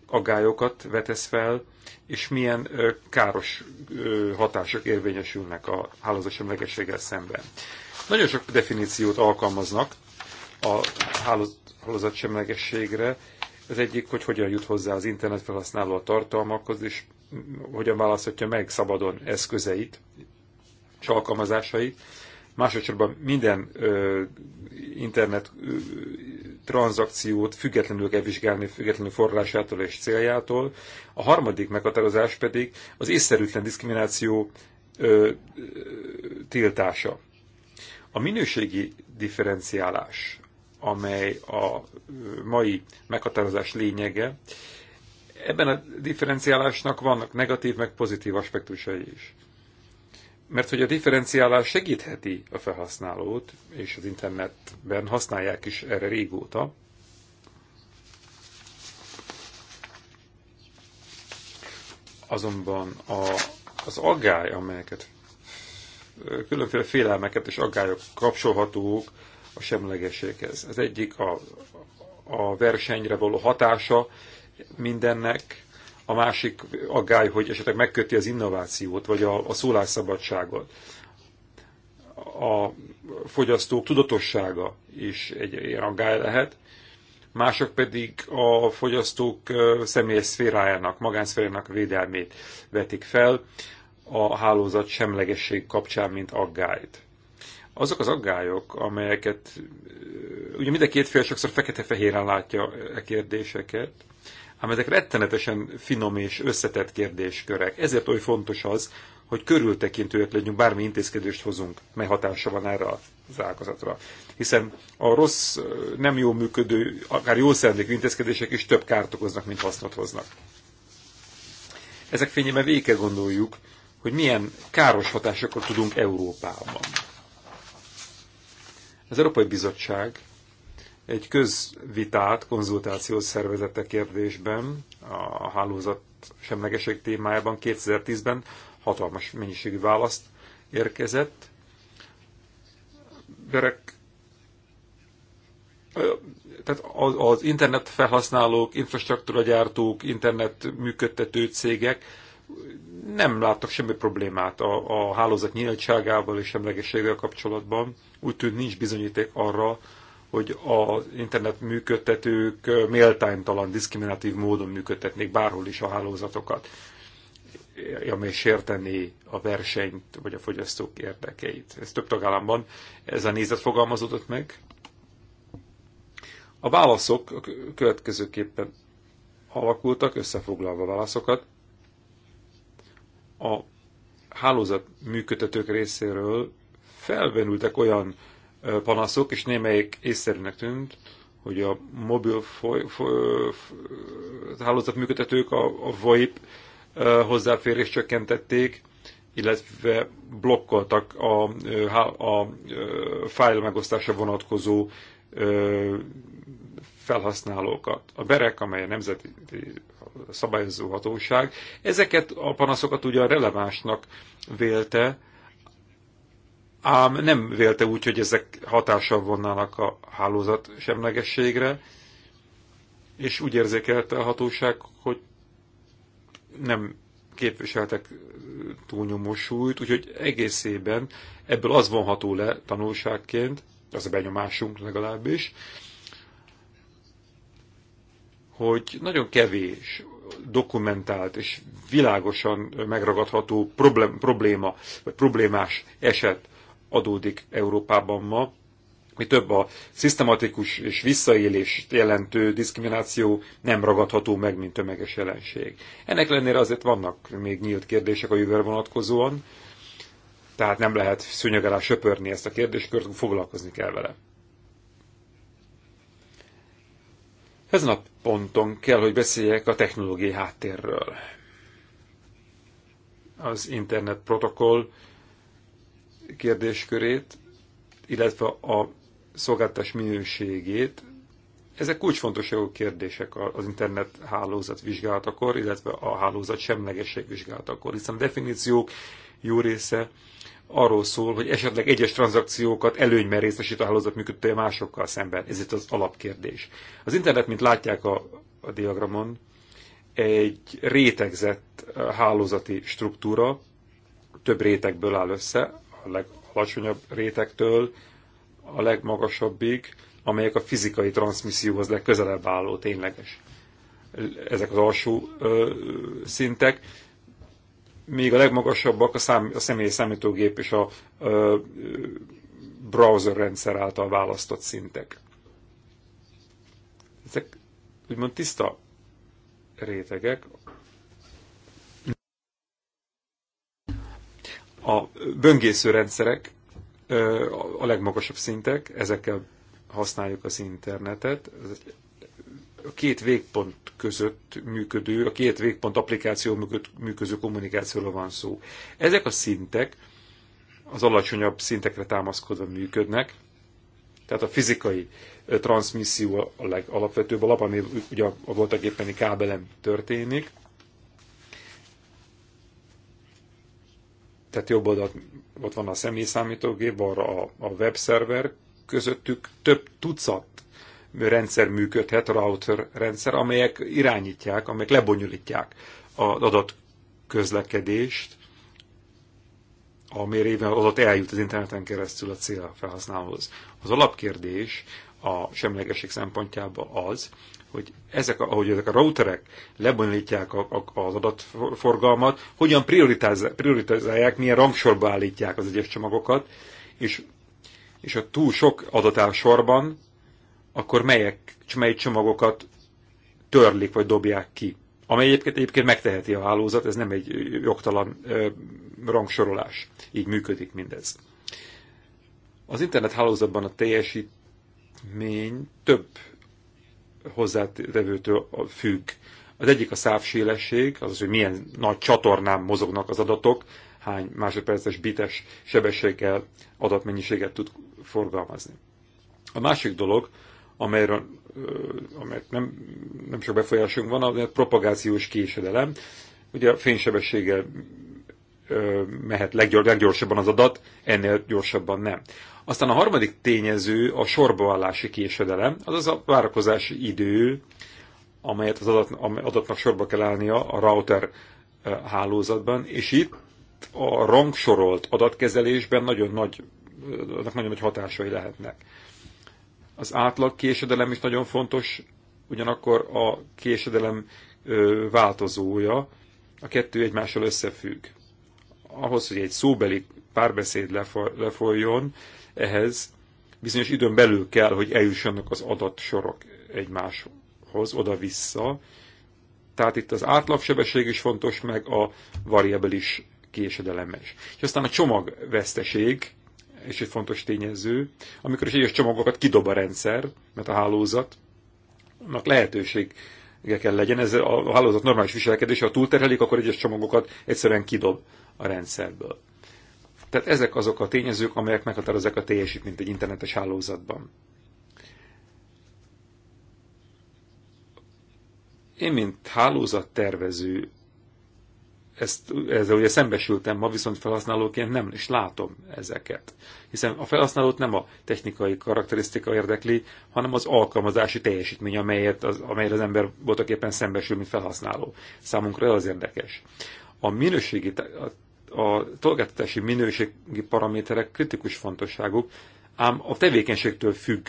agályokat vetesz fel, és milyen káros hatások érvényesülnek a hálózat semlegességgel szemben. Nagyon sok definíciót alkalmaznak a hálózat semlegességre. Az egyik, hogy hogyan jut hozzá az internet felhasználó a tartalmakhoz, és hogyan választhatja meg szabadon eszközeit és alkalmazásait Másodszorban minden ö, internet ö, tranzakciót függetlenül kell vizsgálni, függetlenül forrásától és céljától. A harmadik meghatározás pedig az észszerűtlen diszkrimináció ö, tiltása. A minőségi differenciálás, amely a mai meghatározás lényege, ebben a differenciálásnak vannak negatív meg pozitív aspektusai is mert hogy a differenciálás segítheti a felhasználót, és az internetben használják is erre régóta. Azonban a, az aggály, amelyeket különféle félelmeket és aggályok kapcsolhatók a semlegességhez. Az egyik a, a versenyre való hatása mindennek, a másik aggály, hogy esetleg megköti az innovációt, vagy a, a szólásszabadságot. A fogyasztók tudatossága is egy ilyen aggály lehet. Mások pedig a fogyasztók személyes szférájának, magánszférájának védelmét vetik fel a hálózat semlegesség kapcsán, mint aggályt azok az aggályok, amelyeket ugye mind a két fél sokszor fekete-fehéren látja a e kérdéseket, Ám ezek rettenetesen finom és összetett kérdéskörek. Ezért oly fontos az, hogy körültekintőek legyünk, bármi intézkedést hozunk, mely hatása van erre az ágazatra. Hiszen a rossz, nem jó működő, akár jó szándékű intézkedések is több kárt okoznak, mint hasznot hoznak. Ezek fényében véke gondoljuk, hogy milyen káros hatásokat tudunk Európában. Az Európai Bizottság egy közvitát, konzultációt szervezett a kérdésben, a hálózat semlegeség témájában 2010-ben hatalmas mennyiségű választ érkezett. Berek, tehát az, az internet felhasználók, infrastruktúragyártók, internet működtető cégek nem láttak semmi problémát a, a hálózat nyíltságával és semlegességgel kapcsolatban. Úgy tűnt nincs bizonyíték arra, hogy az internet működtetők méltánytalan, diszkriminatív módon működtetnék bárhol is a hálózatokat, amely sértené a versenyt vagy a fogyasztók érdekeit. Ez több tagállamban ez a nézet fogalmazódott meg. A válaszok következőképpen alakultak, összefoglalva a válaszokat. A hálózat működtetők részéről felvenültek olyan panaszok, és némelyik észszerűnek tűnt, hogy a mobil foly, foly, hálózatműködtetők a, a VoIP hozzáférést csökkentették, illetve blokkoltak a, a, a fájl megosztásra vonatkozó felhasználókat. A BEREK, amely a Nemzeti Szabályozó Hatóság, ezeket a panaszokat ugyan relevánsnak vélte, ám nem vélte úgy, hogy ezek hatással vonnának a hálózat semlegességre, és úgy érzékelte a hatóság, hogy nem képviseltek túlnyomó súlyt, úgyhogy egészében ebből az vonható le tanulságként, az a benyomásunk legalábbis, hogy nagyon kevés dokumentált és világosan megragadható problém, probléma, vagy problémás eset adódik Európában ma, mi több a szisztematikus és visszaélést jelentő diszkrimináció nem ragadható meg, mint tömeges jelenség. Ennek ellenére azért vannak még nyílt kérdések a jövőre vonatkozóan, tehát nem lehet szőnyeg alá söpörni ezt a kérdéskört, foglalkozni kell vele. Ezen a ponton kell, hogy beszéljek a technológiai háttérről. Az internet protokoll kérdéskörét, illetve a szolgáltatás minőségét. Ezek kulcsfontosságú kérdések az internet hálózat vizsgálatakor, illetve a hálózat semlegesség vizsgálatakor, hiszen a definíciók jó része arról szól, hogy esetleg egyes tranzakciókat előnyben részesít a hálózat működtője másokkal szemben. Ez itt az alapkérdés. Az internet, mint látják a, a diagramon, egy rétegzett eh, hálózati struktúra, több rétegből áll össze, a legalacsonyabb rétektől a legmagasabbig, amelyek a fizikai transmisszióhoz legközelebb álló tényleges. Ezek az alsó ö, szintek, még a legmagasabbak a, szám, a személyi számítógép és a ö, browser rendszer által választott szintek. Ezek úgymond tiszta rétegek, A böngésző rendszerek a legmagasabb szintek, ezekkel használjuk az internetet. A két végpont között működő, a két végpont applikáció mögött működő kommunikációról van szó. Ezek a szintek az alacsonyabb szintekre támaszkodva működnek, tehát a fizikai transmisszió a legalapvetőbb alap, ami ugye a voltak éppeni kábelen történik, tehát jobb oldalt ott van a számítógép, arra a, a webszerver, közöttük több tucat rendszer működhet, router rendszer, amelyek irányítják, amelyek lebonyolítják az közlekedést, amire révén az adat eljut az interneten keresztül a célfelhasználóhoz. Az alapkérdés a semlegesség szempontjából az, hogy ezek, ahogy ezek a routerek lebonyolítják a, a, az adatforgalmat, hogyan prioritizálják, milyen rangsorba állítják az egyes csomagokat, és, és a túl sok adat áll sorban, akkor melyek, mely csomagokat törlik vagy dobják ki. Amely egyébként, egyébként megteheti a hálózat, ez nem egy jogtalan ö, rangsorolás. Így működik mindez. Az internet hálózatban a teljesít teljesítmény több hozzátevőtől függ. Az egyik a az azaz, hogy milyen nagy csatornán mozognak az adatok, hány másodperces bites sebességgel adatmennyiséget tud forgalmazni. A másik dolog, amelyről, amelyet nem, nem sok befolyásunk van, a propagációs késedelem. Ugye a fénysebességgel mehet leggyorsabban az adat, ennél gyorsabban nem. Aztán a harmadik tényező a sorbaállási késedelem, azaz a várakozási idő, amelyet az adat, adatnak sorba kell állnia a router eh, hálózatban, és itt a rangsorolt adatkezelésben nagyon nagy, eh, nagyon nagy hatásai lehetnek. Az átlag késedelem is nagyon fontos, ugyanakkor a késedelem eh, változója, a kettő egymással összefügg. Ahhoz, hogy egy szóbeli párbeszéd lefolyjon, ehhez bizonyos időn belül kell, hogy eljussanak az adatsorok egymáshoz, oda-vissza. Tehát itt az átlagsebesség is fontos, meg a variabilis késedelem is. És aztán a csomagveszteség, és egy fontos tényező, amikor is egyes csomagokat kidob a rendszer, mert a hálózatnak lehetőség kell legyen, ez a hálózat normális viselkedése, ha túlterhelik, akkor egyes csomagokat egyszerűen kidob a rendszerből. Tehát ezek azok a tényezők, amelyek meghatározzák a teljesítményt egy internetes hálózatban. Én, mint hálózattervező, ezt, ezzel ugye szembesültem ma, viszont felhasználóként nem is látom ezeket. Hiszen a felhasználót nem a technikai karakterisztika érdekli, hanem az alkalmazási teljesítmény, amelyet az, amelyre az ember éppen szembesül, mint felhasználó. Számunkra ez az érdekes. A minőségi a szolgáltatási minőségi paraméterek kritikus fontosságuk, ám a tevékenységtől függ,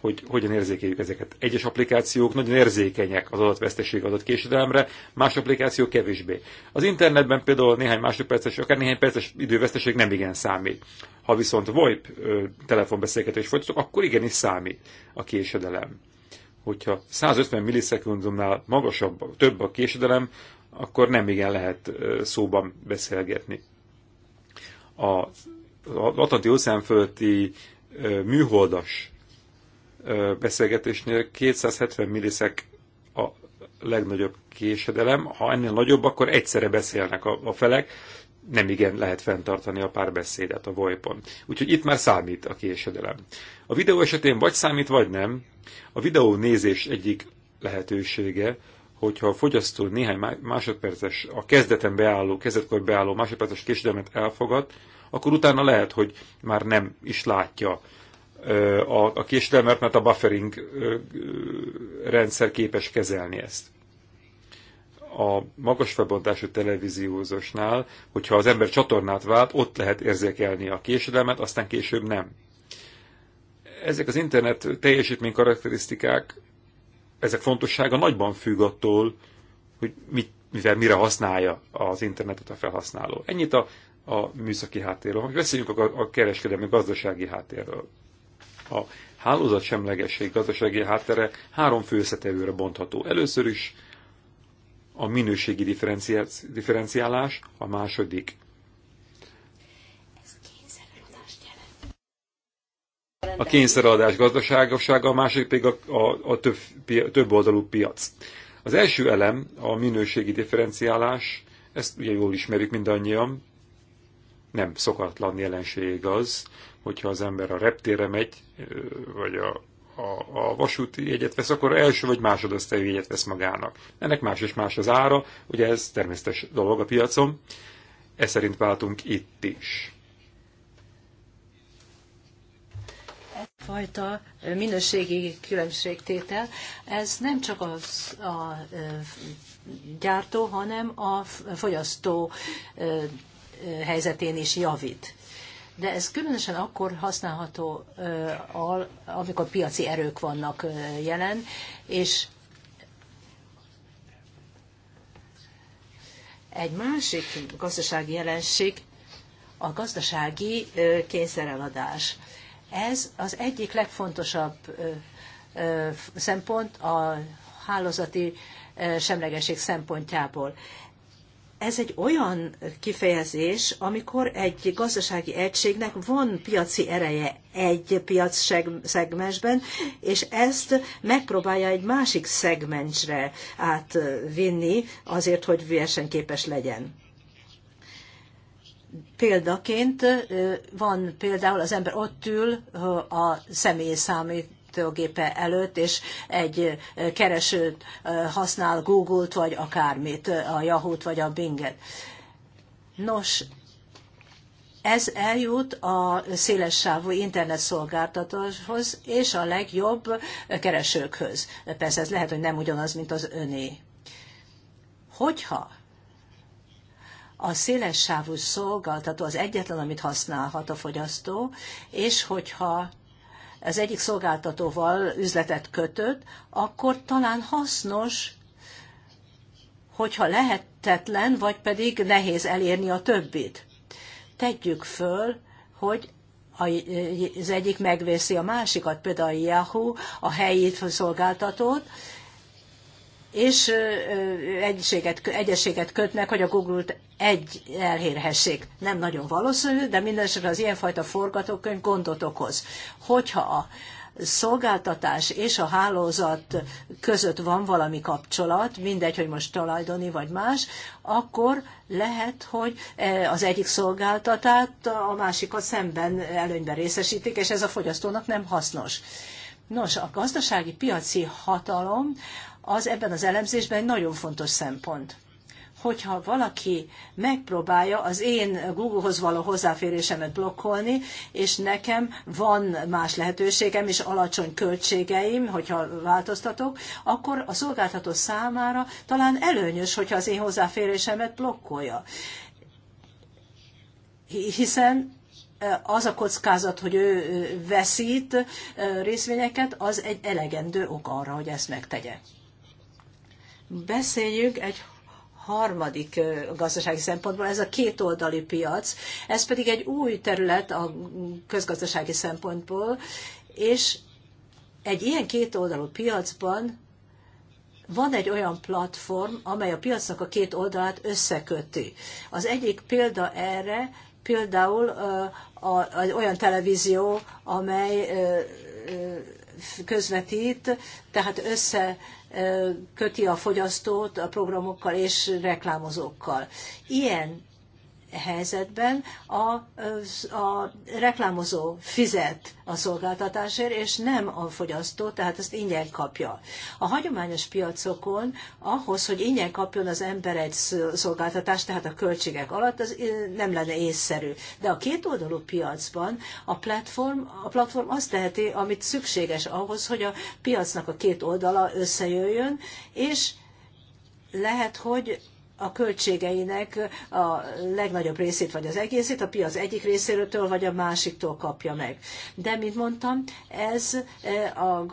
hogy hogyan érzékeljük ezeket. Egyes applikációk nagyon érzékenyek az adatveszteség adatkésedelemre, más applikációk kevésbé. Az internetben például néhány másodperces, akár néhány perces időveszteség nem igen számít. Ha viszont VoIP telefonbeszélgetés folytatok, akkor igenis számít a késedelem hogyha 150 millisekundumnál magasabb, több a késedelem, akkor nem igen lehet szóban beszélgetni. A Atlanti óceán fölötti műholdas beszélgetésnél 270 milliszek a legnagyobb késedelem. Ha ennél nagyobb, akkor egyszerre beszélnek a, a felek, nem igen lehet fenntartani a párbeszédet a volypon. Úgyhogy itt már számít a késedelem. A videó esetén vagy számít, vagy nem. A videó nézés egyik lehetősége, hogyha a fogyasztó néhány másodperces, a kezdeten beálló, kezdetkor beálló másodperces késedelmet elfogad, akkor utána lehet, hogy már nem is látja a, a késedelmet, mert a buffering rendszer képes kezelni ezt. A magas felbontású televíziózósnál, hogyha az ember csatornát vált, ott lehet érzékelni a késedelmet, aztán később nem. Ezek az internet teljesítmény karakterisztikák ezek fontossága nagyban függ attól, hogy mit, mivel mire használja az internetet a felhasználó. Ennyit a, a műszaki háttérről. Most beszéljünk a, a kereskedelmi gazdasági háttérről. A hálózat semlegesség gazdasági háttere három fő összetevőre bontható. Először is a minőségi differenciálás, a második a kényszeradás gazdaságossága, a másik pedig a, a, a több, pia, több oldalú piac. Az első elem, a minőségi differenciálás, ezt ugye jól ismerjük mindannyian, nem szokatlan jelenség az, hogyha az ember a reptére megy, vagy a, a, a vasúti jegyet vesz, akkor első vagy másodosztályú jegyet vesz magának. Ennek más és más az ára, ugye ez természetes dolog a piacon, ez szerint váltunk itt is. fajta minőségi különbségtétel, ez nem csak az, a gyártó, hanem a fogyasztó helyzetén is javít. De ez különösen akkor használható, amikor piaci erők vannak jelen, és egy másik gazdasági jelenség a gazdasági kényszereladás. Ez az egyik legfontosabb szempont a hálózati semlegesség szempontjából. Ez egy olyan kifejezés, amikor egy gazdasági egységnek van piaci ereje egy piac szegmensben, és ezt megpróbálja egy másik szegmensre átvinni azért, hogy versenyképes legyen példaként van például az ember ott ül a személyi gépe előtt, és egy keresőt használ Google-t, vagy akármit, a Yahoo-t, vagy a Binget. Nos, ez eljut a széles sávú szolgáltatóhoz és a legjobb keresőkhöz. Persze ez lehet, hogy nem ugyanaz, mint az öné. Hogyha a széles sávú szolgáltató az egyetlen, amit használhat a fogyasztó, és hogyha az egyik szolgáltatóval üzletet kötött, akkor talán hasznos, hogyha lehetetlen, vagy pedig nehéz elérni a többit. Tegyük föl, hogy az egyik megvészi a másikat, például a Yahoo, a helyi szolgáltatót, és egységet, egyességet kötnek, hogy a Google-t egy elérhessék. Nem nagyon valószínű, de mindenesetre az ilyenfajta forgatókönyv gondot okoz. Hogyha a szolgáltatás és a hálózat között van valami kapcsolat, mindegy, hogy most tulajdoni vagy más, akkor lehet, hogy e, az egyik szolgáltatát a másikat szemben előnyben részesítik, és ez a fogyasztónak nem hasznos. Nos, a gazdasági piaci hatalom az ebben az elemzésben egy nagyon fontos szempont hogyha valaki megpróbálja az én Google-hoz való hozzáférésemet blokkolni, és nekem van más lehetőségem és alacsony költségeim, hogyha változtatok, akkor a szolgáltató számára talán előnyös, hogyha az én hozzáférésemet blokkolja. Hiszen az a kockázat, hogy ő veszít részvényeket, az egy elegendő ok arra, hogy ezt megtegye. Beszéljünk egy harmadik gazdasági szempontból, ez a kétoldali piac, ez pedig egy új terület a közgazdasági szempontból, és egy ilyen kétoldalú piacban van egy olyan platform, amely a piacnak a két oldalát összeköti. Az egyik példa erre például a, olyan televízió, amely közvetít, tehát össze köti a fogyasztót a programokkal és reklámozókkal. Ilyen helyzetben a, a reklámozó fizet a szolgáltatásért, és nem a fogyasztó, tehát ezt ingyen kapja. A hagyományos piacokon ahhoz, hogy ingyen kapjon az ember egy szolgáltatást, tehát a költségek alatt, az eh, nem lenne észszerű. De a kétoldalú piacban a platform, a platform azt teheti, amit szükséges ahhoz, hogy a piacnak a két oldala összejöjjön, és lehet, hogy a költségeinek a legnagyobb részét vagy az egészét a piac egyik részéről vagy a másiktól kapja meg. De, mint mondtam, ez e, a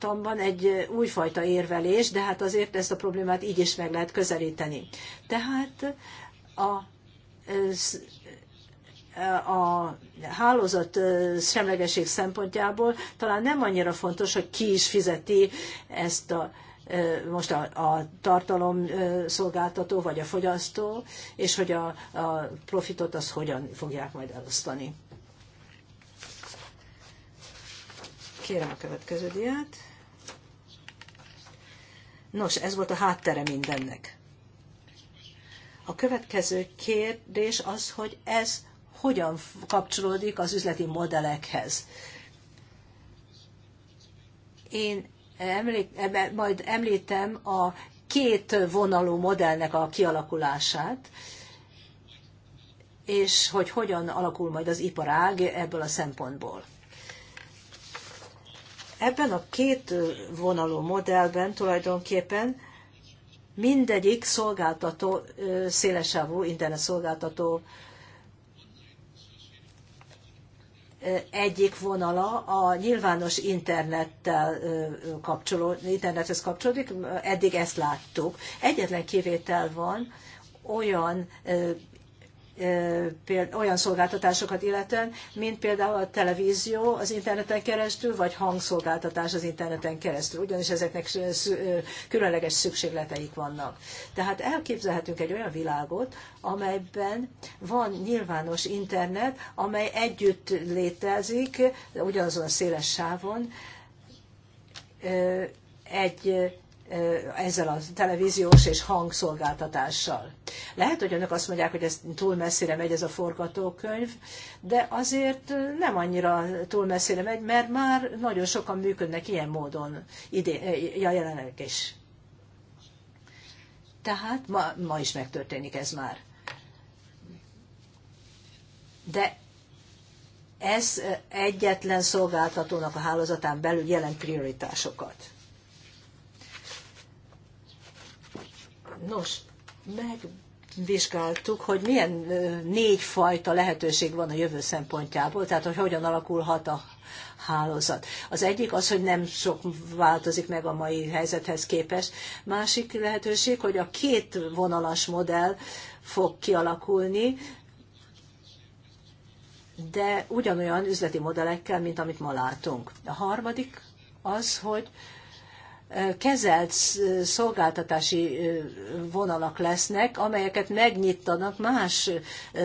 van egy újfajta érvelés, de hát azért ezt a problémát így is meg lehet közelíteni. Tehát a e, a hálózat e, semlegesség szempontjából talán nem annyira fontos, hogy ki is fizeti ezt a most a, a tartalom szolgáltató vagy a fogyasztó, és hogy a, a profitot az hogyan fogják majd elosztani. Kérem a következő diát. Nos, ez volt a háttere mindennek. A következő kérdés az, hogy ez hogyan kapcsolódik az üzleti modellekhez. Én említ, majd említem a két vonalú modellnek a kialakulását, és hogy hogyan alakul majd az iparág ebből a szempontból. Ebben a két vonalú modellben tulajdonképpen mindegyik szolgáltató, szélesávú internet szolgáltató egyik vonala a nyilvános internettel kapcsoló, internethez kapcsolódik, eddig ezt láttuk. Egyetlen kivétel van, olyan olyan szolgáltatásokat illetően, mint például a televízió az interneten keresztül, vagy hangszolgáltatás az interneten keresztül, ugyanis ezeknek különleges szükségleteik vannak. Tehát elképzelhetünk egy olyan világot, amelyben van nyilvános internet, amely együtt létezik, ugyanazon a széles sávon, egy ezzel a televíziós és hangszolgáltatással. Lehet, hogy önök azt mondják, hogy ez túl messzire megy ez a forgatókönyv, de azért nem annyira túl messzire megy, mert már nagyon sokan működnek ilyen módon ide ja, jelenleg is. Tehát ma, ma is megtörténik ez már. De ez egyetlen szolgáltatónak a hálózatán belül jelent prioritásokat Nos, megvizsgáltuk, hogy milyen négy fajta lehetőség van a jövő szempontjából, tehát hogy hogyan alakulhat a hálózat. Az egyik az, hogy nem sok változik meg a mai helyzethez képest. Másik lehetőség, hogy a két vonalas modell fog kialakulni, de ugyanolyan üzleti modellekkel, mint amit ma látunk. A harmadik az, hogy kezelt szolgáltatási vonalak lesznek, amelyeket megnyittanak más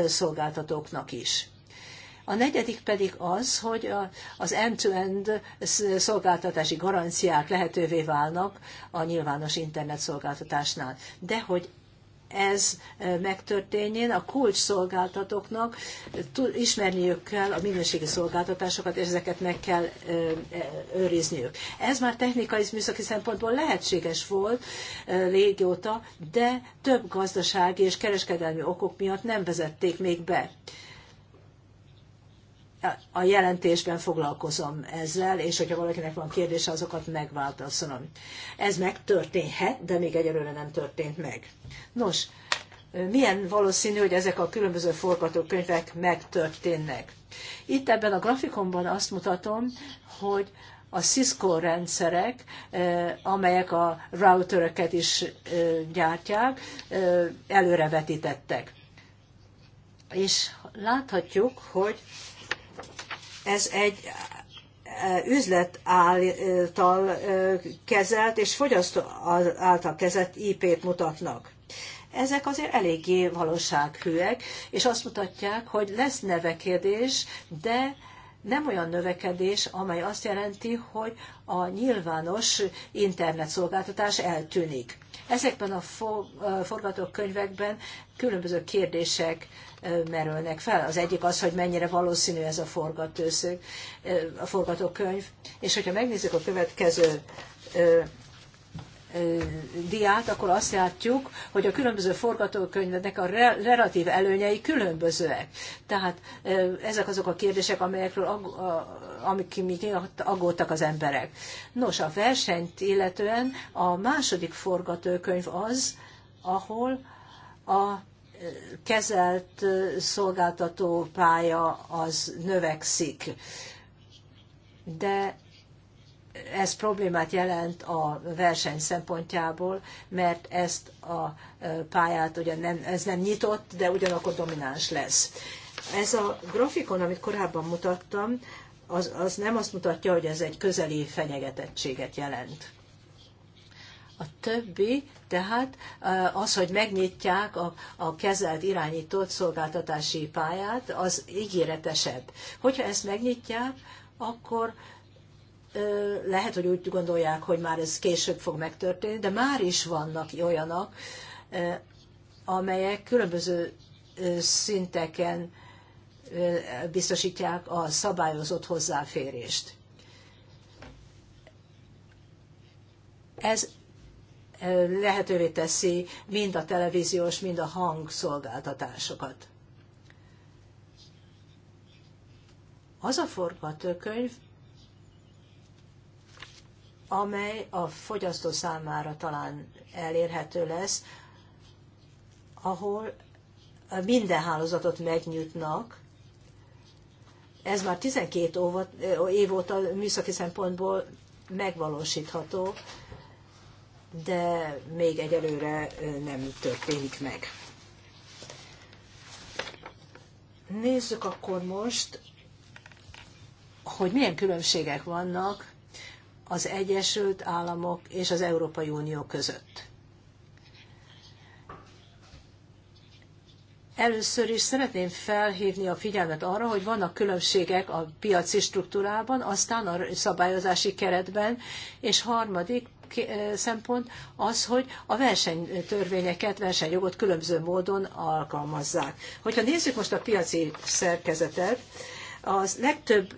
szolgáltatóknak is. A negyedik pedig az, hogy az end-to-end -end szolgáltatási garanciák lehetővé válnak a nyilvános internet szolgáltatásnál. De hogy ez megtörténjen, a kulcs szolgáltatóknak ismerniük kell a minőségi szolgáltatásokat, és ezeket meg kell őrizniük. Ez már technikai műszaki szempontból lehetséges volt régóta, de több gazdasági és kereskedelmi okok miatt nem vezették még be a jelentésben foglalkozom ezzel, és hogyha valakinek van kérdése, azokat megváltozom. Ez megtörténhet, de még egyelőre nem történt meg. Nos, milyen valószínű, hogy ezek a különböző forgatókönyvek megtörténnek. Itt ebben a grafikonban azt mutatom, hogy a Cisco rendszerek, eh, amelyek a routereket is eh, gyártják, eh, előrevetítettek. És láthatjuk, hogy ez egy üzlet által kezelt és fogyasztó által kezelt IP-t mutatnak. Ezek azért eléggé valósághűek, és azt mutatják, hogy lesz növekedés, de nem olyan növekedés, amely azt jelenti, hogy a nyilvános internetszolgáltatás eltűnik. Ezekben a forgatókönyvekben különböző kérdések merülnek fel. Az egyik az, hogy mennyire valószínű ez a forgatószög, a forgatókönyv. És hogyha megnézzük a következő diát, akkor azt látjuk, hogy a különböző forgatókönyveknek a relatív előnyei különbözőek. Tehát ezek azok a kérdések, amelyekről amik még aggódtak az emberek. Nos, a versenyt illetően a második forgatókönyv az, ahol a kezelt szolgáltató pálya az növekszik. De ez problémát jelent a verseny szempontjából, mert ezt a pályát ugyan nem, ez nem nyitott, de ugyanakkor domináns lesz. Ez a grafikon, amit korábban mutattam, az, az nem azt mutatja, hogy ez egy közeli fenyegetettséget jelent. A többi, tehát eh, az, hogy megnyitják a, a kezelt irányított szolgáltatási pályát, az ígéretesebb. Hogyha ezt megnyitják, akkor eh, lehet, hogy úgy gondolják, hogy már ez később fog megtörténni, de már is vannak olyanok, eh, amelyek különböző szinteken biztosítják a szabályozott hozzáférést. Ez lehetővé teszi mind a televíziós, mind a hangszolgáltatásokat. Az a forgatókönyv, amely a fogyasztó számára talán elérhető lesz, ahol minden hálózatot megnyitnak. Ez már 12 év óta műszaki szempontból megvalósítható, de még egyelőre nem történik meg. Nézzük akkor most, hogy milyen különbségek vannak az Egyesült Államok és az Európai Unió között. Először is szeretném felhívni a figyelmet arra, hogy vannak különbségek a piaci struktúrában, aztán a szabályozási keretben, és harmadik szempont az, hogy a versenytörvényeket, versenyjogot különböző módon alkalmazzák. Hogyha nézzük most a piaci szerkezetet, az legtöbb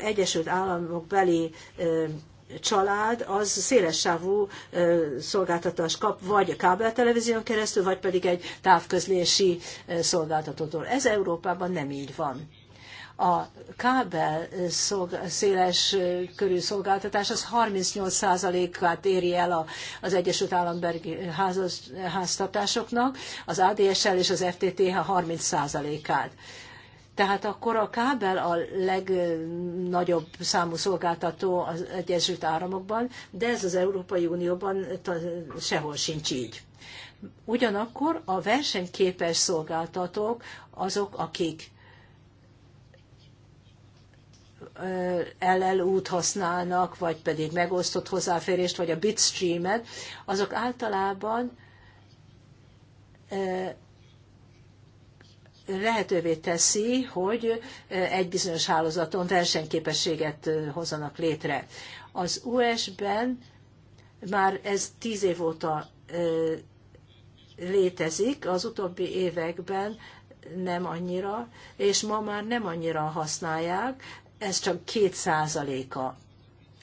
Egyesült Államok beli család az széles sávú szolgáltatás kap, vagy kábeltelevízión keresztül, vagy pedig egy távközlési szolgáltatótól. Ez Európában nem így van. A kábel széles körű szolgáltatás az 38%-át éri el az Egyesült Állambergi háztartásoknak, az ADSL és az FTTH 30%-át. Tehát akkor a kábel a legnagyobb számú szolgáltató az Egyesült Államokban, de ez az Európai Unióban sehol sincs így. Ugyanakkor a versenyképes szolgáltatók azok, akik LLU-t használnak, vagy pedig megosztott hozzáférést, vagy a bitstreamet, azok általában lehetővé teszi, hogy egy bizonyos hálózaton versenyképességet hozzanak létre. Az US-ben már ez tíz év óta létezik, az utóbbi években nem annyira, és ma már nem annyira használják, ez csak két százaléka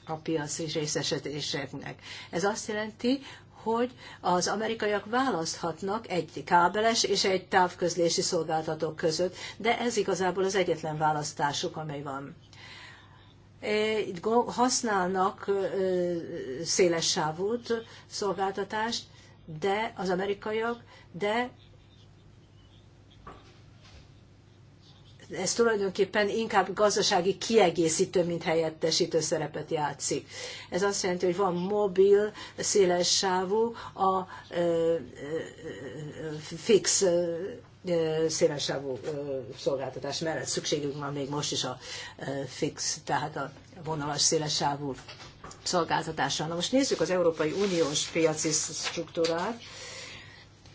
a piaci részesedéseknek. Ez azt jelenti, hogy az amerikaiak választhatnak egy kábeles és egy távközlési szolgáltató között, de ez igazából az egyetlen választásuk, amely van. E, használnak széles sávút szolgáltatást, de az amerikaiak, de ez tulajdonképpen inkább gazdasági kiegészítő, mint helyettesítő szerepet játszik. Ez azt jelenti, hogy van mobil, széles sávú, a fix szélesávú szolgáltatás mellett szükségünk van még most is a fix, tehát a vonalas szélesávú szolgáltatásra. Na most nézzük az Európai Uniós piaci struktúrát.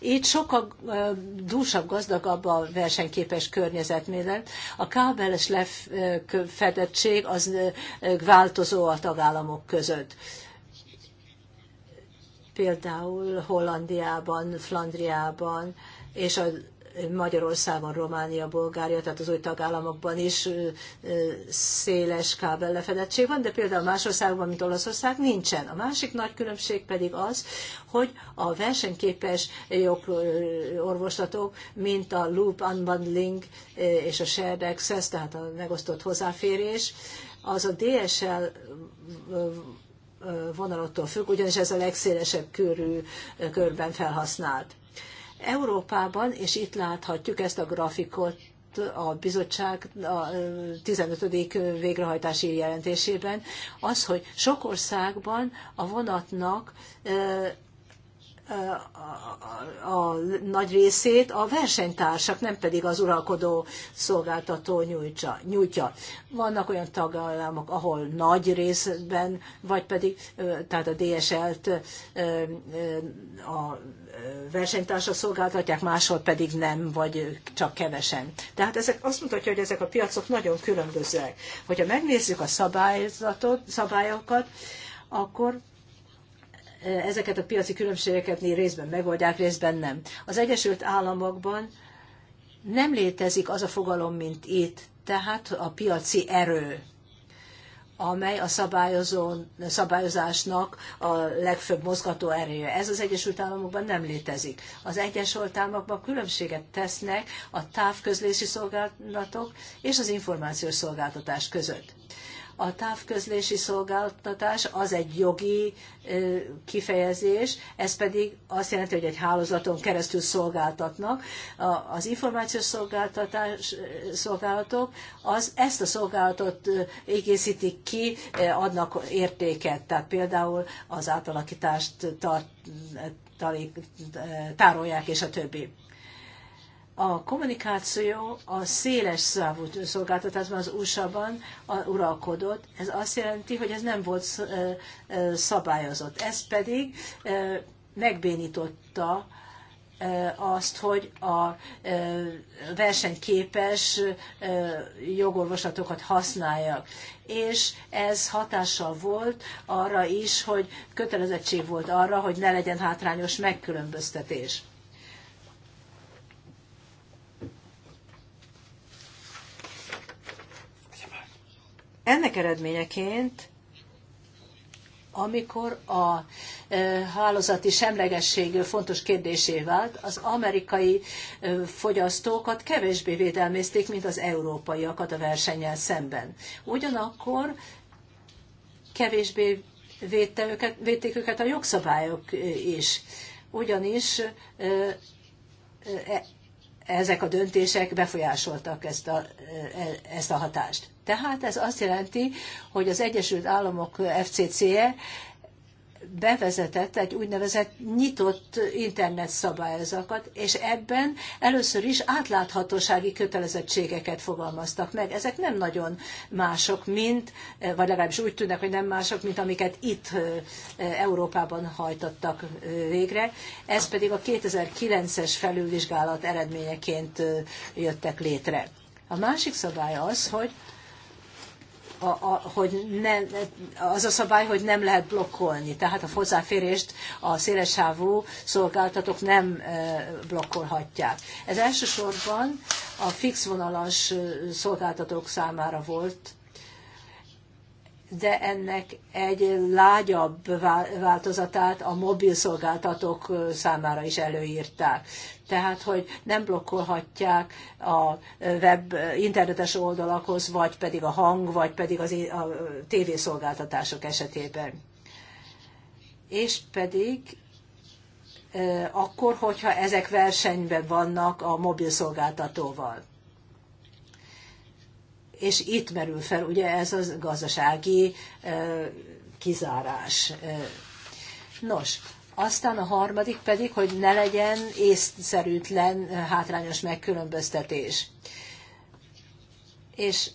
Itt sokkal dúsabb, gazdagabb a versenyképes környezet mellett. A kábeles lefedettség az változó a tagállamok között például Hollandiában, Flandriában és a Magyarországon, Románia, Bulgária, tehát az új tagállamokban is széles kábel lefedettség van, de például más országokban, mint Olaszország nincsen. A másik nagy különbség pedig az, hogy a versenyképes orvoslatok, mint a loop unbundling és a shared access, tehát a megosztott hozzáférés, az a DSL vonalottól függ, ugyanis ez a legszélesebb körű körben felhasznált. Európában, és itt láthatjuk ezt a grafikot, a bizottság a 15. végrehajtási jelentésében az, hogy sok országban a vonatnak a nagy részét a versenytársak, nem pedig az uralkodó szolgáltató nyújtja nyújtja. Vannak olyan tagállamok, ahol nagy részben, vagy pedig, tehát a DSL-t a versenytársak szolgáltatják, máshol pedig nem, vagy csak kevesen. Tehát ezek azt mutatja, hogy ezek a piacok nagyon különbözőek. Hogyha megnézzük a szabályzatot, szabályokat, akkor ezeket a piaci különbségeket részben megoldják, részben nem. Az Egyesült Államokban nem létezik az a fogalom, mint itt, tehát a piaci erő amely a szabályozásnak a legfőbb mozgató erője. Ez az Egyesült Államokban nem létezik. Az Egyesült Államokban különbséget tesznek a távközlési szolgálatok és az információs szolgáltatás között. A távközlési szolgáltatás az egy jogi kifejezés, ez pedig azt jelenti, hogy egy hálózaton keresztül szolgáltatnak. Az információs szolgáltatás, szolgálatok az ezt a szolgáltatot egészítik ki, adnak értéket. Tehát például az átalakítást tart, tarik, tárolják, és a többi a kommunikáció a széles szávú szolgáltatásban az USA-ban uralkodott. Ez azt jelenti, hogy ez nem volt szabályozott. Ez pedig megbénította azt, hogy a versenyképes jogorvoslatokat használjak. És ez hatással volt arra is, hogy kötelezettség volt arra, hogy ne legyen hátrányos megkülönböztetés Ennek eredményeként amikor a e, hálózati semlegesség fontos kérdésé vált, az amerikai e, fogyasztókat kevésbé védelmezték, mint az európaiakat a versennyel szemben. Ugyanakkor kevésbé védte őket, védték őket a jogszabályok e, is. Ugyanis ezek a döntések befolyásoltak ezt a, ezt a hatást. Tehát ez azt jelenti, hogy az Egyesült Államok FCC-je bevezetett egy úgynevezett nyitott internet szabályozatokat, és ebben először is átláthatósági kötelezettségeket fogalmaztak meg. Ezek nem nagyon mások, mint, vagy legalábbis úgy tűnnek, hogy nem mások, mint amiket itt Európában hajtottak végre. Ez pedig a 2009-es felülvizsgálat eredményeként jöttek létre. A másik szabály az, hogy a, a, hogy ne, az a szabály, hogy nem lehet blokkolni. Tehát a hozzáférést a szélesávú szolgáltatók nem e, blokkolhatják. Ez elsősorban a fix vonalas e, szolgáltatók számára volt de ennek egy lágyabb változatát a mobil szolgáltatók e, számára is előírták tehát hogy nem blokkolhatják a web internetes oldalakhoz, vagy pedig a hang, vagy pedig az, a tévészolgáltatások esetében. És pedig akkor, hogyha ezek versenyben vannak a mobil szolgáltatóval. És itt merül fel ugye ez a gazdasági kizárás. Nos, aztán a harmadik pedig, hogy ne legyen észszerűtlen hátrányos megkülönböztetés. És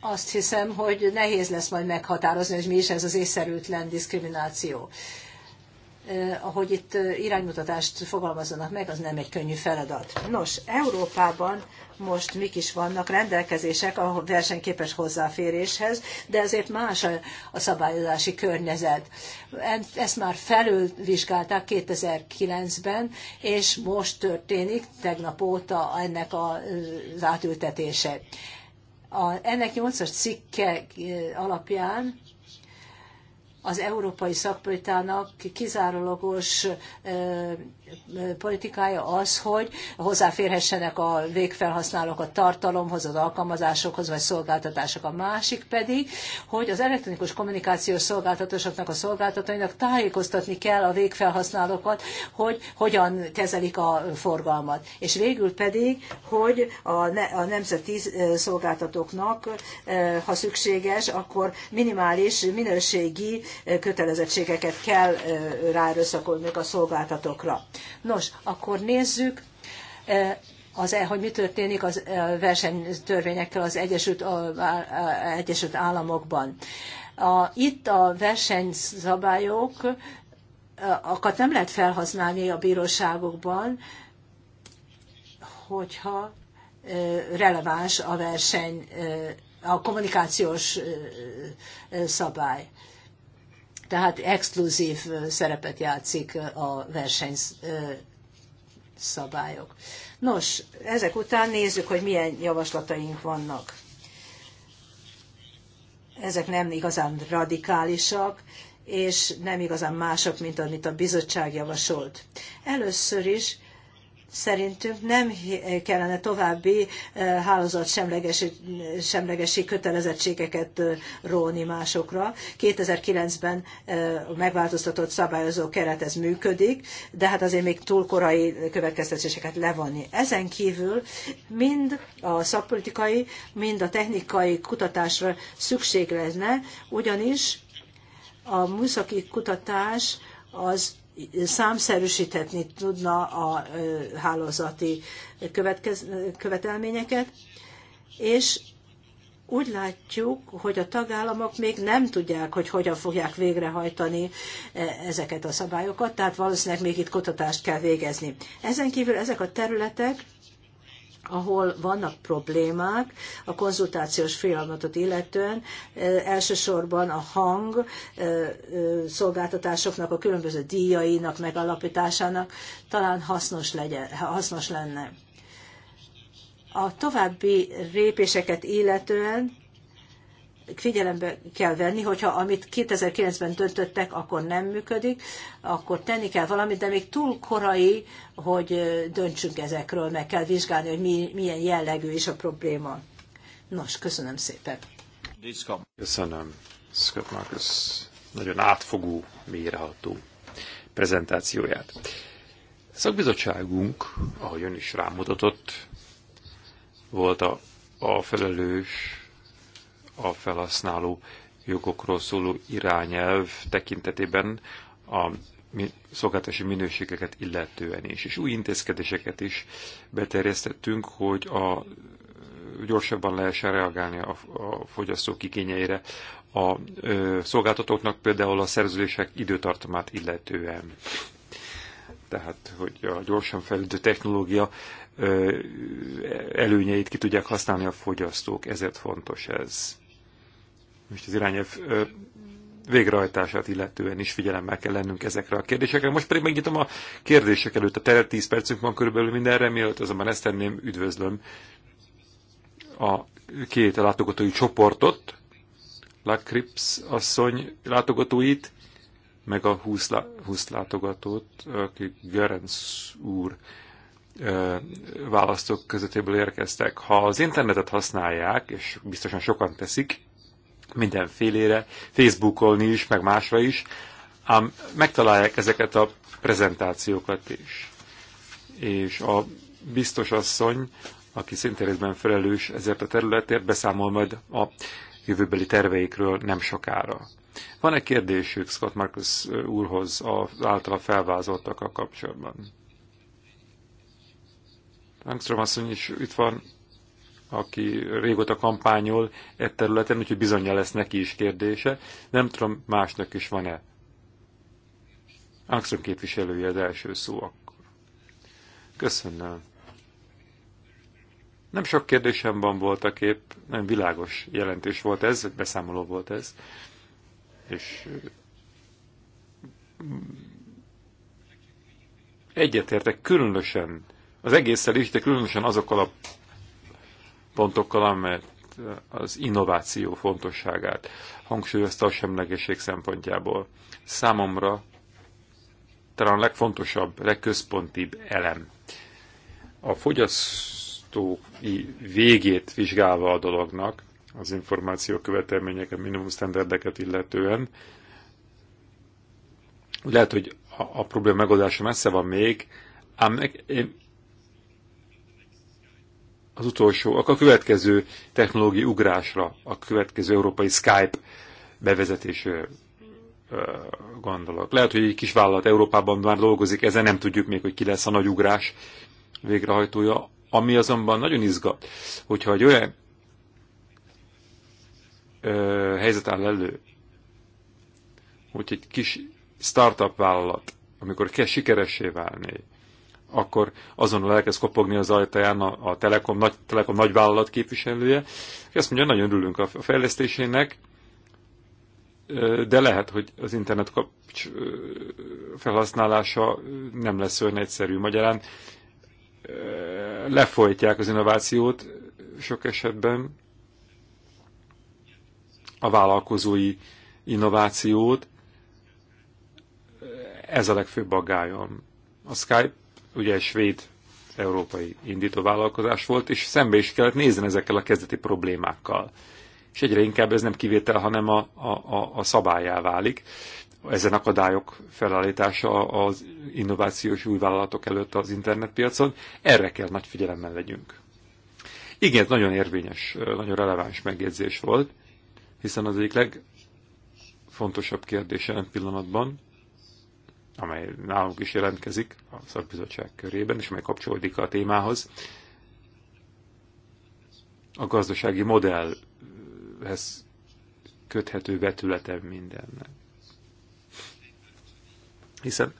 azt hiszem, hogy nehéz lesz majd meghatározni, hogy mi is ez az észszerűtlen diszkrimináció. Eh, ahogy itt eh, iránymutatást fogalmazzanak meg, az nem egy könnyű feladat. Nos, Európában most mik is vannak rendelkezések a versenyképes hozzáféréshez, de azért más a, szabályozási környezet. Ezt már felülvizsgálták 2009-ben, és most történik tegnap óta ennek az átültetése. A, ennek 8-as cikke eh, alapján az európai szakpolitának kizárólagos politikája az, hogy hozzáférhessenek a végfelhasználók a tartalomhoz, az alkalmazásokhoz vagy szolgáltatások. A másik pedig, hogy az elektronikus kommunikációs szolgáltatósoknak, a szolgáltatóinak tájékoztatni kell a végfelhasználókat, hogy hogyan kezelik a forgalmat. És végül pedig, hogy a, ne, a nemzeti eh, szolgáltatóknak, eh, ha szükséges, akkor minimális minőségi eh, kötelezettségeket kell ráerőszakolni a szolgáltatókra. Nos, akkor nézzük, eh, az, e, hogy mi történik az eh, versenytörvényekkel az Egyesült, az Egyesült Államokban. A, itt a versenyszabályok eh, akat nem lehet felhasználni a bíróságokban, hogyha releváns a verseny, a kommunikációs szabály tehát exkluzív szerepet játszik a versenyszabályok. Nos, ezek után nézzük, hogy milyen javaslataink vannak. Ezek nem igazán radikálisak, és nem igazán mások, mint amit a bizottság javasolt. Először is szerintünk nem kellene további eh, hálózat semlegesi, kötelezettségeket eh, róni másokra. 2009-ben eh, megváltoztatott szabályozó keret ez működik, de hát azért még túl korai következtetéseket levonni. Ezen kívül mind a szakpolitikai, mind a technikai kutatásra szükség lenne, ugyanis a műszaki kutatás az számszerűsíthetni tudna a hálózati következ, követelményeket, és úgy látjuk, hogy a tagállamok még nem tudják, hogy hogyan fogják végrehajtani e, ezeket a szabályokat, tehát valószínűleg még itt kutatást kell végezni. Ezen kívül ezek a területek ahol vannak problémák a konzultációs folyamatot illetően, e, elsősorban a hang e, e, szolgáltatásoknak, a különböző díjainak megalapításának talán hasznos, legyen, hasznos lenne. A további répéseket illetően figyelembe kell venni, hogyha amit 2009-ben döntöttek, akkor nem működik, akkor tenni kell valamit, de még túl korai, hogy döntsünk ezekről, meg kell vizsgálni, hogy mi, milyen jellegű is a probléma. Nos, köszönöm szépen. Köszönöm, Scott Marcus. Nagyon átfogó, mélyreható prezentációját. A szakbizottságunk, ahogy ön is rámutatott, volt a, a felelős a felhasználó jogokról szóló irányelv tekintetében a szolgáltatási minőségeket illetően is. És új intézkedéseket is beterjesztettünk, hogy a gyorsabban lehessen reagálni a, a fogyasztók igényeire a ö, szolgáltatóknak, például a szerződések időtartamát illetően. Tehát, hogy a gyorsan fejlődő technológia ö, előnyeit ki tudják használni a fogyasztók, ezért fontos ez most az irányelv végrehajtását illetően is figyelemmel kell lennünk ezekre a kérdésekre. Most pedig megnyitom a kérdések előtt. A teret 10 percünk van körülbelül mindenre, mielőtt azonban ezt tenném, üdvözlöm a két látogatói csoportot, La Krips asszony látogatóit, meg a 20, lá 20 látogatót, aki Görenc úr választók közöttéből érkeztek. Ha az internetet használják, és biztosan sokan teszik, mindenfélére, Facebookon is, meg másra is, ám megtalálják ezeket a prezentációkat is. És a biztos asszony, aki szintén felelős ezért a területért, beszámol majd a jövőbeli terveikről nem sokára. Van-e kérdésük Scott Marcus úrhoz az általa a kapcsolatban? Angstrom asszony is itt van, aki régóta kampányol e területen, úgyhogy bizonyja lesz neki is kérdése. Nem tudom, másnak is van-e. Axon képviselője az első szó akkor. Köszönöm. Nem sok kérdésem van voltak épp, nem világos jelentés volt ez, beszámoló volt ez, és mm, egyetértek különösen, az egésszel is, de különösen azokkal a pontokkal, amelyet az innováció fontosságát hangsúlyozta a semlegesség szempontjából. Számomra talán a legfontosabb, legközpontibb elem. A fogyasztói végét vizsgálva a dolognak, az információ követelményeket, minimum standardeket illetően, lehet, hogy a, a probléma megoldása messze van még, ám e- én az utolsó, akkor a következő technológiai ugrásra, a következő európai Skype bevezetésre gondolok. Lehet, hogy egy kis vállalat Európában már dolgozik, ezen nem tudjuk még, hogy ki lesz a nagy ugrás végrehajtója, ami azonban nagyon izgat, hogyha egy olyan ö, helyzet áll elő, hogy egy kis startup vállalat, amikor kell sikeressé válni, akkor azonnal elkezd kopogni az ajtaján a, a Telekom, nagy, Telekom nagyvállalat képviselője, és azt mondja, nagyon örülünk a fejlesztésének, de lehet, hogy az internet kapcs felhasználása nem lesz olyan egyszerű. Magyarán lefolytják az innovációt sok esetben, a vállalkozói innovációt, ez a legfőbb aggályom. A Skype ugye svéd európai indító vállalkozás volt, és szembe is kellett nézni ezekkel a kezdeti problémákkal. És egyre inkább ez nem kivétel, hanem a, a, a szabályá válik. Ezen akadályok felállítása az innovációs új vállalatok előtt az internetpiacon. Erre kell nagy figyelemmel legyünk. Igen, ez nagyon érvényes, nagyon releváns megjegyzés volt, hiszen az egyik legfontosabb kérdés jelen pillanatban amely nálunk is jelentkezik a szakbizottság körében, és amely kapcsolódik a témához, a gazdasági modellhez köthető vetülete mindennek. Hiszen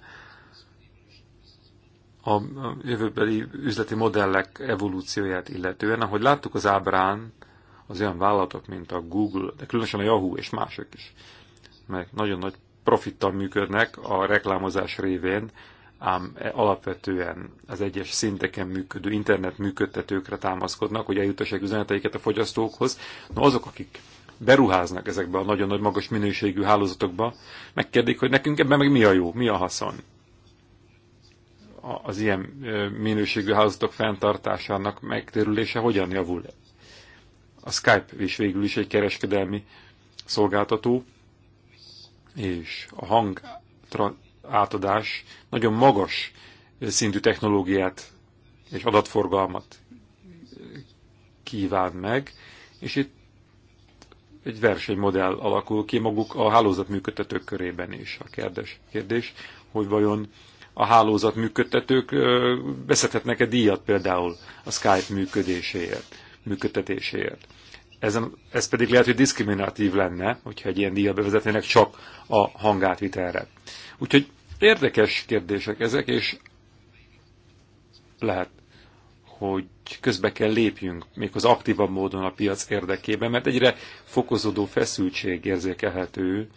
a jövőbeli üzleti modellek evolúcióját illetően, ahogy láttuk az ábrán, az olyan vállalatok, mint a Google, de különösen a Yahoo és mások is, mert nagyon nagy profittal működnek a reklámozás révén, ám e alapvetően az egyes szinteken működő internet működtetőkre támaszkodnak, hogy eljutassák üzeneteiket a fogyasztókhoz. No, azok, akik beruháznak ezekbe a nagyon nagy magas minőségű hálózatokba, megkérdik, hogy nekünk ebben meg mi a jó, mi a haszon. Az ilyen minőségű hálózatok fenntartásának megtérülése hogyan javul? A Skype is végül is egy kereskedelmi szolgáltató, és a hang átadás nagyon magas szintű technológiát és adatforgalmat kíván meg, és itt egy versenymodell alakul ki maguk a hálózat működtetők körében is. A kérdés, kérdés hogy vajon a hálózat működtetők beszedhetnek-e díjat például a Skype működéséért, működtetéséért. Ezen, ez pedig lehet, hogy diszkriminatív lenne, hogyha egy ilyen díjat bevezetnének csak a hangátvitelre. Úgyhogy érdekes kérdések ezek, és lehet, hogy közbe kell lépjünk az aktívabb módon a piac érdekében, mert egyre fokozódó feszültség érzékelhető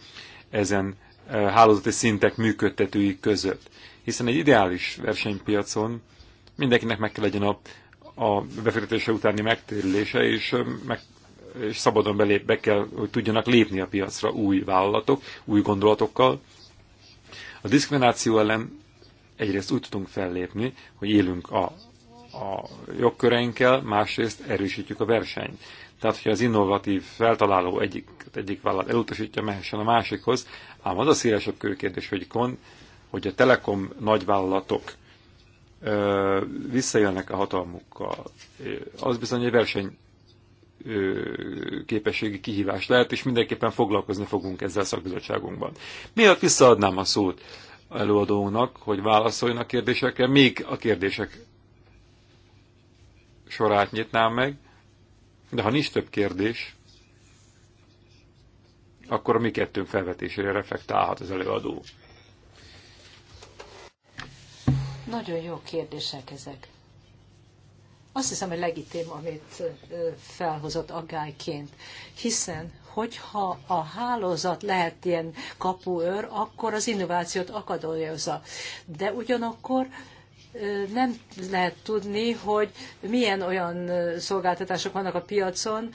ezen eh, hálózati szintek működtetői között. Hiszen egy ideális versenypiacon mindenkinek meg kell legyen a, a befektetése utáni megtérülése, és eh, meg és szabadon belép, be kell, hogy tudjanak lépni a piacra új vállalatok, új gondolatokkal. A diszkrimináció ellen egyrészt úgy tudunk fellépni, hogy élünk a, a jogköreinkkel, másrészt erősítjük a versenyt. Tehát, hogyha az innovatív feltaláló egyik, egyik vállalat elutasítja, mehessen a másikhoz, ám az a szélesebb kérdés, hogy, kon, hogy a telekom nagyvállalatok visszajönnek a hatalmukkal. Az bizony egy verseny képességi kihívás lehet, és mindenképpen foglalkozni fogunk ezzel a szakbizottságunkban. Miért visszaadnám a szót előadónak, hogy válaszoljon a kérdésekre, még a kérdések sorát nyitnám meg, de ha nincs több kérdés, akkor a mi kettőnk felvetésére reflektálhat az előadó. Nagyon jó kérdések ezek. Azt hiszem, hogy legitim, amit felhozott aggályként, hiszen hogyha a hálózat lehet ilyen kapuőr, akkor az innovációt akadályozza. De ugyanakkor nem lehet tudni, hogy milyen olyan szolgáltatások vannak a piacon,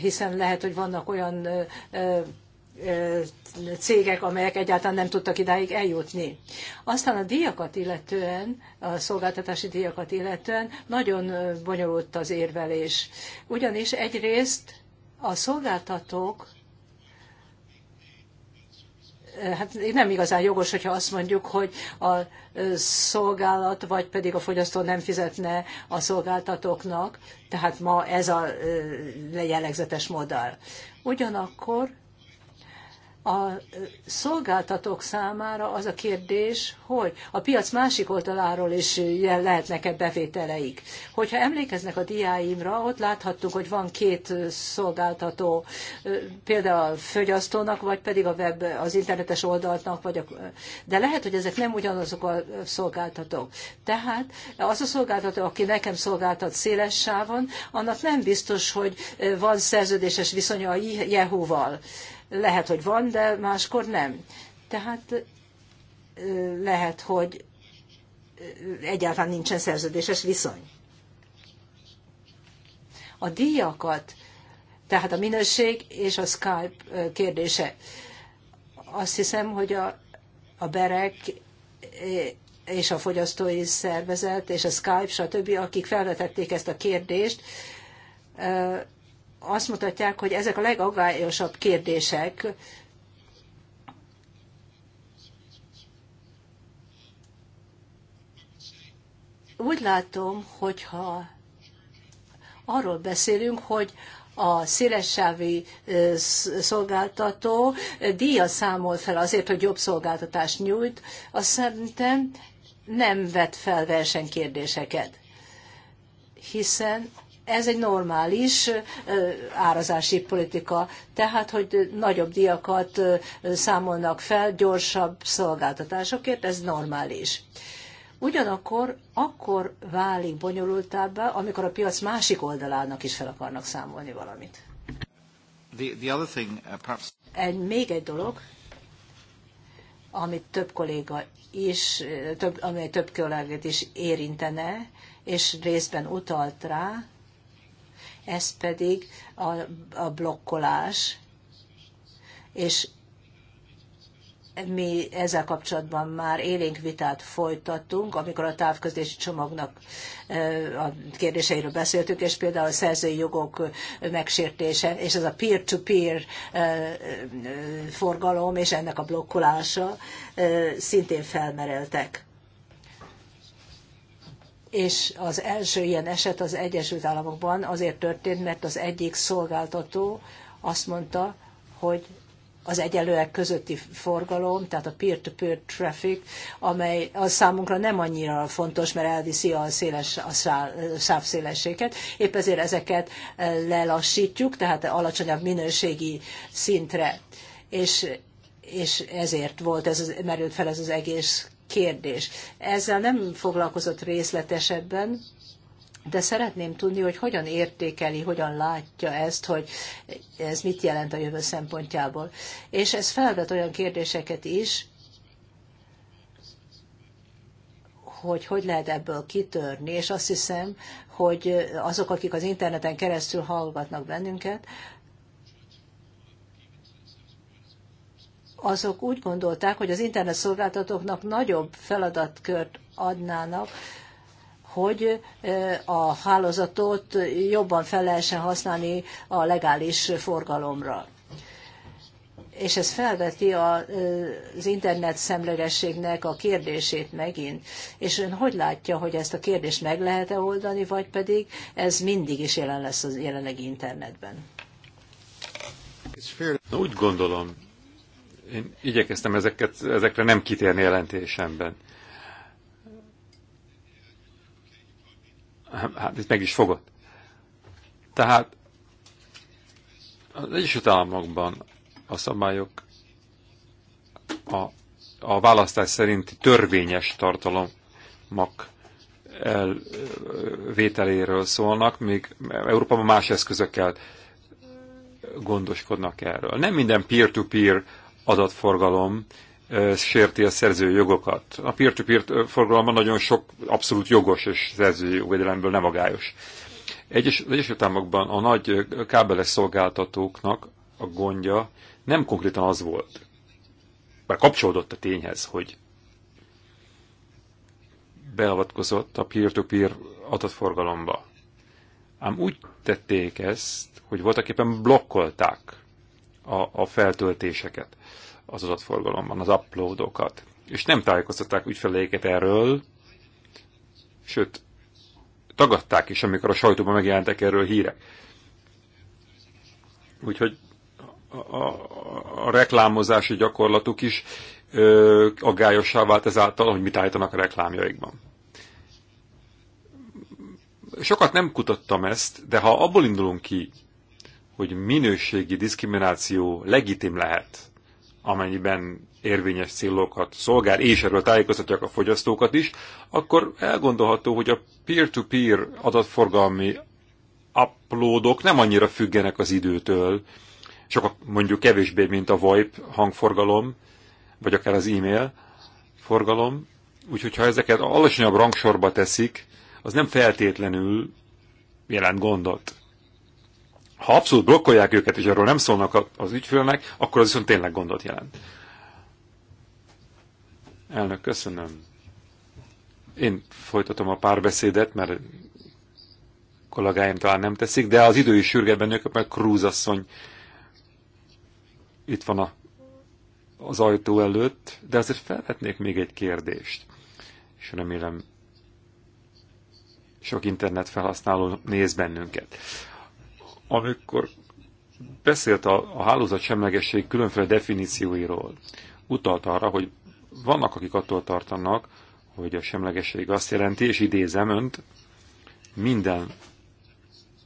hiszen lehet, hogy vannak olyan cégek, amelyek egyáltalán nem tudtak idáig eljutni. Aztán a díjakat illetően, a szolgáltatási díjakat illetően nagyon bonyolult az érvelés. Ugyanis egyrészt a szolgáltatók hát nem igazán jogos, hogyha azt mondjuk, hogy a szolgálat, vagy pedig a fogyasztó nem fizetne a szolgáltatóknak, tehát ma ez a jellegzetes modell. Ugyanakkor a szolgáltatók számára az a kérdés, hogy a piac másik oldaláról is lehetnek-e bevételeik. Hogyha emlékeznek a diáimra, ott láthattuk, hogy van két szolgáltató, például a fogyasztónak, vagy pedig a web, az internetes oldalnak, vagy a, de lehet, hogy ezek nem ugyanazok a szolgáltatók. Tehát az a szolgáltató, aki nekem szolgáltat széles sávon, annak nem biztos, hogy van szerződéses viszonya a jehuval. Lehet, hogy van, de máskor nem. Tehát lehet, hogy egyáltalán nincsen szerződéses viszony. A díjakat, tehát a minőség és a Skype kérdése. Azt hiszem, hogy a, a berek és a fogyasztói szervezet és a Skype, stb., akik felvetették ezt a kérdést, azt mutatják, hogy ezek a legaggályosabb kérdések, úgy látom, hogyha arról beszélünk, hogy a szélessávi szolgáltató díjat számol fel azért, hogy jobb szolgáltatást nyújt, azt szerintem nem vet fel versenykérdéseket. Hiszen ez egy normális árazási politika, tehát hogy nagyobb diakat számolnak fel gyorsabb szolgáltatásokért, ez normális. Ugyanakkor akkor válik bonyolultábbá, amikor a piac másik oldalának is fel akarnak számolni valamit. The, the other thing, uh, perhaps... egy, még egy dolog, amit több kolléga is, több, amely több kollégát is érintene, és részben utalt rá, ez pedig a, a blokkolás, és mi ezzel kapcsolatban már élénk vitát folytattunk, amikor a távközlési csomagnak a kérdéseiről beszéltük, és például a szerzői jogok megsértése, és ez a peer-to-peer -peer forgalom és ennek a blokkolása szintén felmereltek és az első ilyen eset az Egyesült Államokban azért történt, mert az egyik szolgáltató azt mondta, hogy az egyelőek közötti forgalom, tehát a peer-to-peer traffic, amely az számunkra nem annyira fontos, mert elviszi a, széles, a sávszélességet. Épp ezért ezeket eh, lelassítjuk, tehát alacsonyabb minőségi szintre. És és ezért volt ez, merült fel ez az egész kérdés. Ezzel nem foglalkozott részletesebben, de szeretném tudni, hogy hogyan értékeli, hogyan látja ezt, hogy ez mit jelent a jövő szempontjából. És ez felvet olyan kérdéseket is, hogy hogy lehet ebből kitörni, és azt hiszem, hogy azok, akik az interneten keresztül hallgatnak bennünket, azok úgy gondolták, hogy az internet szolgáltatóknak nagyobb feladatkört adnának, hogy a hálózatot jobban fel lehessen használni a legális forgalomra. És ez felveti az internet szemlegességnek a kérdését megint. És ön hogy látja, hogy ezt a kérdést meg lehet-e oldani, vagy pedig ez mindig is jelen lesz az jelenlegi internetben? Úgy gondolom, én igyekeztem ezeket, ezekre nem kitérni jelentésemben. Hát, hát itt meg is fogott. Tehát az Egyesült Államokban a szabályok a, a választás szerinti törvényes tartalomak elvételéről szólnak, még Európában más eszközökkel gondoskodnak erről. Nem minden peer-to-peer -peer adatforgalom sérti a szerző jogokat. A peer-to-peer -peer forgalomban nagyon sok abszolút jogos és szerzői jogvédelemből nem agályos. Egyes, az Egyesült Államokban a nagy kábeles szolgáltatóknak a gondja nem konkrétan az volt, mert kapcsolódott a tényhez, hogy beavatkozott a peer-to-peer -peer adatforgalomba. Ám úgy tették ezt, hogy voltak éppen blokkolták a, a feltöltéseket az adatforgalomban, az uploadokat. És nem tájékoztatták ügyfeleiket erről, sőt, tagadták is, amikor a sajtóban megjelentek erről hírek. Úgyhogy a, a, a reklámozási gyakorlatuk is ö, aggályossá vált ezáltal, hogy mit állítanak a reklámjaikban. Sokat nem kutattam ezt, de ha abból indulunk ki, hogy minőségi diszkrimináció legitim lehet, amennyiben érvényes célokat szolgál, és erről tájékoztatják a fogyasztókat is, akkor elgondolható, hogy a peer-to-peer -peer adatforgalmi uploadok nem annyira függenek az időtől, csak mondjuk kevésbé, mint a VoIP hangforgalom, vagy akár az e-mail forgalom. Úgyhogy ha ezeket alacsonyabb rangsorba teszik, az nem feltétlenül jelent gondot ha abszolút blokkolják őket, és arról nem szólnak az ügyfélnek, akkor az viszont tényleg gondot jelent. Elnök, köszönöm. Én folytatom a párbeszédet, mert kollégáim talán nem teszik, de az idő is sürget bennük, mert Krúz asszony itt van a, az ajtó előtt, de azért felvetnék még egy kérdést, és remélem sok internet felhasználó néz bennünket. Amikor beszélt a, a hálózat semlegesség különféle definícióiról, utalt arra, hogy vannak, akik attól tartanak, hogy a semlegesség azt jelenti, és idézem önt, minden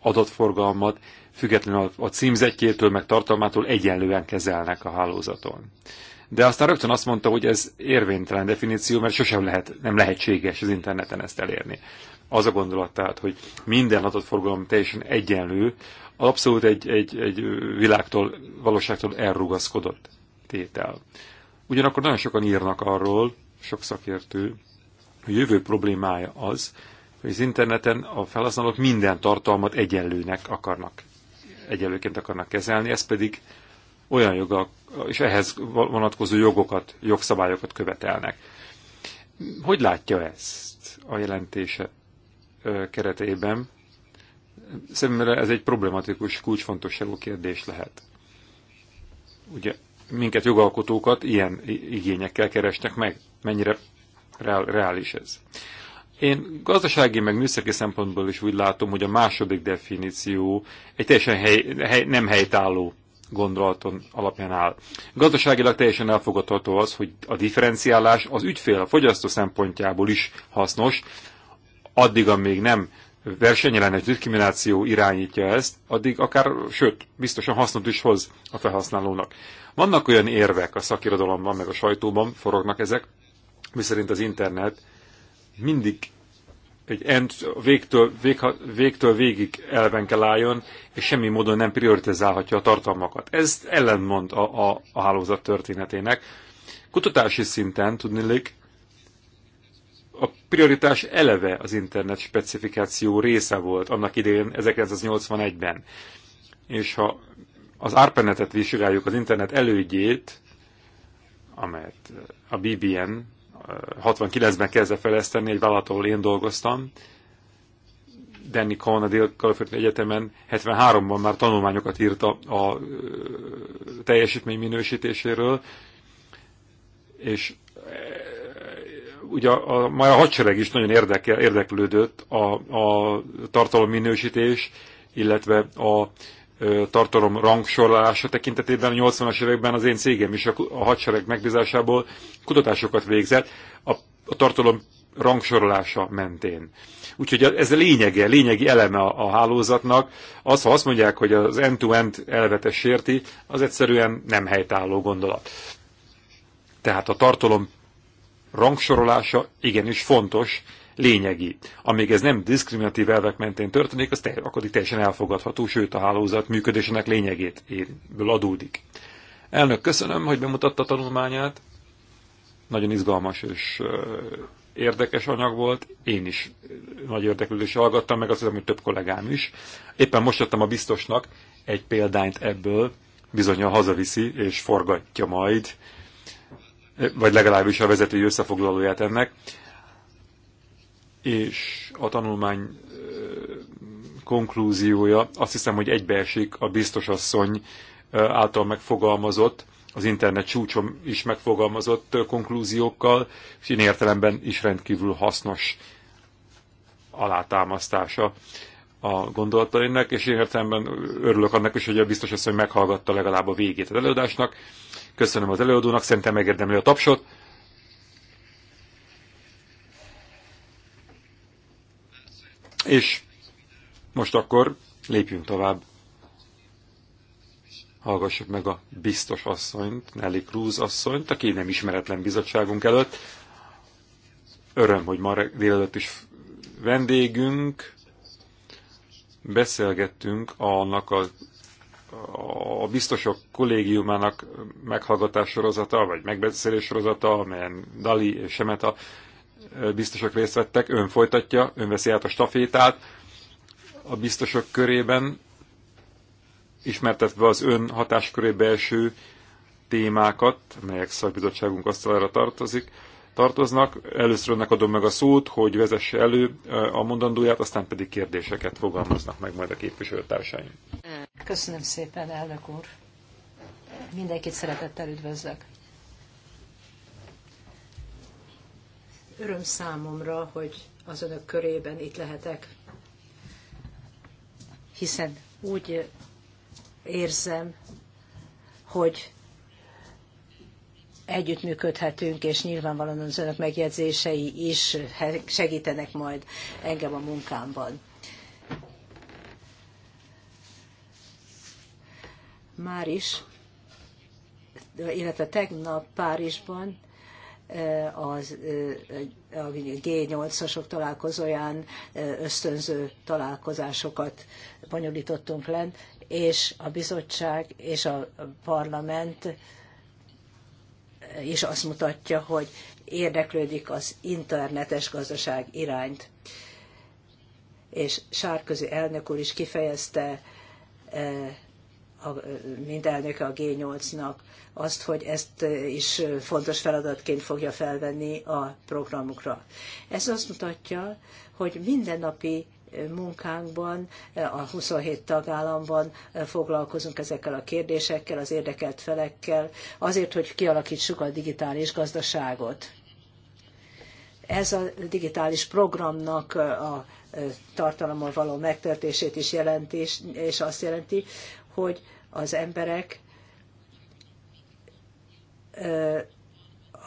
adatforgalmat függetlenül a címzetjétől, meg tartalmától egyenlően kezelnek a hálózaton. De aztán rögtön azt mondta, hogy ez érvénytelen definíció, mert sosem lehet, nem lehetséges az interneten ezt elérni. Az a gondolat tehát, hogy minden forgalom teljesen egyenlő, abszolút egy, egy, egy világtól, valóságtól elrugaszkodott tétel. Ugyanakkor nagyon sokan írnak arról, sok szakértő, hogy jövő problémája az, hogy az interneten a felhasználók minden tartalmat egyenlőnek akarnak, egyenlőként akarnak kezelni, ez pedig olyan jogak, és ehhez vonatkozó jogokat, jogszabályokat követelnek. Hogy látja ezt a jelentése keretében? Szememre ez egy problematikus, kulcsfontosságú kérdés lehet. Ugye minket jogalkotókat ilyen igényekkel keresnek meg. Mennyire reál, reális ez? Én gazdasági meg műszaki szempontból is úgy látom, hogy a második definíció egy teljesen hely, hely, nem helytálló gondolaton alapján áll. Gazdaságilag teljesen elfogadható az, hogy a differenciálás az ügyfél, a fogyasztó szempontjából is hasznos, addig, amíg nem versenyellenes diszkrimináció irányítja ezt, addig akár, sőt, biztosan hasznot is hoz a felhasználónak. Vannak olyan érvek a szakirodalomban, meg a sajtóban, forognak ezek, miszerint az internet mindig egy end, végtől, vég, végtől végig elven kell álljon, és semmi módon nem prioritizálhatja a tartalmakat. Ez ellentmond a, a, a hálózat történetének. Kutatási szinten tudnélik, a prioritás eleve az internet specifikáció része volt annak idején 1981-ben. És ha az ARPANET-et vizsgáljuk, az internet elődjét, amelyet a BBN 69-ben eh, kezdve fejleszteni, egy vállalatól én dolgoztam, Danny Cohn a Dél-Kalifornia Egyetemen 73-ban már tanulmányokat írt a, a eh, teljesítmény minősítéséről, és eh, ugye a, a, már a hadsereg is nagyon érdekel, érdeklődött a, a tartalom minősítés, illetve a ö, tartalom rangsorlása tekintetében a 80-as években az én cégem is a, a hadsereg megbízásából kutatásokat végzett a, a tartalom rangsorolása mentén. Úgyhogy ez a lényege, lényegi eleme a, a hálózatnak. Az, ha azt mondják, hogy az end-to-end -end elvetes sérti, az egyszerűen nem helytálló gondolat. Tehát a tartalom rangsorolása igenis fontos, lényegi. Amíg ez nem diszkriminatív elvek mentén történik, az te, akkor teljesen elfogadható, sőt a hálózat működésének lényegét érből adódik. Elnök, köszönöm, hogy bemutatta a tanulmányát. Nagyon izgalmas és érdekes anyag volt. Én is nagy érdeklődéssel hallgattam, meg azt hiszem, hogy több kollégám is. Éppen most adtam a biztosnak egy példányt ebből, bizony hazaviszi és forgatja majd vagy legalábbis a vezetői összefoglalóját ennek, és a tanulmány konklúziója azt hiszem, hogy egybeesik a biztosasszony által megfogalmazott, az internet csúcsom is megfogalmazott konklúziókkal, és én értelemben is rendkívül hasznos alátámasztása a gondolatainak, és én értelemben örülök annak is, hogy a biztosasszony meghallgatta legalább a végét az előadásnak, Köszönöm az előadónak, szerintem megérdemli a tapsot. És most akkor lépjünk tovább. Hallgassuk meg a biztos asszonyt, Nelly Cruz asszonyt, aki nem ismeretlen bizottságunk előtt. Öröm, hogy ma délelőtt is vendégünk. Beszélgettünk annak az a biztosok kollégiumának meghallgatás sorozata, vagy megbeszélés sorozata, amelyen Dali és Semeta biztosok részt vettek, ön folytatja, ön veszi át a stafétát a biztosok körében, ismertetve az ön hatáskörébe eső témákat, melyek szakbizottságunk asztalára tartozik, tartoznak. Először önnek adom meg a szót, hogy vezesse elő a mondandóját, aztán pedig kérdéseket fogalmaznak meg majd a képviselőtársaim. Köszönöm szépen, elnök úr. Mindenkit szeretettel üdvözlök. Öröm számomra, hogy az önök körében itt lehetek, hiszen úgy érzem, hogy együttműködhetünk, és nyilvánvalóan az önök megjegyzései is segítenek majd engem a munkámban. már is, illetve tegnap Párizsban e, az, e, a G8-asok találkozóján e, ösztönző találkozásokat bonyolítottunk le, és a bizottság és a parlament is azt mutatja, hogy érdeklődik az internetes gazdaság irányt. És Sárközi elnök úr is kifejezte a, mint elnöke a G8-nak azt, hogy ezt is fontos feladatként fogja felvenni a programukra. Ez azt mutatja, hogy mindennapi munkánkban, a 27 tagállamban foglalkozunk ezekkel a kérdésekkel, az érdekelt felekkel, azért, hogy kialakítsuk a digitális gazdaságot. Ez a digitális programnak a tartalommal való megtörtését is jelenti, és azt jelenti, hogy az emberek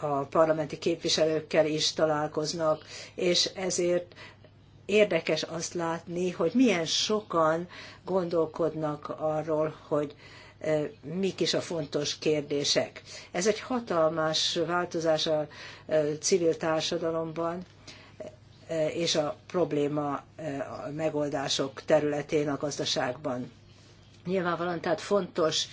a parlamenti képviselőkkel is találkoznak, és ezért érdekes azt látni, hogy milyen sokan gondolkodnak arról, hogy mik is a fontos kérdések. Ez egy hatalmas változás a civil társadalomban és a probléma a megoldások területén a gazdaságban. Nyilvánvalóan tehát fontos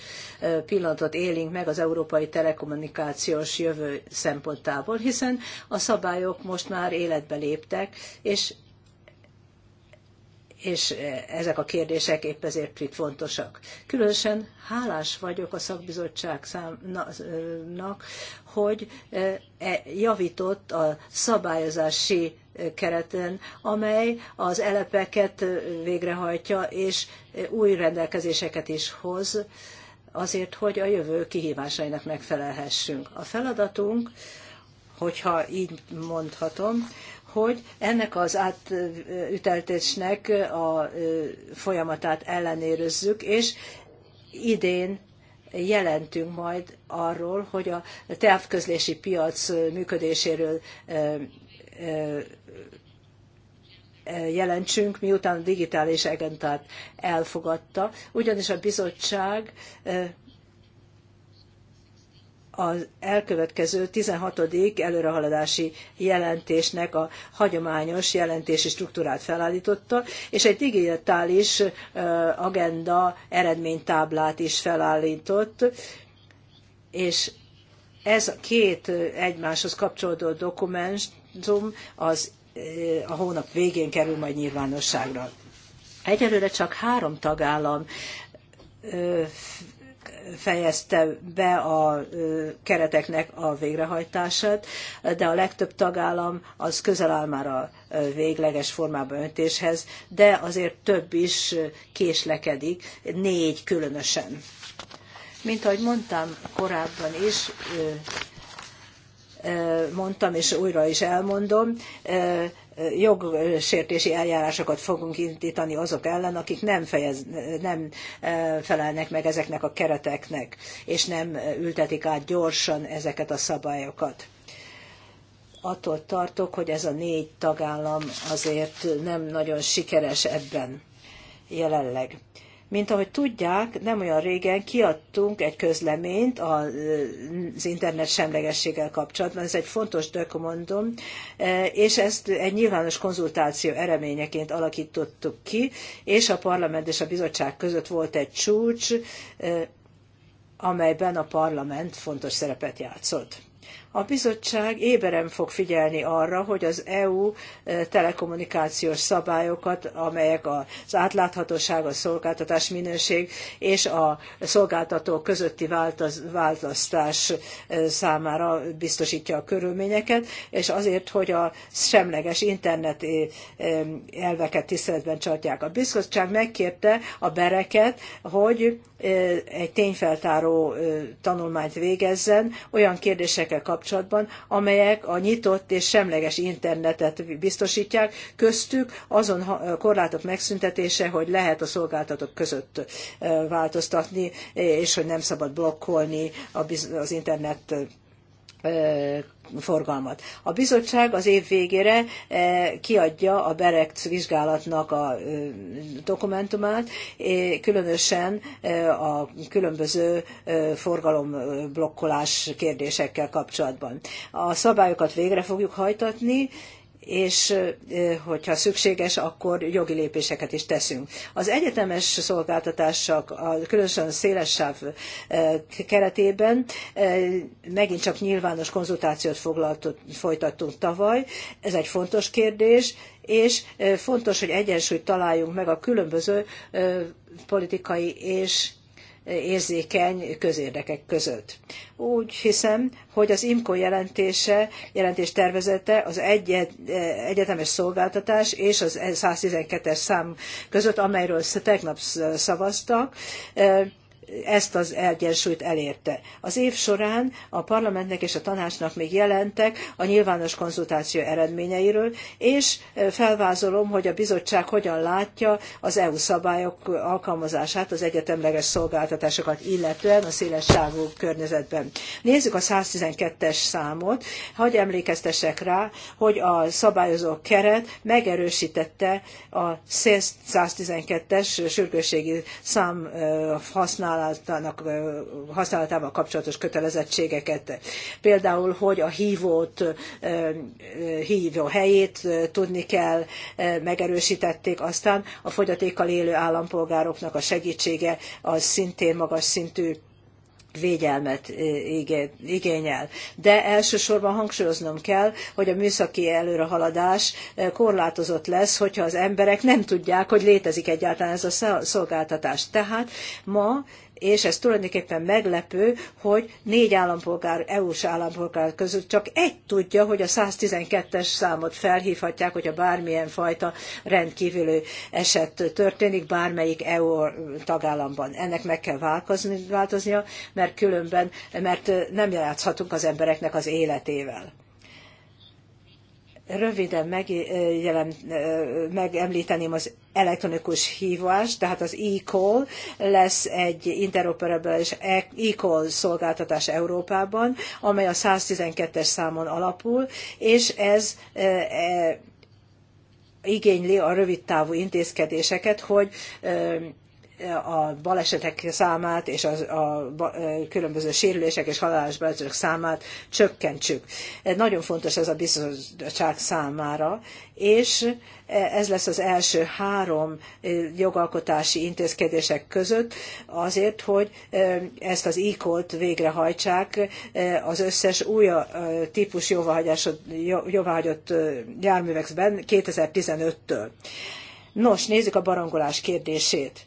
pillanatot élünk meg az európai telekommunikációs jövő szempontából, hiszen a szabályok most már életbe léptek, és és ezek a kérdések épp ezért itt fontosak. Különösen hálás vagyok a szakbizottságnak, hogy e, javított a szabályozási kereten, amely az elepeket végrehajtja, és új rendelkezéseket is hoz, azért, hogy a jövő kihívásainak megfelelhessünk. A feladatunk, hogyha így mondhatom, hogy ennek az átüteltésnek a folyamatát ellenőrizzük, és idén jelentünk majd arról, hogy a távközlési piac működéséről jelentsünk, miután a digitális egentát elfogadta, ugyanis a bizottság az elkövetkező 16. előrehaladási jelentésnek a hagyományos jelentési struktúrát felállította, és egy digitális agenda eredménytáblát is felállított, és ez a két egymáshoz kapcsolódó dokumentum az a hónap végén kerül majd nyilvánosságra. Egyelőre csak három tagállam fejezte be a kereteknek a végrehajtását, de a legtöbb tagállam az közel áll már a végleges formában öntéshez, de azért több is késlekedik, négy különösen. Mint ahogy mondtam korábban is, mondtam, és újra is elmondom, jogsértési eljárásokat fogunk indítani azok ellen, akik nem, fejez, nem felelnek meg ezeknek a kereteknek, és nem ültetik át gyorsan ezeket a szabályokat. Attól tartok, hogy ez a négy tagállam azért nem nagyon sikeres ebben jelenleg. Mint ahogy tudják, nem olyan régen kiadtunk egy közleményt az internet semlegességgel kapcsolatban, ez egy fontos dokumentum, és ezt egy nyilvános konzultáció eredményeként alakítottuk ki, és a parlament és a bizottság között volt egy csúcs, amelyben a parlament fontos szerepet játszott. A bizottság éberen fog figyelni arra, hogy az EU eh, telekommunikációs szabályokat, amelyek az átláthatóság, a szolgáltatás minőség és a szolgáltatók közötti választás eh, számára biztosítja a körülményeket, és azért, hogy a semleges internet eh, elveket tiszteletben csatják. A bizottság megkérte a bereket, hogy egy tényfeltáró tanulmányt végezzen olyan kérdésekkel kapcsolatban, amelyek a nyitott és semleges internetet biztosítják, köztük azon korlátok megszüntetése, hogy lehet a szolgáltatók között változtatni, és hogy nem szabad blokkolni az internet forgalmat. A bizottság az év végére kiadja a Berekc vizsgálatnak a dokumentumát, különösen a különböző forgalomblokkolás kérdésekkel kapcsolatban. A szabályokat végre fogjuk hajtatni, és hogyha szükséges, akkor jogi lépéseket is teszünk. Az egyetemes szolgáltatások, különösen a széles sáv keretében megint csak nyilvános konzultációt folytattunk tavaly. Ez egy fontos kérdés, és fontos, hogy egyensúlyt találjunk meg a különböző politikai és érzékeny közérdekek között. Úgy hiszem, hogy az IMCO jelentése, jelentés tervezete az egyet, egyetemes szolgáltatás és az 112-es e- szám között, amelyről tegnap szavaztak, ezt az egyensúlyt elérte. Az év során a parlamentnek és a tanácsnak még jelentek a nyilvános konzultáció eredményeiről, és felvázolom, hogy a bizottság hogyan látja az EU szabályok alkalmazását az egyetemleges szolgáltatásokat illetően a széles sávú környezetben. Nézzük a 112-es számot. Hagy emlékeztessek rá, hogy a szabályozó keret megerősítette a 112-es sürgősségi szám használatát, használatának, használatával kapcsolatos kötelezettségeket. Például, hogy a hívót, hívó helyét tudni kell, megerősítették, aztán a fogyatékkal élő állampolgároknak a segítsége az szintén magas szintű védelmet igényel. De elsősorban hangsúlyoznom kell, hogy a műszaki előrehaladás korlátozott lesz, hogyha az emberek nem tudják, hogy létezik egyáltalán ez a szolgáltatás. Tehát ma és ez tulajdonképpen meglepő, hogy négy állampolgár, EU-s állampolgár közül csak egy tudja, hogy a 112-es számot felhívhatják, hogyha bármilyen fajta rendkívüli eset történik bármelyik EU tagállamban. Ennek meg kell változni, változnia, mert különben, mert nem játszhatunk az embereknek az életével. Röviden megjelen, megemlíteném az elektronikus hívást, tehát az e-call lesz egy interoperabilis e-call szolgáltatás Európában, amely a 112-es számon alapul, és ez e, e, igényli a rövidtávú intézkedéseket, hogy e, a balesetek számát és a, a, a különböző sérülések és halálos balesetek számát csökkentsük. Nagyon fontos ez a biztonság számára, és ez lesz az első három jogalkotási intézkedések között azért, hogy ezt az ico t végrehajtsák az összes új típus jóváhagyott járművekben 2015-től. Nos, nézzük a barangolás kérdését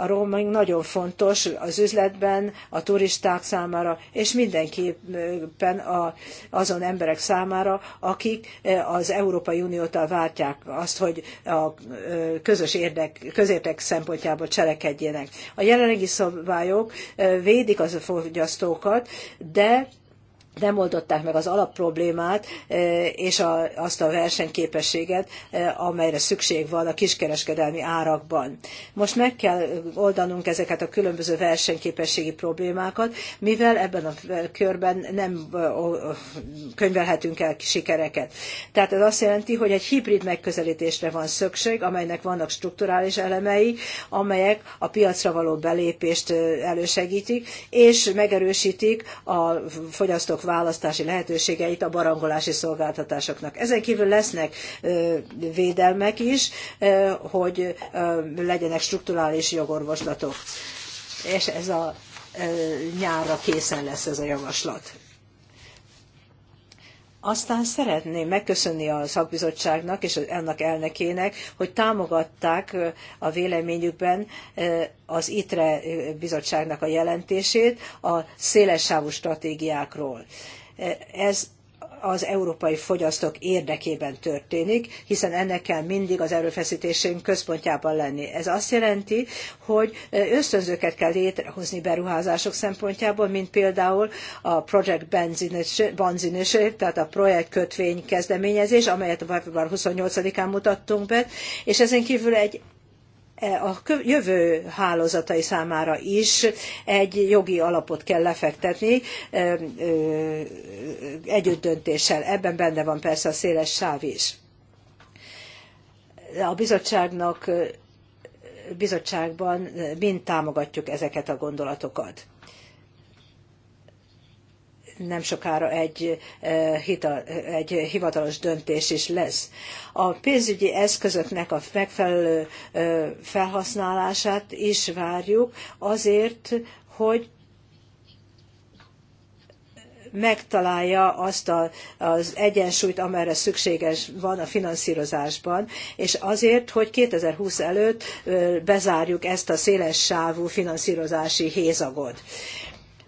a roaming nagyon fontos az üzletben, a turisták számára, és mindenképpen a, azon emberek számára, akik eh, az Európai Uniótól vártják azt, hogy a eh, közös érdek, közértek szempontjából cselekedjenek. A jelenlegi szabályok eh, védik az a fogyasztókat, de nem oldották meg az alapproblémát e, és a, azt a versenyképességet, e, amelyre szükség van a kiskereskedelmi árakban. Most meg kell oldanunk ezeket a különböző versenyképességi problémákat, mivel ebben a körben nem könyvelhetünk el sikereket. Tehát ez azt jelenti, hogy egy hibrid megközelítésre van szükség, amelynek vannak strukturális elemei, amelyek a piacra való belépést elősegítik, és megerősítik a fogyasztók vállalatok választási lehetőségeit a barangolási szolgáltatásoknak. Ezen kívül lesznek védelmek is, hogy legyenek strukturális jogorvoslatok. És ez a nyárra készen lesz ez a javaslat. Aztán szeretném megköszönni a szakbizottságnak és ennek elnökének, hogy támogatták a véleményükben az ITRE bizottságnak a jelentését a szélessávú stratégiákról. Ez az európai fogyasztók érdekében történik, hiszen ennek kell mindig az erőfeszítésünk központjában lenni. Ez azt jelenti, hogy ösztönzőket kell létrehozni beruházások szempontjából, mint például a Project Bonds Initiative, tehát a projekt kötvény kezdeményezés, amelyet a február 28-án mutattunk be, és ezen kívül egy E, a jövő hálózatai számára is egy jogi alapot kell lefektetni e, együttdöntéssel. Ebben benne van persze a széles sáv is. A bizottságnak bizottságban mind támogatjuk ezeket a gondolatokat nem sokára egy, eh, hital, egy hivatalos döntés is lesz. A pénzügyi eszközöknek a megfelelő eh, felhasználását is várjuk azért, hogy megtalálja azt a, az egyensúlyt, amerre szükséges van a finanszírozásban, és azért, hogy 2020 előtt eh, bezárjuk ezt a széles sávú finanszírozási hézagot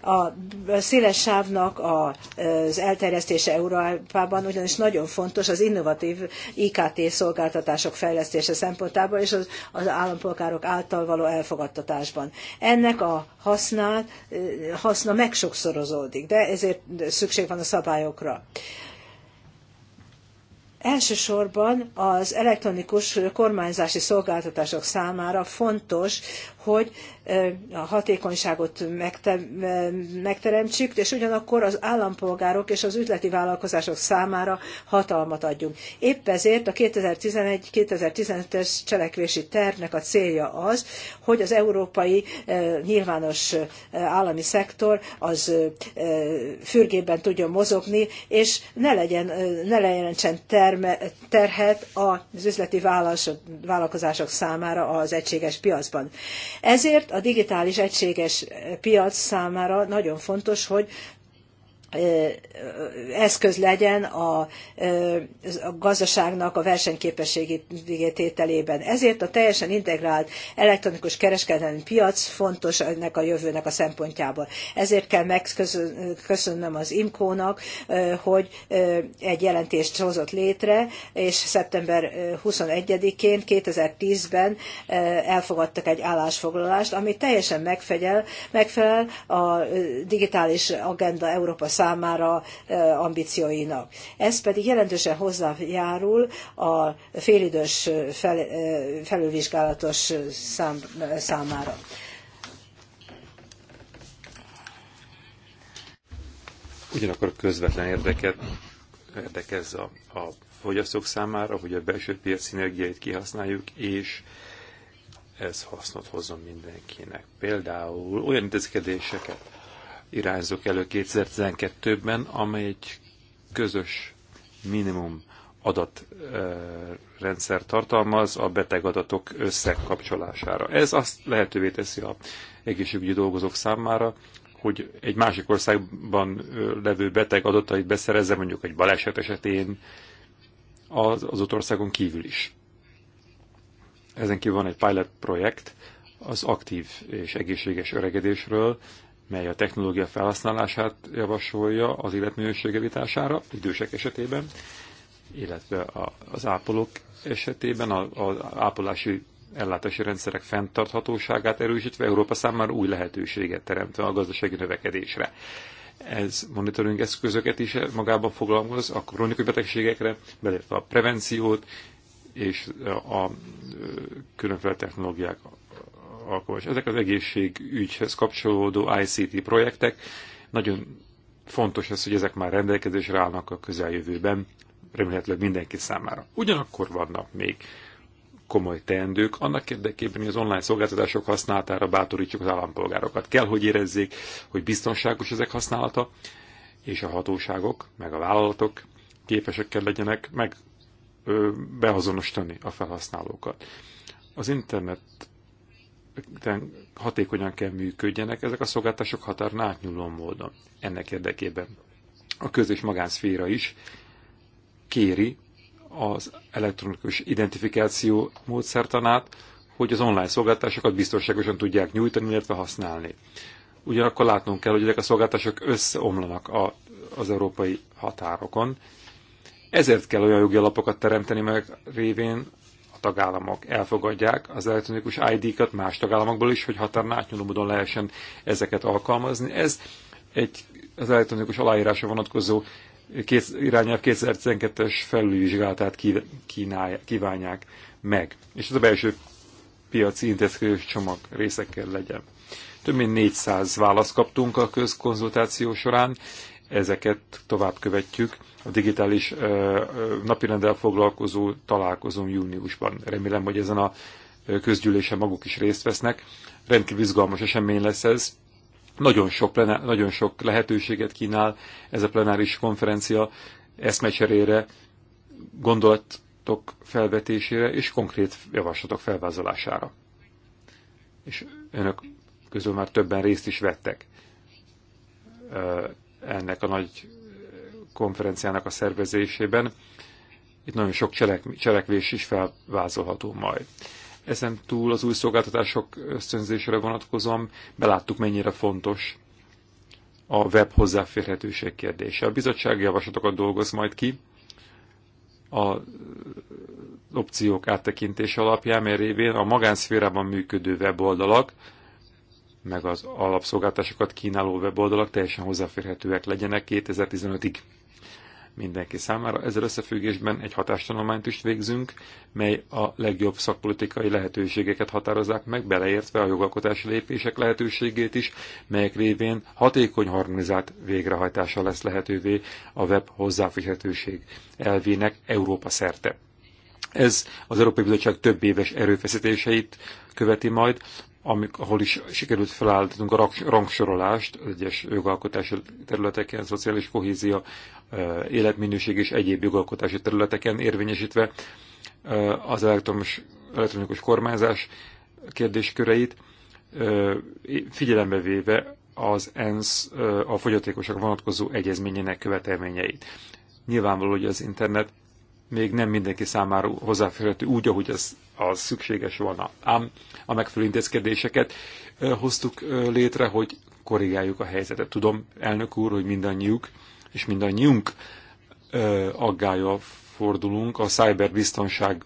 a széles sávnak az elterjesztése Európában ugyanis nagyon fontos az innovatív IKT szolgáltatások fejlesztése szempontjából és az, az állampolgárok által való elfogadtatásban. Ennek a használ, haszna megsokszorozódik, de ezért szükség van a szabályokra. Elsősorban az elektronikus kormányzási szolgáltatások számára fontos, hogy a hatékonyságot megteremtsük, és ugyanakkor az állampolgárok és az üzleti vállalkozások számára hatalmat adjunk. Épp ezért a 2011-2015-es cselekvési tervnek a célja az, hogy az európai nyilvános állami szektor az fürgében tudjon mozogni, és ne legyen, ne legyen ter terme, terhet az üzleti vállalkozások számára az egységes piacban. Ezért a digitális egységes piac számára nagyon fontos, hogy eszköz legyen a, a gazdaságnak a versenyképességét tételében. Ezért a teljesen integrált elektronikus kereskedelmi piac fontos ennek a jövőnek a szempontjából. Ezért kell megköszönnöm az IMCO-nak, hogy egy jelentést hozott létre, és szeptember 21-én, 2010-ben elfogadtak egy állásfoglalást, ami teljesen megfelel a digitális agenda Európa számára, számára ambícióinak. Ez pedig jelentősen hozzájárul a félidős fel, felülvizsgálatos szám, számára. Ugyanakkor közvetlen érdeket érdekez a, a fogyasztók számára, hogy a belső piac szinergiait kihasználjuk, és ez hasznot hozzon mindenkinek. Például olyan intézkedéseket, irányzok elő 2012-ben, amely egy közös minimum adatrendszer tartalmaz a beteg adatok összekapcsolására. Ez azt lehetővé teszi a egészségügyi dolgozók számára, hogy egy másik országban levő beteg adatait beszerezze mondjuk egy baleset esetén az, az ott országon kívül is. Ezen kívül van egy pilot projekt az aktív és egészséges öregedésről, mely a technológia felhasználását javasolja az életminőség javítására idősek esetében, illetve az ápolók esetében az ápolási ellátási rendszerek fenntarthatóságát erősítve Európa számára új lehetőséget teremtve a gazdasági növekedésre. Ez monitoring eszközöket is magában foglalkoz, a krónikai betegségekre, belépve a prevenciót és a különféle technológiák alkohols. Ezek az egészségügyhez kapcsolódó ICT projektek. Nagyon fontos az, hogy ezek már rendelkezésre állnak a közeljövőben, remélhetőleg mindenki számára. Ugyanakkor vannak még komoly teendők, annak érdekében, hogy az online szolgáltatások használatára bátorítsuk az állampolgárokat. Kell, hogy érezzék, hogy biztonságos ezek használata, és a hatóságok, meg a vállalatok képesek kell legyenek meg beazonosítani a felhasználókat. Az internet hatékonyan kell működjenek ezek a szolgáltások határon átnyúló módon. Ennek érdekében a köz- és magánszféra is kéri az elektronikus identifikáció módszertanát, hogy az online szolgáltatásokat biztonságosan tudják nyújtani, illetve használni. Ugyanakkor látnunk kell, hogy ezek a szolgáltatások összeomlanak a, az európai határokon. Ezért kell olyan jogi alapokat teremteni meg révén, tagállamok elfogadják az elektronikus ID-kat más tagállamokból is, hogy határon átnyúló módon lehessen ezeket alkalmazni. Ez egy az elektronikus aláírásra vonatkozó két, irányelv 2012-es felülvizsgálatát kívánják meg. És ez a belső piaci intézkedés csomag részekkel legyen. Több mint 400 választ kaptunk a közkonzultáció során, ezeket tovább követjük a digitális napirendel foglalkozó találkozón júniusban. Remélem, hogy ezen a közgyűlésen maguk is részt vesznek. Rendkívül izgalmas esemény lesz ez. Nagyon sok, plenár, nagyon sok lehetőséget kínál ez a plenáris konferencia eszmecserére, gondolatok felvetésére és konkrét javaslatok felvázolására. És önök közül már többen részt is vettek ennek a nagy konferenciának a szervezésében. Itt nagyon sok cselek, cselekvés is felvázolható majd. Ezen túl az új szolgáltatások ösztönzésére vonatkozom, beláttuk mennyire fontos a web hozzáférhetőség kérdése. A bizottság javaslatokat dolgoz majd ki a opciók áttekintése alapján, mert révén a magánszférában működő weboldalak, meg az alapszolgáltatásokat kínáló weboldalak teljesen hozzáférhetőek legyenek 2015-ig mindenki számára. Ezzel összefüggésben egy hatástanulmányt is végzünk, mely a legjobb szakpolitikai lehetőségeket határozzák meg, beleértve a jogalkotási lépések lehetőségét is, melyek révén hatékony harmonizált végrehajtása lesz lehetővé a web hozzáférhetőség elvének Európa szerte. Ez az Európai Bizottság több éves erőfeszítéseit követi majd, amik, ahol is sikerült felállítanunk a rangsorolást, egyes jogalkotási területeken, szociális kohézia, életminőség és egyéb jogalkotási területeken érvényesítve az elektromos, elektronikus kormányzás kérdésköreit, figyelembe véve az ENSZ a fogyatékosak vonatkozó egyezményének követelményeit. Nyilvánvaló, hogy az internet még nem mindenki számára hozzáférhető úgy, ahogy az, az szükséges volna. Ám a megfelelő intézkedéseket hoztuk létre, hogy korrigáljuk a helyzetet. Tudom, elnök úr, hogy mindannyiuk és mindannyiunk aggája fordulunk a cyberbiztonság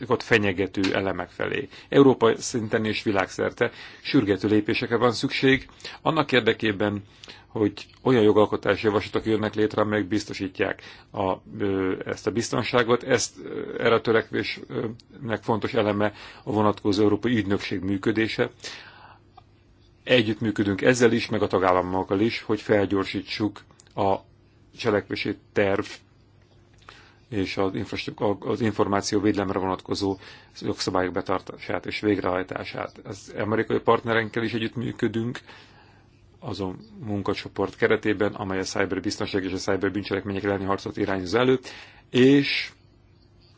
biztonságot fenyegető elemek felé. Európa szinten és világszerte sürgető lépésekre van szükség, annak érdekében, hogy olyan jogalkotási javaslatok jönnek létre, amelyek biztosítják a, ezt a biztonságot. Ezt erre a törekvésnek fontos eleme a vonatkozó Európai Ügynökség működése. Együttműködünk ezzel is, meg a tagállamokkal is, hogy felgyorsítsuk a cselekvési terv és az, az védelemre vonatkozó jogszabályok betartását és végrehajtását. Az amerikai partnerenkkel is együttműködünk, azon munkacsoport keretében, amely a cyberbiztonság és a cyberbűncselekmények elleni harcot irányoz elő, és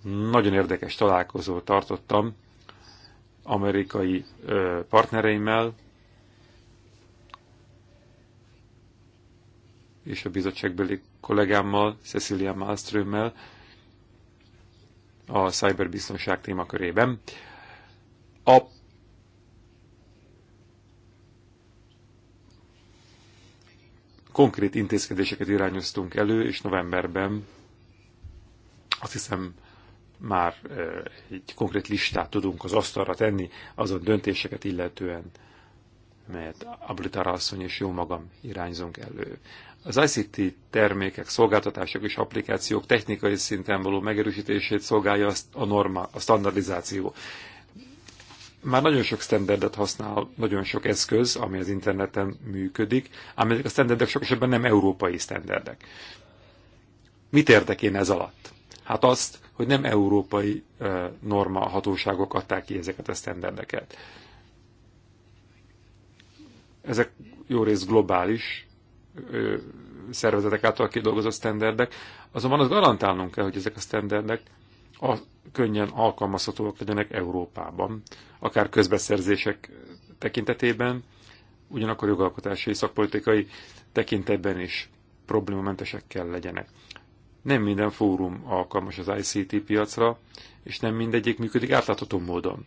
nagyon érdekes találkozót tartottam amerikai ö, partnereimmel, és a bizottságbeli kollégámmal, Cecilia Malmströmmel, a cyberbiztonság témakörében. A konkrét intézkedéseket irányoztunk elő, és novemberben azt hiszem már eh, egy konkrét listát tudunk az asztalra tenni, azon döntéseket illetően, melyet Abritara asszony és jó magam irányzunk elő. Az ICT termékek, szolgáltatások és applikációk technikai szinten való megerősítését szolgálja a norma, a standardizáció. Már nagyon sok standardet használ, nagyon sok eszköz, ami az interneten működik, ám ezek a standardek sok esetben nem európai standardek. Mit értek én ez alatt? Hát azt, hogy nem európai norma hatóságok adták ki ezeket a standardeket. Ezek jó rész globális szervezetek által kidolgozott sztenderdek, azonban azt garantálnunk kell, hogy ezek a sztenderdek a, könnyen alkalmazhatóak legyenek Európában, akár közbeszerzések tekintetében, ugyanakkor jogalkotási, szakpolitikai tekintetben is problémamentesek kell legyenek. Nem minden fórum alkalmas az ICT piacra, és nem mindegyik működik átlátható módon.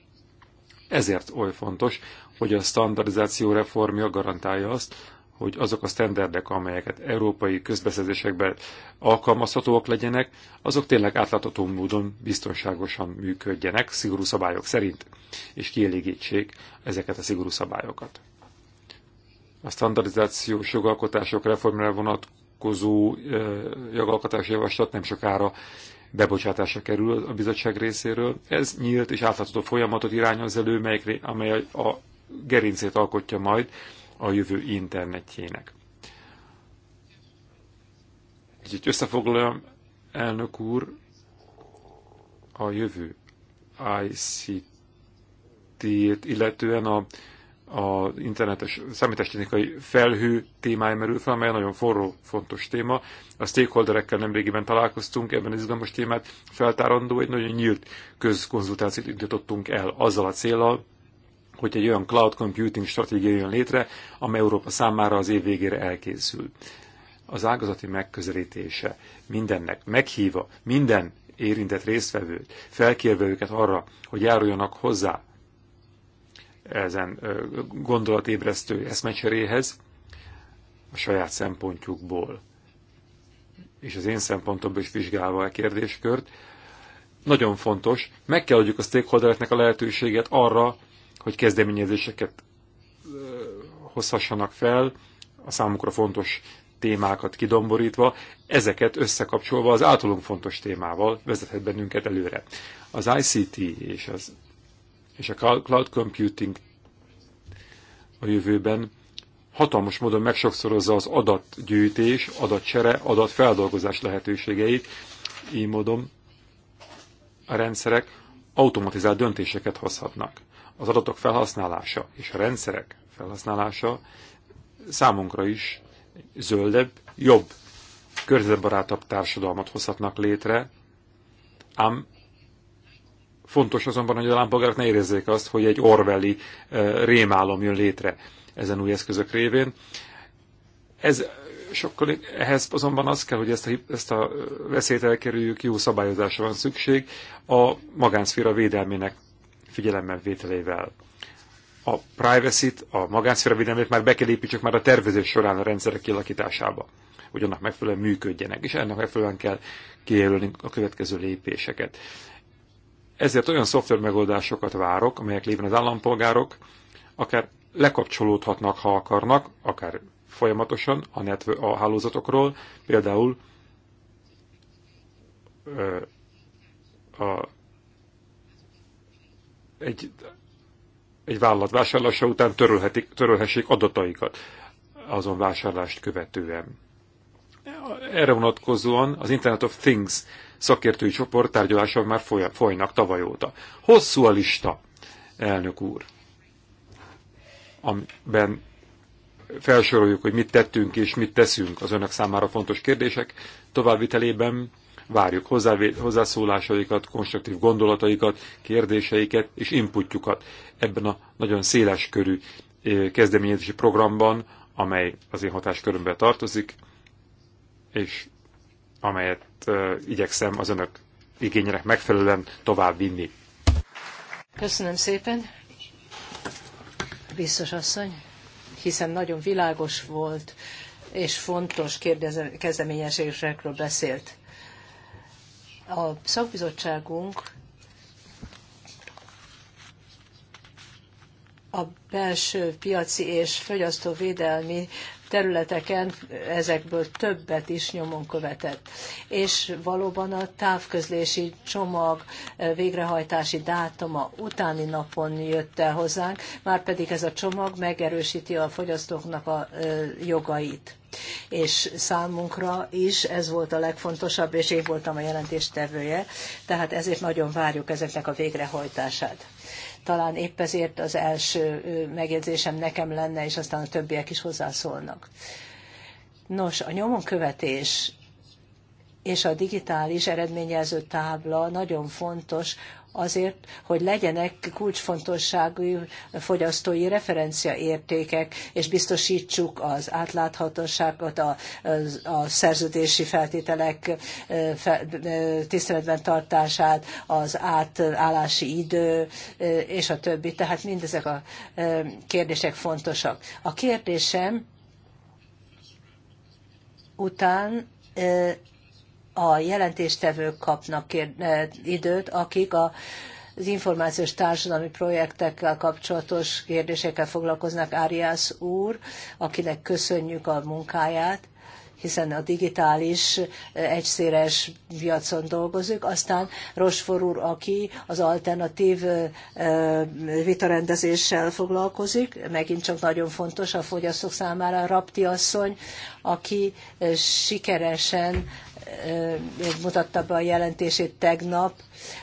Ezért oly fontos, hogy a standardizáció reformja garantálja azt, hogy azok a sztenderdek, amelyeket európai közbeszerzésekben alkalmazhatóak legyenek, azok tényleg átlátható módon biztonságosan működjenek, szigorú szabályok szerint, és kielégítsék ezeket a szigorú szabályokat. A standardizációs jogalkotások reformjára vonatkozó jogalkotási javaslat nem sokára bebocsátásra kerül a bizottság részéről. Ez nyílt és átlátható folyamatot irányoz elő, amely a gerincét alkotja majd a jövő internetjének. Úgyhogy összefoglalom, elnök úr, a jövő ICT-t, illetően a, a internetes számítás technikai felhő témája merül fel, amely nagyon forró, fontos téma. A stakeholderekkel nemrégiben találkoztunk, ebben az izgalmas témát feltárandó, egy nagyon nyílt közkonzultációt indítottunk el azzal a célral, hogy egy olyan cloud computing stratégia jön létre, amely Európa számára az év végére elkészül. Az ágazati megközelítése mindennek meghívva minden érintett résztvevőt, felkérve őket arra, hogy járuljanak hozzá ezen gondolatébresztő eszmecseréhez a saját szempontjukból, és az én szempontomból is vizsgálva a kérdéskört, nagyon fontos, meg kell adjuk a stakeholdereknek a lehetőséget arra, hogy kezdeményezéseket hozhassanak fel, a számukra fontos témákat kidomborítva, ezeket összekapcsolva az általunk fontos témával vezethet bennünket előre. Az ICT és, az, és a cloud computing a jövőben hatalmas módon megsokszorozza az adatgyűjtés, adatcsere, adatfeldolgozás lehetőségeit, így módon a rendszerek automatizált döntéseket hozhatnak az adatok felhasználása és a rendszerek felhasználása számunkra is zöldebb, jobb, környezetbarátabb társadalmat hozhatnak létre, ám fontos azonban, hogy a lámpolgárok ne érezzék azt, hogy egy orveli eh, rémálom jön létre ezen új eszközök révén. Ez sokkal, ehhez azonban az kell, hogy ezt a, ezt a eh, veszélyt elkerüljük, jó szabályozásra van szükség. A magánszféra védelmének figyelemmel vételével. A privacy-t, a magánszféra védelmét már be kell építsük már a tervezés során a rendszerek kialakításába, hogy annak megfelelően működjenek, és ennek megfelelően kell kijelölni a következő lépéseket. Ezért olyan szoftver megoldásokat várok, amelyek lévén az állampolgárok akár lekapcsolódhatnak, ha akarnak, akár folyamatosan a, netv a hálózatokról, például a egy, egy vállalat vásárlása után törölhetik, törölhessék adataikat azon vásárlást követően. Erre vonatkozóan az Internet of Things szakértői csoport tárgyalása már folynak tavaly óta. Hosszú a lista, elnök úr, amiben felsoroljuk, hogy mit tettünk és mit teszünk az önök számára fontos kérdések továbbvitelében Várjuk hozzászólásaikat, konstruktív gondolataikat, kérdéseiket és inputjukat ebben a nagyon széles körű kezdeményezési programban, amely az én hatáskörömbe tartozik, és amelyet igyekszem az önök igényének megfelelően tovább vinni. Köszönöm szépen, biztos asszony, hiszen nagyon világos volt, és fontos kezdeményezésekről beszélt. A szakbizottságunk a belső piaci és fogyasztóvédelmi területeken ezekből többet is nyomon követett. És valóban a távközlési csomag eh, végrehajtási dátuma utáni napon jött el hozzánk, már pedig ez a csomag megerősíti a fogyasztóknak a eh, jogait és számunkra is ez volt a legfontosabb, és én voltam a jelentéstevője, tehát ezért nagyon várjuk ezeknek a végrehajtását. Talán épp ezért az első megjegyzésem nekem lenne, és aztán a többiek is hozzászólnak. Nos, a nyomon követés és a digitális eredményező tábla nagyon fontos azért, hogy legyenek kulcsfontosságú fogyasztói referenciaértékek, és biztosítsuk az átláthatóságot, a, a szerződési feltételek tiszteletben tartását, az átállási idő, és a többi. Tehát mindezek a kérdések fontosak. A kérdésem után a jelentéstevők kapnak időt, akik a az információs társadalmi projektekkel kapcsolatos kérdésekkel foglalkoznak Áriász úr, akinek köszönjük a munkáját, hiszen a digitális eh, egyszéres piacon dolgozik. Aztán Rosfor úr, aki az alternatív eh, eh, vitarendezéssel foglalkozik, megint csak nagyon fontos a fogyasztók számára, Rapti asszony, aki sikeresen mutatta be a jelentését tegnap,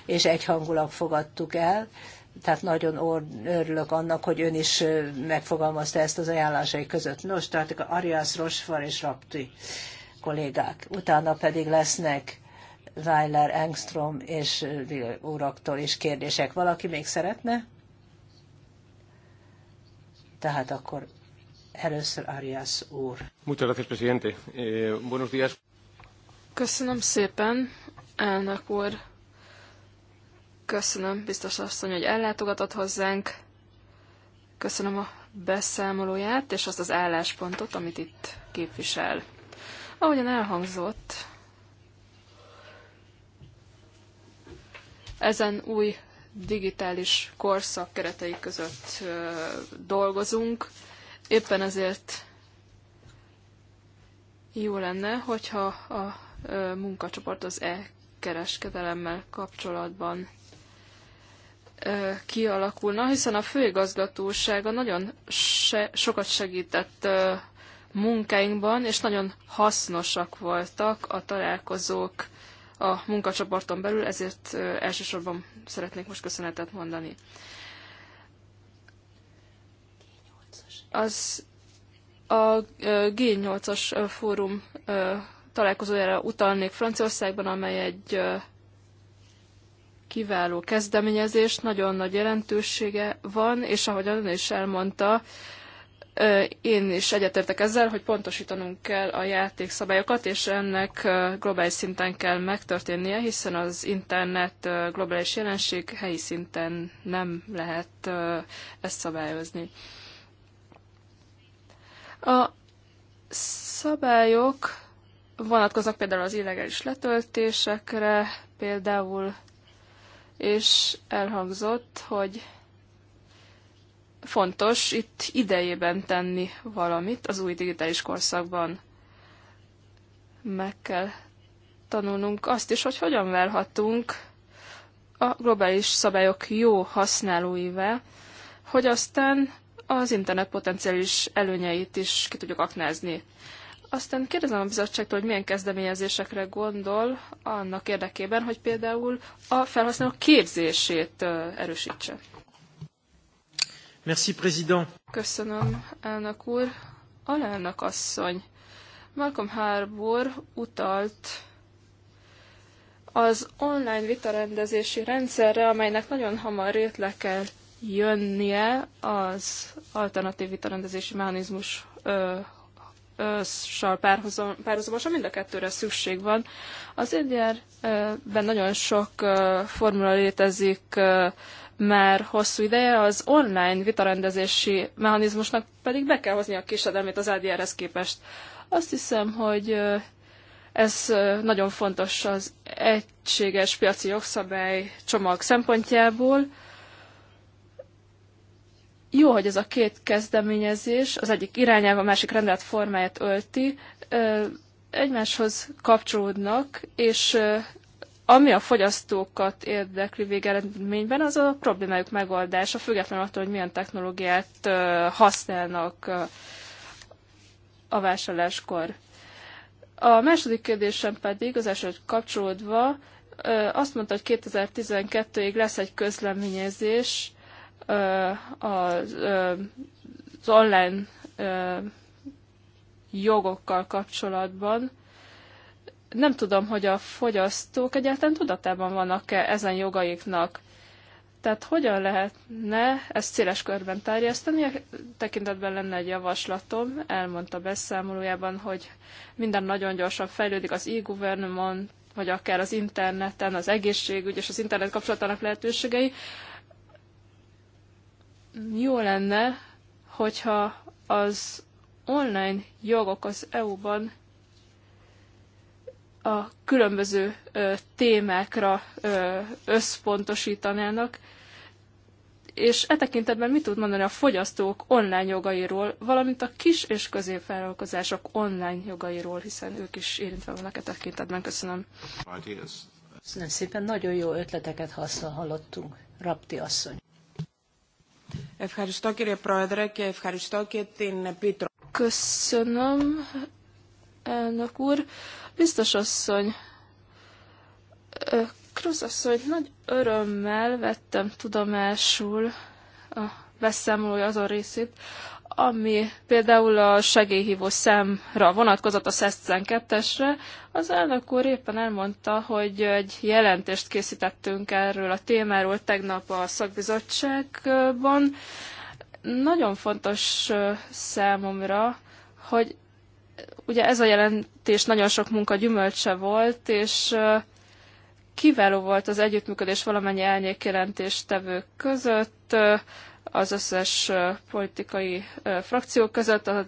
és egyhangulag fogadtuk el tehát nagyon örülök annak, hogy ön is megfogalmazta ezt az ajánlásai között. Nos, tehát Arias, Rosfar és Rapti kollégák. Utána pedig lesznek Weiler, Engström és úraktól is kérdések. Valaki még szeretne? Tehát akkor először Arias úr. Muchas gracias, presidente. Eh, buenos días. Köszönöm szépen, elnök úr. Köszönöm, biztos asszony, hogy ellátogatott hozzánk. Köszönöm a beszámolóját és azt az álláspontot, amit itt képvisel. Ahogyan elhangzott, ezen új digitális korszak keretei között dolgozunk. Éppen ezért jó lenne, hogyha a munkacsoport az e-kereskedelemmel kapcsolatban kialakulna, hiszen a főigazgatósága nagyon se, sokat segített munkáinkban, és nagyon hasznosak voltak a találkozók a munkacsoporton belül, ezért elsősorban szeretnék most köszönetet mondani. Az a G8-as fórum találkozójára utalnék Franciaországban, amely egy kiváló kezdeményezés, nagyon nagy jelentősége van, és ahogy ön is elmondta, én is egyetértek ezzel, hogy pontosítanunk kell a játékszabályokat, és ennek globális szinten kell megtörténnie, hiszen az internet globális jelenség helyi szinten nem lehet ezt szabályozni. A szabályok vonatkoznak például az illegális letöltésekre, például és elhangzott, hogy fontos itt idejében tenni valamit az új digitális korszakban. Meg kell tanulnunk azt is, hogy hogyan válhatunk a globális szabályok jó használóivel, hogy aztán az internet potenciális előnyeit is ki tudjuk aknázni. Aztán kérdezem a bizottságtól, hogy milyen kezdeményezésekre gondol annak érdekében, hogy például a felhasználók képzését erősítse. Merci, président. Köszönöm, elnök úr. Alelnök asszony, Malcolm Harbour utalt az online vitarendezési rendszerre, amelynek nagyon hamar le kell jönnie az alternatív vitarendezési mechanizmus sal párhuzamosan mind a kettőre szükség van. Az EDR-ben nagyon sok formula létezik már hosszú ideje, az online vitarendezési mechanizmusnak pedig be kell hozni a kisedelmét az ADR-hez képest. Azt hiszem, hogy ez nagyon fontos az egységes piaci jogszabály csomag szempontjából, jó, hogy ez a két kezdeményezés, az egyik irányába, a másik rendelet formáját ölti, egymáshoz kapcsolódnak, és ami a fogyasztókat érdekli végeredményben, az a problémájuk megoldása, függetlenül attól, hogy milyen technológiát használnak a vásárláskor. A második kérdésem pedig, az első kapcsolódva, azt mondta, hogy 2012-ig lesz egy közleményezés, az, az online jogokkal kapcsolatban. Nem tudom, hogy a fogyasztók egyáltalán tudatában vannak-e ezen jogaiknak. Tehát hogyan lehetne ezt széles körben terjeszteni? E tekintetben lenne egy javaslatom, elmondta beszámolójában, hogy minden nagyon gyorsan fejlődik az e-government, vagy akár az interneten, az egészségügy és az internet kapcsolatának lehetőségei jó lenne, hogyha az online jogok az EU-ban a különböző ö, témákra ö, összpontosítanának, és e tekintetben mit tud mondani a fogyasztók online jogairól, valamint a kis és középvállalkozások online jogairól, hiszen ők is érintve vannak e tekintetben. Köszönöm. Köszönöm szépen, nagyon jó ötleteket hallottunk. Rapti asszony. Ευχαριστώ κύριε Πρόεδρε και ευχαριστώ και την Επίτροπο. Köszönöm, elnök úr. Biztos asszony, Krusz asszony, nagy örömmel vettem tudomásul a beszámolója azon részét, ami például a segélyhívó szemre vonatkozott a 112-esre, az elnök úr éppen elmondta, hogy egy jelentést készítettünk erről a témáról tegnap a szakbizottságban. Nagyon fontos számomra, hogy ugye ez a jelentés nagyon sok munka gyümölcse volt, és kiváló volt az együttműködés valamennyi elnyék jelentéstevők között, az összes politikai frakció között, az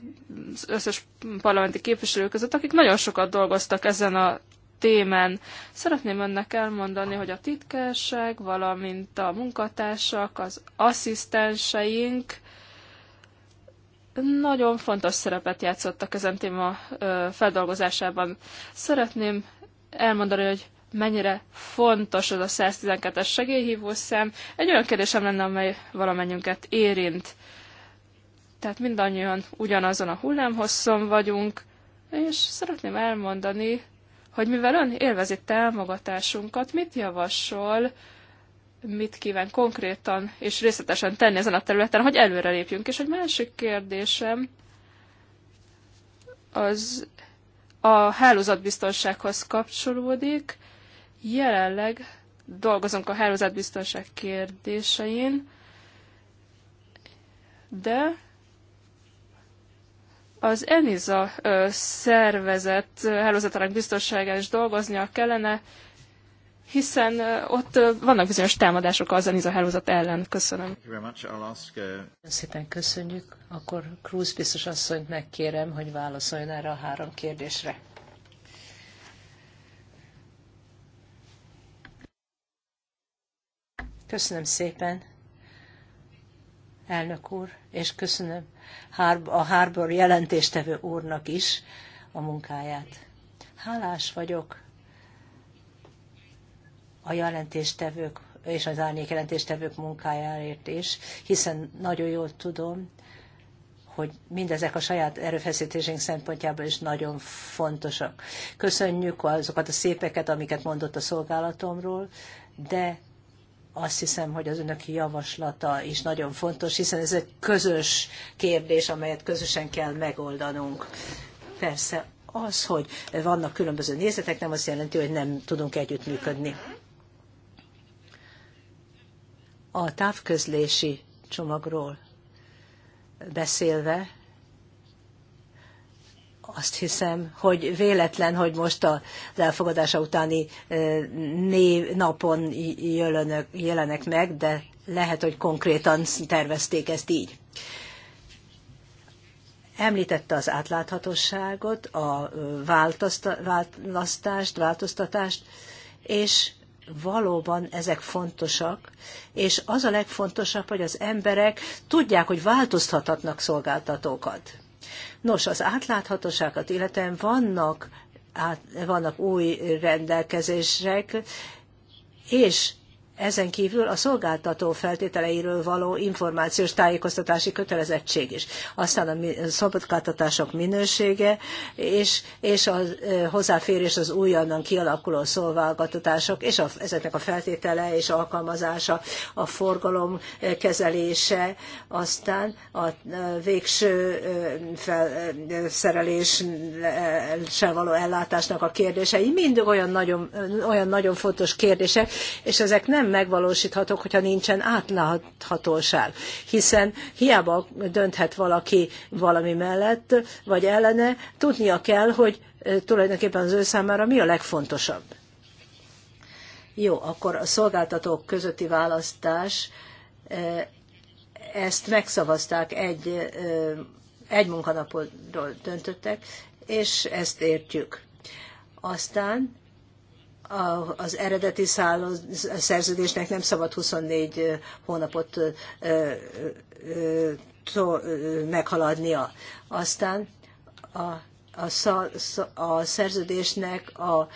összes parlamenti képviselő között, akik nagyon sokat dolgoztak ezen a témen. Szeretném önnek elmondani, hogy a titkárság, valamint a munkatársak, az asszisztenseink nagyon fontos szerepet játszottak ezen téma feldolgozásában. Szeretném elmondani, hogy mennyire fontos az a 112-es segélyhívószám. Egy olyan kérdésem lenne, amely valamennyünket érint. Tehát mindannyian ugyanazon a hullámhosszon vagyunk, és szeretném elmondani, hogy mivel ön élvezi támogatásunkat, mit javasol, mit kíván konkrétan és részletesen tenni ezen a területen, hogy előre lépjünk, És egy másik kérdésem az a hálózatbiztonsághoz kapcsolódik. Jelenleg dolgozunk a hálózatbiztonság kérdésein, de az ENISA szervezet hálózatának biztonságán is dolgoznia kellene, hiszen ott vannak bizonyos támadások az ENISA hálózat ellen. Köszönöm. Uh, szépen köszönjük. Akkor Cruz biztos asszonyt megkérem, hogy válaszoljon erre a három kérdésre. Köszönöm szépen, elnök úr, és köszönöm a Harbor jelentéstevő úrnak is a munkáját. Hálás vagyok a jelentéstevők és az árnyék jelentéstevők munkájáért is, hiszen nagyon jól tudom, hogy mindezek a saját erőfeszítésünk szempontjából is nagyon fontosak. Köszönjük azokat a szépeket, amiket mondott a szolgálatomról, de azt hiszem, hogy az önök javaslata is nagyon fontos, hiszen ez egy közös kérdés, amelyet közösen kell megoldanunk. Persze az, hogy vannak különböző nézetek, nem azt jelenti, hogy nem tudunk együttműködni. A távközlési csomagról beszélve azt hiszem, hogy véletlen, hogy most az elfogadása utáni név, napon jelenek, jelenek meg, de lehet, hogy konkrétan tervezték ezt így. Említette az átláthatóságot, a választást, változtatást, és valóban ezek fontosak, és az a legfontosabb, hogy az emberek tudják, hogy változtathatnak szolgáltatókat Nos, az átláthatóságot illetően vannak, át, vannak új rendelkezések, és ezen kívül a szolgáltató feltételeiről való információs tájékoztatási kötelezettség is. Aztán a szolgáltatások minősége és, és a hozzáférés az újonnan kialakuló szolgáltatások és a, ezeknek a feltétele és alkalmazása, a forgalom kezelése, aztán a végső felszereléssel való ellátásnak a kérdései, mind olyan nagyon, olyan nagyon fontos kérdések, és ezek nem nem megvalósíthatók, hogyha nincsen átláthatóság. Hiszen hiába dönthet valaki valami mellett, vagy ellene, tudnia kell, hogy tulajdonképpen az ő számára mi a legfontosabb. Jó, akkor a szolgáltatók közötti választás, ezt megszavazták egy, egy munkanapról döntöttek, és ezt értjük. Aztán az eredeti szálló szerződésnek nem szabad 24 hónapot meghaladnia. Aztán a a, a szerződésnek a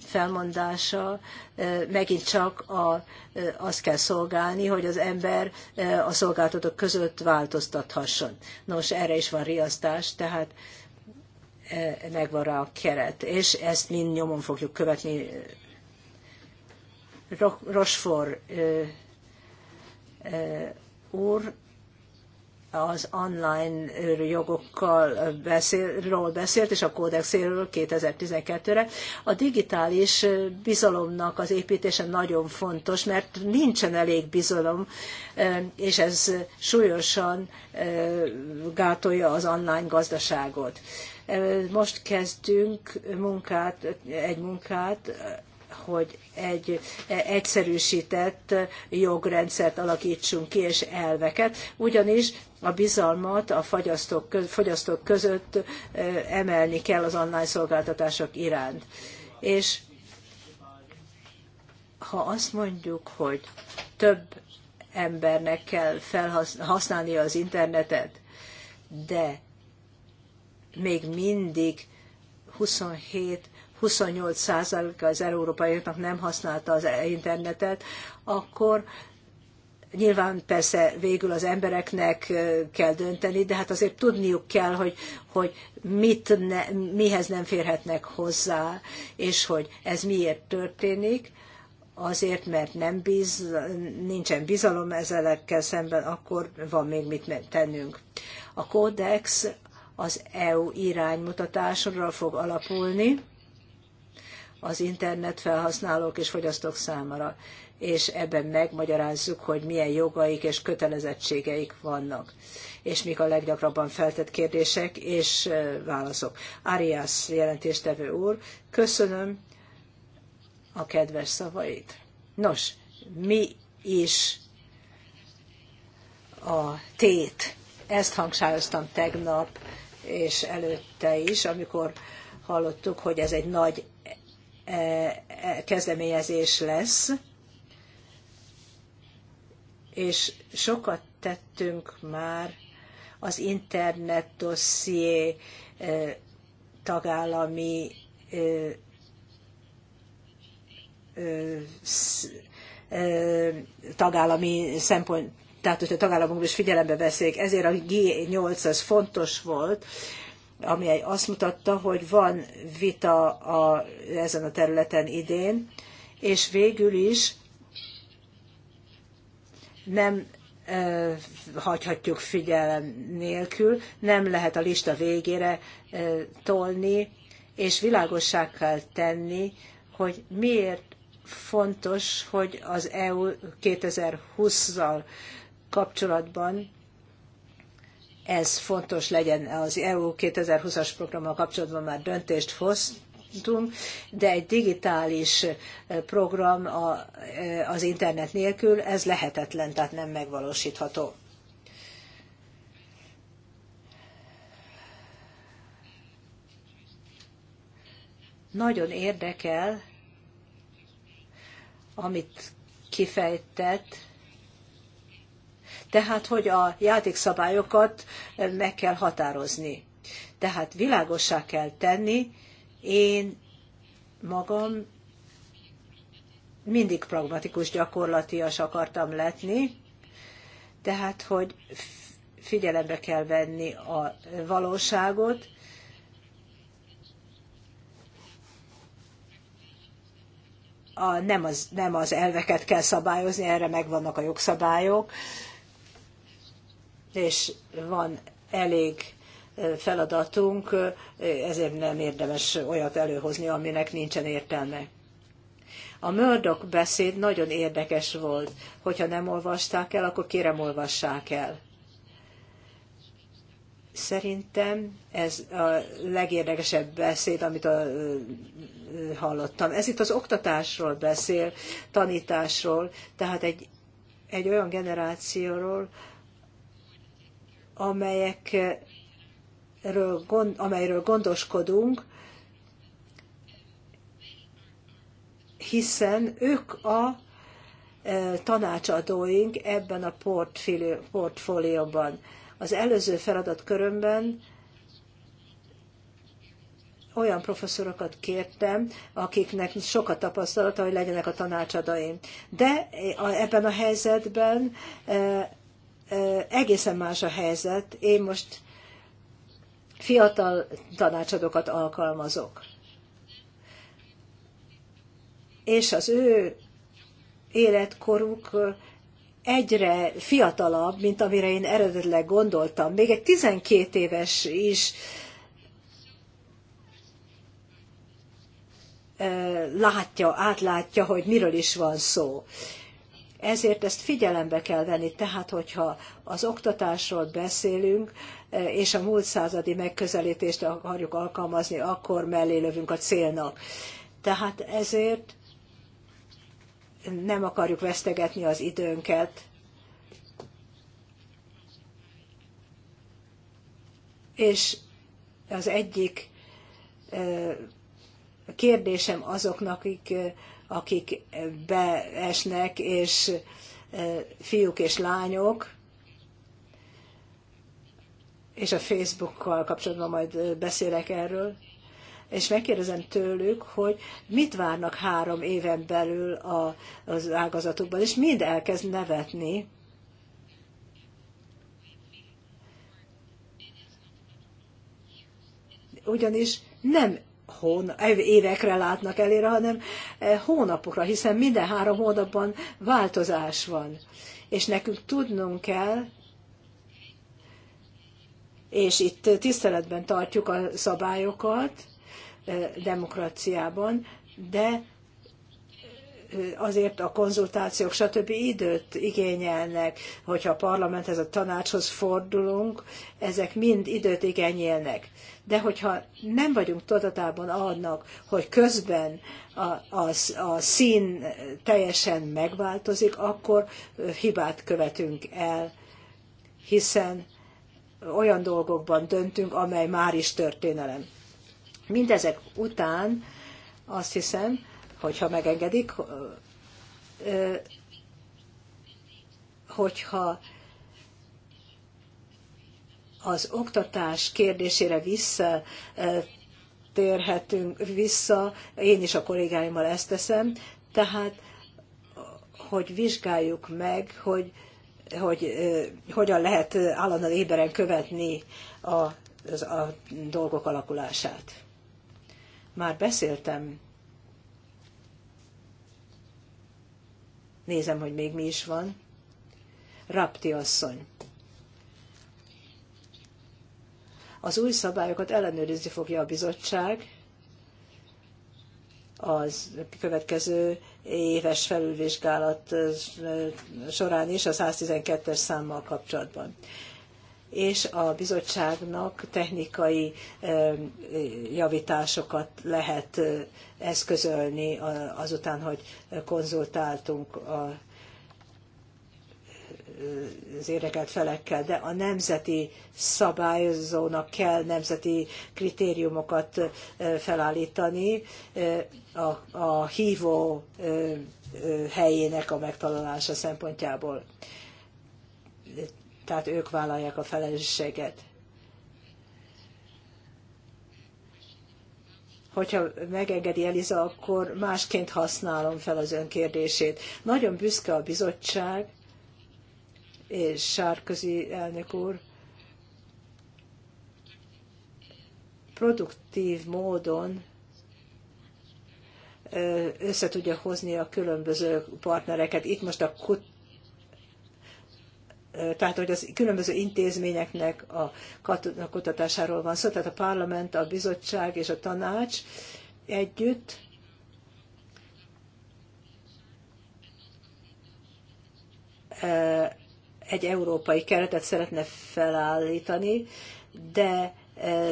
felmondása megint csak a, azt kell szolgálni, hogy az ember a szolgáltatók között változtathasson. Nos, erre is van riasztás, tehát Eh, megvan rá a keret, és ezt mind nyomon fogjuk követni. Rosfor eh, eh, úr az online jogokkal beszélről beszélt, és a kódexéről 2012-re. A digitális bizalomnak az építése nagyon fontos, mert nincsen elég bizalom, és ez súlyosan gátolja az online gazdaságot. Most kezdtünk munkát, egy munkát, hogy egy e, egyszerűsített jogrendszert alakítsunk ki, és elveket, ugyanis a bizalmat a fogyasztók között emelni kell az online szolgáltatások iránt. És ha azt mondjuk, hogy több embernek kell felhasználnia az internetet, de még mindig 27 28 százaléka az európaiaknak nem használta az internetet, akkor nyilván persze végül az embereknek kell dönteni, de hát azért tudniuk kell, hogy, hogy mit ne, mihez nem férhetnek hozzá, és hogy ez miért történik azért, mert nem bíz, nincsen bizalom ezzelekkel szemben, akkor van még mit tennünk. A kódex az EU iránymutatásra fog alapulni az internet felhasználók és fogyasztók számára, és ebben megmagyarázzuk, hogy milyen jogaik és kötelezettségeik vannak, és mik a leggyakrabban feltett kérdések és válaszok. Arias jelentéstevő úr, köszönöm a kedves szavait. Nos, mi is a tét? Ezt hangsúlyoztam tegnap és előtte is, amikor hallottuk, hogy ez egy nagy e, e, kezdeményezés lesz, és sokat tettünk már az internet e, tagállami tagállami szempont tehát hogy a tagállamok is figyelembe veszik, ezért a G8 az fontos volt, ami azt mutatta, hogy van vita a, ezen a területen idén, és végül is nem e, hagyhatjuk figyelem nélkül, nem lehet a lista végére e, tolni, és világossá kell tenni, hogy miért fontos, hogy az EU 2020-zal kapcsolatban ez fontos legyen az EU 2020-as programmal kapcsolatban már döntést hoztunk, de egy digitális eh, program eh, az internet nélkül, ez lehetetlen, tehát nem megvalósítható. Nagyon érdekel, amit kifejtett, tehát, hogy a játékszabályokat eh, meg kell határozni. Tehát világossá kell tenni, én magam mindig pragmatikus gyakorlatias akartam letni, tehát, hogy figyelembe kell venni a valóságot, a, nem, az, nem az elveket kell szabályozni, erre megvannak a jogszabályok, és van elég feladatunk, ezért nem érdemes olyat előhozni, aminek nincsen értelme. A Murdoch beszéd nagyon érdekes volt. Hogyha nem olvasták el, akkor kérem olvassák el. Szerintem ez a legérdekesebb beszéd, amit a, hallottam. Ez itt az oktatásról beszél, tanításról, tehát egy, egy olyan generációról, amelyekről, amelyről gondoskodunk, hiszen ők a e, tanácsadóink ebben a portfólióban. Az előző feladatkörömben olyan professzorokat kértem, akiknek sok a tapasztalata, hogy legyenek a tanácsadóim. De e, ebben a helyzetben e, egészen más a helyzet. Én most fiatal tanácsadókat alkalmazok. És az ő életkoruk egyre fiatalabb, mint amire én eredetileg gondoltam. Még egy 12 éves is látja, átlátja, hogy miről is van szó. Ezért ezt figyelembe kell venni, tehát hogyha az oktatásról beszélünk, e, és a múlt századi megközelítést akarjuk alkalmazni, akkor mellé lövünk a célnak. Tehát ezért nem akarjuk vesztegetni az időnket, és az egyik e, kérdésem azoknak, akik akik beesnek, és e, fiúk és lányok, és a Facebookkal kapcsolatban majd e, beszélek erről, és megkérdezem tőlük, hogy mit várnak három éven belül a, az ágazatukban, és mind elkezd nevetni. Ugyanis nem évekre látnak előre, hanem e, hónapokra, hiszen minden három hónapban változás van. És nekünk tudnunk kell, és itt tiszteletben tartjuk a szabályokat, e, demokráciában, de azért a konzultációk, stb. időt igényelnek, hogyha a parlamenthez, a tanácshoz fordulunk, ezek mind időt igényelnek. De hogyha nem vagyunk tudatában annak, hogy közben a, a, a szín teljesen megváltozik, akkor hibát követünk el, hiszen olyan dolgokban döntünk, amely már is történelem. Mindezek után azt hiszem, hogyha megengedik, hogyha az oktatás kérdésére vissza térhetünk vissza, én is a kollégáimmal ezt teszem, tehát hogy vizsgáljuk meg, hogy, hogy hogyan lehet állandóan éberen követni a, a dolgok alakulását. Már beszéltem Nézem, hogy még mi is van. Rapti asszony. Az új szabályokat ellenőrizni fogja a bizottság az következő éves felülvizsgálat eh, során is a 112-es számmal kapcsolatban és a bizottságnak technikai javításokat lehet eszközölni azután, hogy konzultáltunk a az érdekelt felekkel, de a nemzeti szabályozónak kell nemzeti kritériumokat felállítani a, a hívó helyének a megtalálása szempontjából tehát ők vállalják a felelősséget. Hogyha megengedi Eliza, akkor másként használom fel az ön kérdését. Nagyon büszke a bizottság, és Sárközi elnök úr, produktív módon össze tudja hozni a különböző partnereket. Itt most a kut tehát hogy az különböző intézményeknek a kutatásáról van szó, tehát a parlament, a bizottság és a tanács együtt egy európai keretet szeretne felállítani, de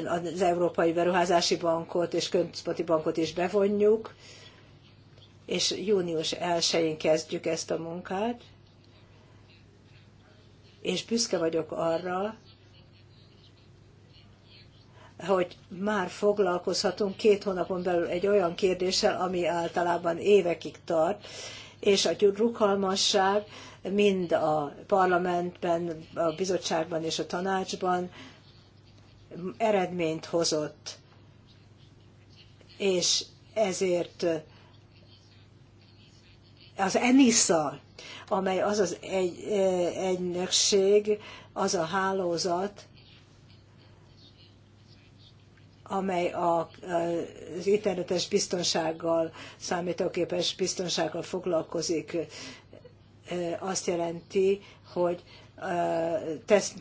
az Európai Beruházási Bankot és Központi Bankot is bevonjuk, és június 1-én kezdjük ezt a munkát, és büszke vagyok arra, hogy már foglalkozhatunk két hónapon belül egy olyan kérdéssel, ami általában évekig tart, és a rukalmasság mind a parlamentben, a bizottságban és a tanácsban eredményt hozott. És ezért az ENISA amely az az egy, egynökség, az a hálózat, amely a, az internetes biztonsággal, számítógépes biztonsággal foglalkozik, azt jelenti, hogy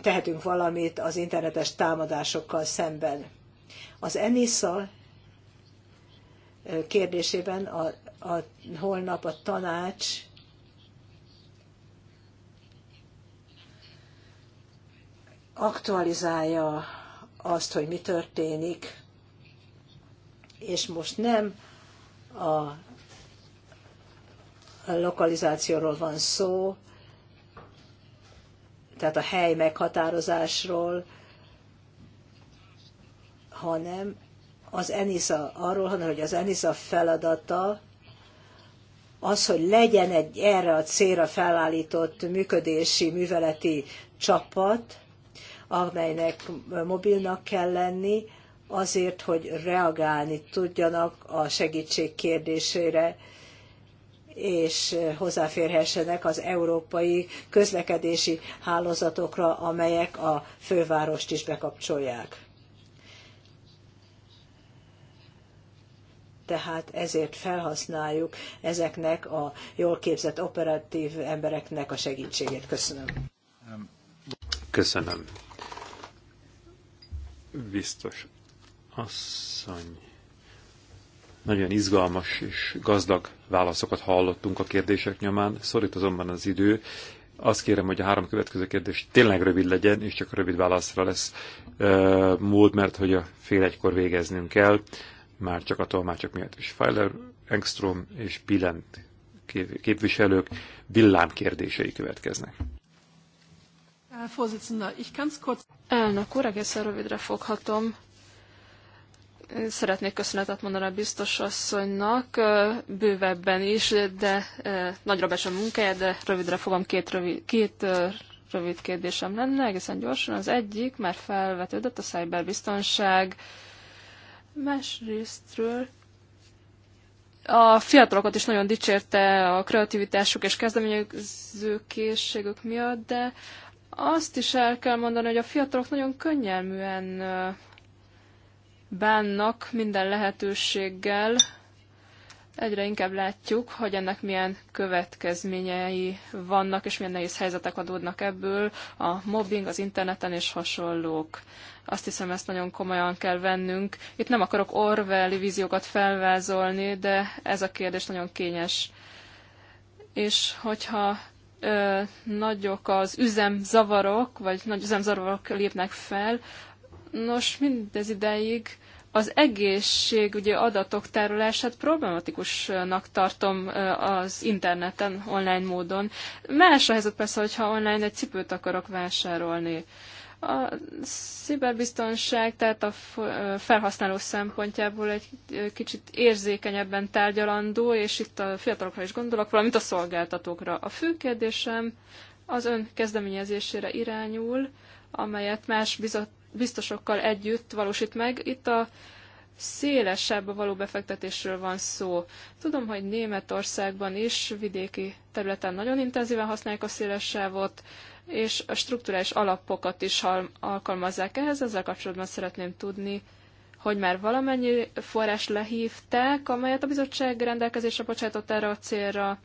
tehetünk valamit az internetes támadásokkal szemben. Az ENISA kérdésében a, a, holnap a tanács aktualizálja azt, hogy mi történik, és most nem a lokalizációról van szó, tehát a hely meghatározásról, hanem az ENISA arról, hanem hogy az ENISA feladata az, hogy legyen egy erre a célra felállított működési, műveleti csapat, amelynek mobilnak kell lenni, azért, hogy reagálni tudjanak a segítség kérdésére, és hozzáférhessenek az európai közlekedési hálózatokra, amelyek a fővárost is bekapcsolják. tehát ezért felhasználjuk ezeknek a jól képzett operatív embereknek a segítségét. Köszönöm. Köszönöm biztos asszony. Nagyon izgalmas és gazdag válaszokat hallottunk a kérdések nyomán. Szorít azonban az idő. Azt kérem, hogy a három következő kérdés tényleg rövid legyen, és csak rövid válaszra lesz e, mód, mert hogy a fél egykor végeznünk kell, már csak a tolmácsok miatt is. Feiler, Engström és Bilent képviselők villám kérdései következnek. Elnök úr, egészen rövidre foghatom. Szeretnék köszönetet mondani a biztos asszonynak, bővebben is, de nagyra becsön munkáját, de rövidre fogom két rövid, két rövid kérdésem lenne, egészen gyorsan. Az egyik már felvetődött a cyberbiztonság, másrésztről a fiatalokat is nagyon dicsérte a kreativitásuk és kezdeményezőkészségük miatt, de azt is el kell mondani, hogy a fiatalok nagyon könnyelműen bánnak minden lehetőséggel. Egyre inkább látjuk, hogy ennek milyen következményei vannak, és milyen nehéz helyzetek adódnak ebből, a mobbing az interneten és hasonlók. Azt hiszem, ezt nagyon komolyan kell vennünk. Itt nem akarok Orwelli víziókat felvázolni, de ez a kérdés nagyon kényes. És hogyha ö, nagyok az üzemzavarok, vagy nagy üzemzavarok lépnek fel. Nos, mindez ideig az egészségügyi adatok tárolását problematikusnak tartom az interneten, online módon. Más a helyzet persze, hogyha online egy cipőt akarok vásárolni. Ö, a sziberbiztonság, tehát a felhasználó szempontjából egy kicsit érzékenyebben tárgyalandó, és itt a fiatalokra is gondolok, valamint a szolgáltatókra. A fő kérdésem az ön kezdeményezésére irányul, amelyet más biztosokkal együtt valósít meg. Itt a szélesebb a való befektetésről van szó. Tudom, hogy Németországban is vidéki területen nagyon intenzíven használják a széles és a strukturális alapokat is alkalmazzák ehhez. Ezzel kapcsolatban szeretném tudni, hogy már valamennyi forrás lehívták, amelyet a bizottság rendelkezésre bocsátott erre a célra,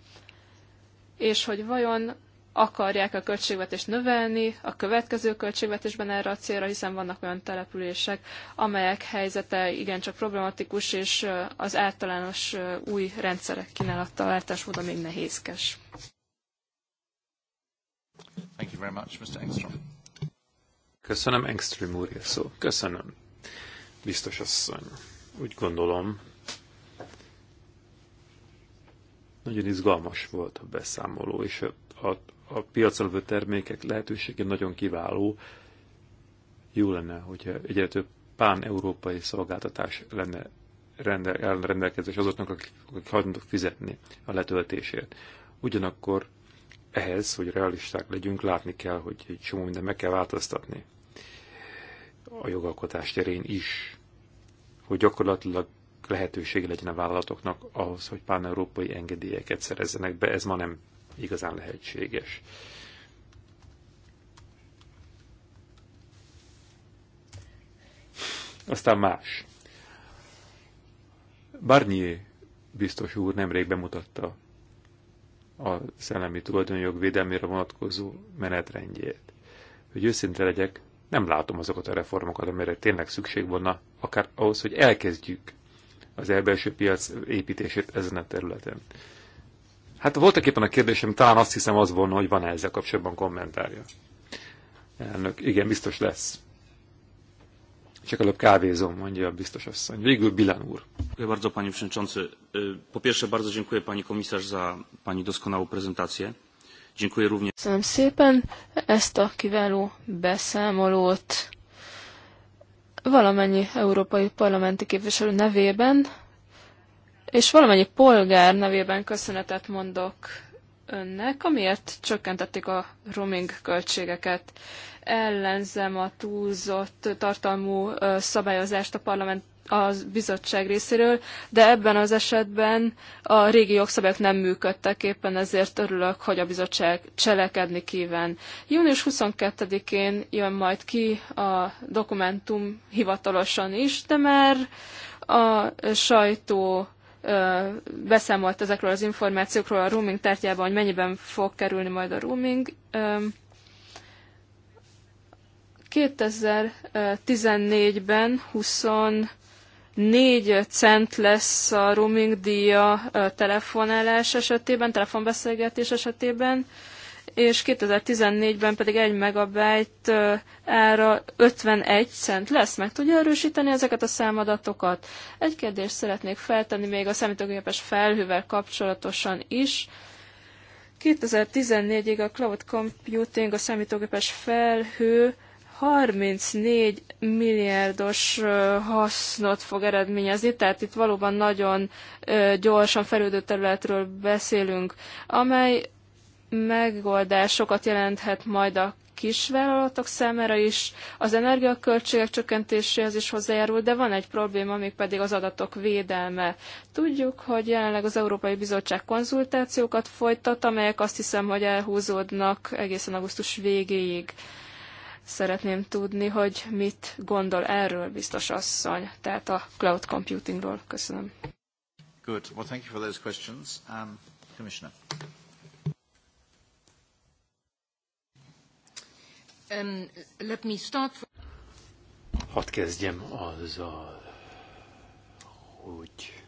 és hogy vajon akarják a költségvetést növelni a következő költségvetésben erre a célra, hiszen vannak olyan települések, amelyek helyzete igencsak problematikus, és az általános új rendszerek kínálattal látásmóda még nehézkes. Thank you very much, Mr. Engström. Köszönöm, Engström úr, szó. Köszönöm, biztos asszony. Úgy gondolom, nagyon izgalmas volt a beszámoló, és a, a, a piacra levő termékek lehetősége nagyon kiváló. Jó lenne, hogyha egyre több pán-európai szolgáltatás lenne rendel, rendelkezés azoknak, akik hajlandók fizetni a letöltésért. Ugyanakkor ehhez, hogy realisták legyünk, látni kell, hogy egy csomó mindent meg kell változtatni. A jogalkotás terén is, hogy gyakorlatilag lehetőség legyen a vállalatoknak ahhoz, hogy pán-európai engedélyeket szerezzenek be, ez ma nem igazán lehetséges. Aztán más. Barnier biztos úr nemrég bemutatta a szellemi tulajdonjog védelmére vonatkozó menetrendjét. Hogy őszinte legyek, nem látom azokat a reformokat, amire tényleg szükség volna, akár ahhoz, hogy elkezdjük az elbelső piac építését ezen a területen. Hát voltak éppen a kérdésem, talán azt hiszem az volna, hogy van-e ezzel kapcsolatban kommentárja. Elnök, igen, biztos lesz. Csak előbb kávézom, mondja a biztos asszony. Végül Bilan úr. Dziękuję bardzo panie przewodniczący. Po pierwsze bardzo dziękuję pani komisarz za pani doskonałą prezentację. Dziękuję również. Köszönöm szépen ezt a kiváló beszámolót valamennyi európai parlamenti képviselő nevében, és valamennyi polgár nevében köszönetet mondok önnek, amiért csökkentették a roaming költségeket. Ellenzem a túlzott tartalmú szabályozást a parlament a bizottság részéről, de ebben az esetben a régi jogszabályok nem működtek, éppen ezért örülök, hogy a bizottság cselekedni kíván. Június 22-én jön majd ki a dokumentum hivatalosan is, de már a sajtó beszámolt ezekről az információkról a roaming tártyában, hogy mennyiben fog kerülni majd a roaming. 2014-ben 20 4 cent lesz a roaming díja telefonálás esetében, telefonbeszélgetés esetében, és 2014-ben pedig 1 megabyte ára 51 cent lesz. Meg tudja erősíteni ezeket a számadatokat? Egy kérdést szeretnék feltenni még a számítógépes felhővel kapcsolatosan is. 2014-ig a cloud computing, a számítógépes felhő 34 milliárdos hasznot fog eredményezni, tehát itt valóban nagyon gyorsan felüldő területről beszélünk, amely megoldásokat jelenthet majd a kisvállalatok számára is, az energiaköltségek csökkentéséhez is hozzájárul, de van egy probléma, még pedig az adatok védelme. Tudjuk, hogy jelenleg az Európai Bizottság konzultációkat folytat, amelyek azt hiszem, hogy elhúzódnak egészen augusztus végéig. Szeretném tudni, hogy mit gondol erről biztos asszony, tehát a cloud computingról. Köszönöm. Good. Well, thank you for those questions. Um, Commissioner. Um, let me start for... Hadd kezdjem azzal, hogy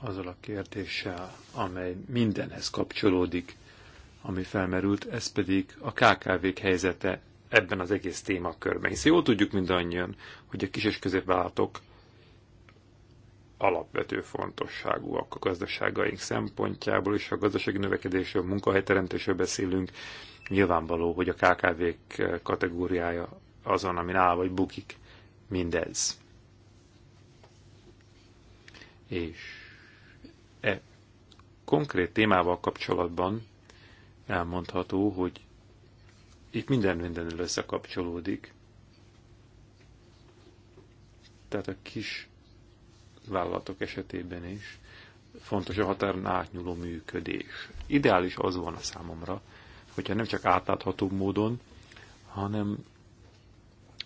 azzal a kérdéssel, amely mindenhez kapcsolódik, ami felmerült, ez pedig a KKV-k helyzete ebben az egész témakörben. Hiszen jól tudjuk mindannyian, hogy a kis és középvállalatok alapvető fontosságúak a gazdaságaink szempontjából, és a gazdasági növekedésről, munkahelyteremtésről beszélünk. Nyilvánvaló, hogy a KKV-k kategóriája azon, amin áll vagy bukik mindez. És e konkrét témával kapcsolatban elmondható, hogy itt minden mindenről összekapcsolódik. Tehát a kis vállalatok esetében is fontos a határon átnyúló működés. Ideális az van a számomra, hogyha nem csak átláthatóbb módon, hanem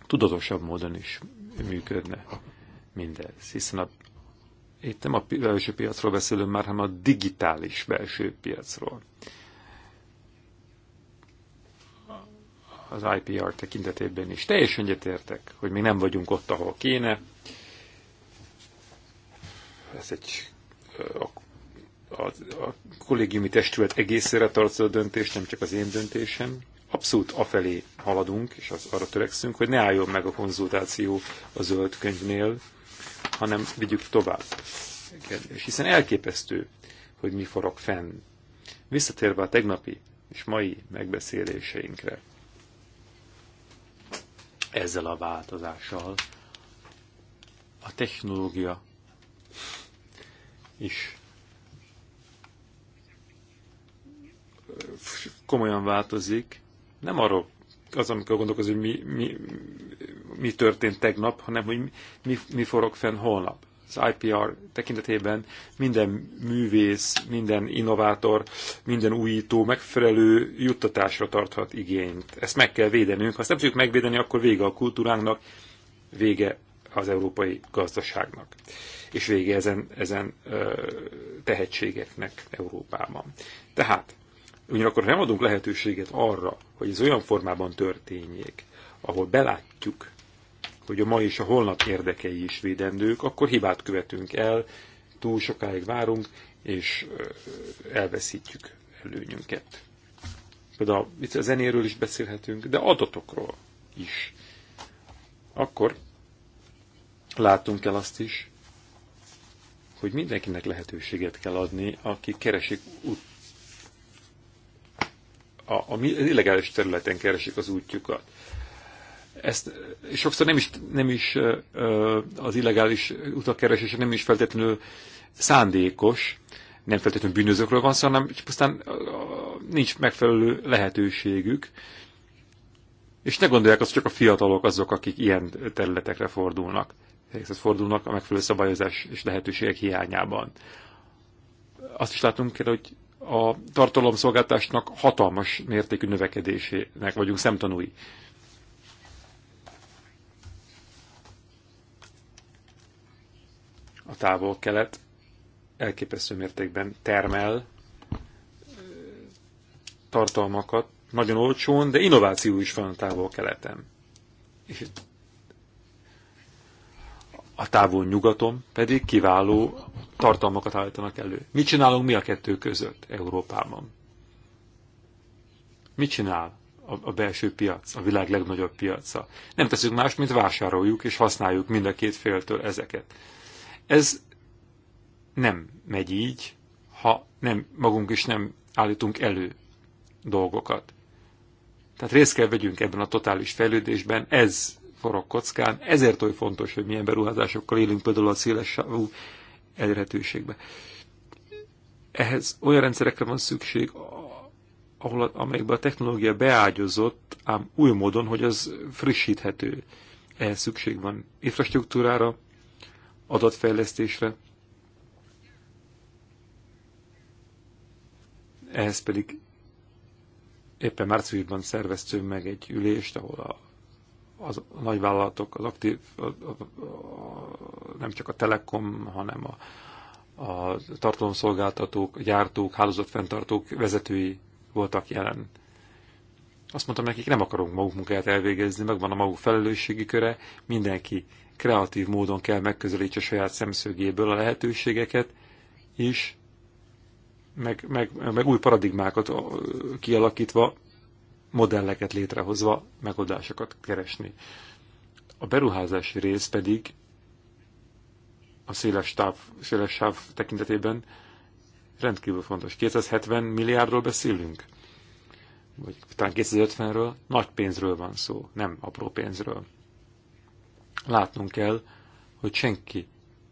tudatosabb módon is működne mindez. Hiszen a, itt nem a belső piacról beszélünk már, hanem a digitális belső piacról. az IPR tekintetében is. Teljesen egyetértek, hogy még nem vagyunk ott, ahol kéne. Ez egy a, a, a kollégiumi testület egészére tartozó döntés, nem csak az én döntésem. Abszolút afelé haladunk, és az, arra törekszünk, hogy ne álljon meg a konzultáció a zöld könyvnél, hanem vigyük tovább. És hiszen elképesztő, hogy mi forog fenn. Visszatérve a tegnapi és mai megbeszéléseinkre ezzel a változással. A technológia is komolyan változik. Nem arról az, amikor gondolkozom, hogy mi, mi, mi történt tegnap, hanem hogy mi, mi forog fenn holnap az IPR tekintetében minden művész, minden innovátor, minden újító megfelelő juttatásra tarthat igényt. Ezt meg kell védenünk. Ha ezt nem tudjuk megvédeni, akkor vége a kultúránknak, vége az európai gazdaságnak, és vége ezen, ezen tehetségeknek Európában. Tehát, ugyanakkor nem adunk lehetőséget arra, hogy ez olyan formában történjék, ahol belátjuk, hogy a ma és a holnap érdekei is védendők, akkor hibát követünk el, túl sokáig várunk, és elveszítjük előnyünket. Például itt a zenéről is beszélhetünk, de adatokról is. Akkor látunk el azt is, hogy mindenkinek lehetőséget kell adni, aki keresik út, a, a, a illegális területen keresik az útjukat ezt sokszor nem is, nem is az illegális utak keresése nem is feltétlenül szándékos, nem feltétlenül bűnözőkről van szó, hanem pusztán nincs megfelelő lehetőségük, és ne gondolják azt, csak a fiatalok azok, akik ilyen területekre fordulnak. Ezek fordulnak a megfelelő szabályozás és lehetőségek hiányában. Azt is látunk kell, hogy a tartalomszolgáltásnak hatalmas mértékű növekedésének vagyunk szemtanúi. a távol-kelet elképesztő mértékben termel tartalmakat, nagyon olcsón, de innováció is van a távol-keleten. És a távol nyugaton pedig kiváló tartalmakat állítanak elő. Mit csinálunk mi a kettő között Európában? Mit csinál a, a belső piac, a világ legnagyobb piaca? Nem teszünk más, mint vásároljuk és használjuk mind a két féltől ezeket. Ez nem megy így, ha nem, magunk is nem állítunk elő dolgokat. Tehát részt kell vegyünk ebben a totális fejlődésben, ez forog kockán, ezért oly fontos, hogy milyen beruházásokkal élünk például a széles sávú elérhetőségbe. Ehhez olyan rendszerekre van szükség, ahol, amelyekben a technológia beágyozott, ám új módon, hogy az frissíthető. Ehhez szükség van infrastruktúrára, adatfejlesztésre, ehhez pedig éppen márciusban szerveztünk meg egy ülést, ahol a, az, a nagyvállalatok, az aktív, a, a, a, nem csak a Telekom, hanem a, a tartalomszolgáltatók, gyártók, hálózatfenntartók vezetői voltak jelen. Azt mondtam nekik, nem akarunk maguk munkáját elvégezni, megvan a maguk felelősségi köre, mindenki kreatív módon kell megközelítse saját szemszögéből a lehetőségeket, és meg, meg, meg új paradigmákat kialakítva, modelleket létrehozva megoldásokat keresni. A beruházási rész pedig a széles, táv, széles sáv tekintetében rendkívül fontos. 270 milliárdról beszélünk, vagy talán 250-ről, nagy pénzről van szó, nem apró pénzről látnunk kell, hogy senki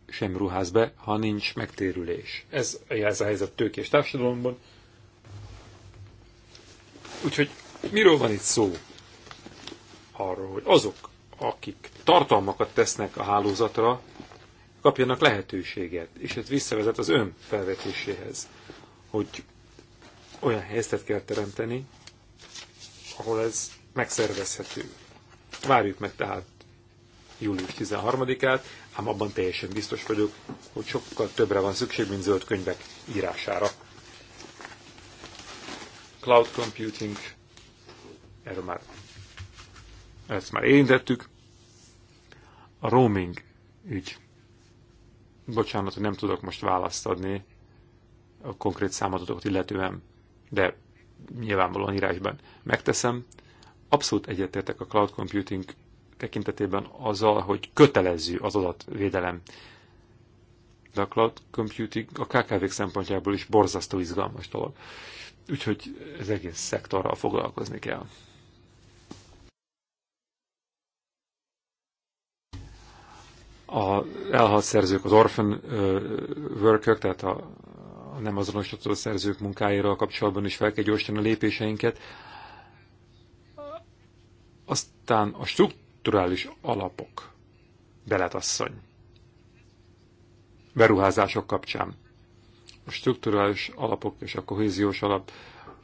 sem ruház be, ha nincs megtérülés. Ez, ez a helyzet tőkés társadalomban. Úgyhogy miről van itt szó? Arról, hogy azok, akik tartalmakat tesznek a hálózatra, kapjanak lehetőséget, és ez visszavezet az ön felvetéséhez, hogy olyan helyzetet kell teremteni, ahol ez megszervezhető. Várjuk meg tehát július 13-át, ám abban teljesen biztos vagyok, hogy sokkal többre van szükség, mint zöld könyvek írására. Cloud computing, erről már, ezt már érintettük. A roaming ügy. Bocsánat, hogy nem tudok most választ adni a konkrét számadatokat illetően, de nyilvánvalóan írásban megteszem. Abszolút egyetértek a cloud computing tekintetében azzal, hogy kötelező az adatvédelem. De a cloud computing a kkv szempontjából is borzasztó izgalmas dolog. Úgyhogy az egész szektorral foglalkozni kell. A elhalt szerzők, az orphan workök, tehát a, a nem azonosítható szerzők munkáiról kapcsolatban is fel kell gyorsítani a lépéseinket. Aztán a struktúra strukturális alapok. Beletasszony. Beruházások kapcsán. A strukturális alapok és a kohéziós alap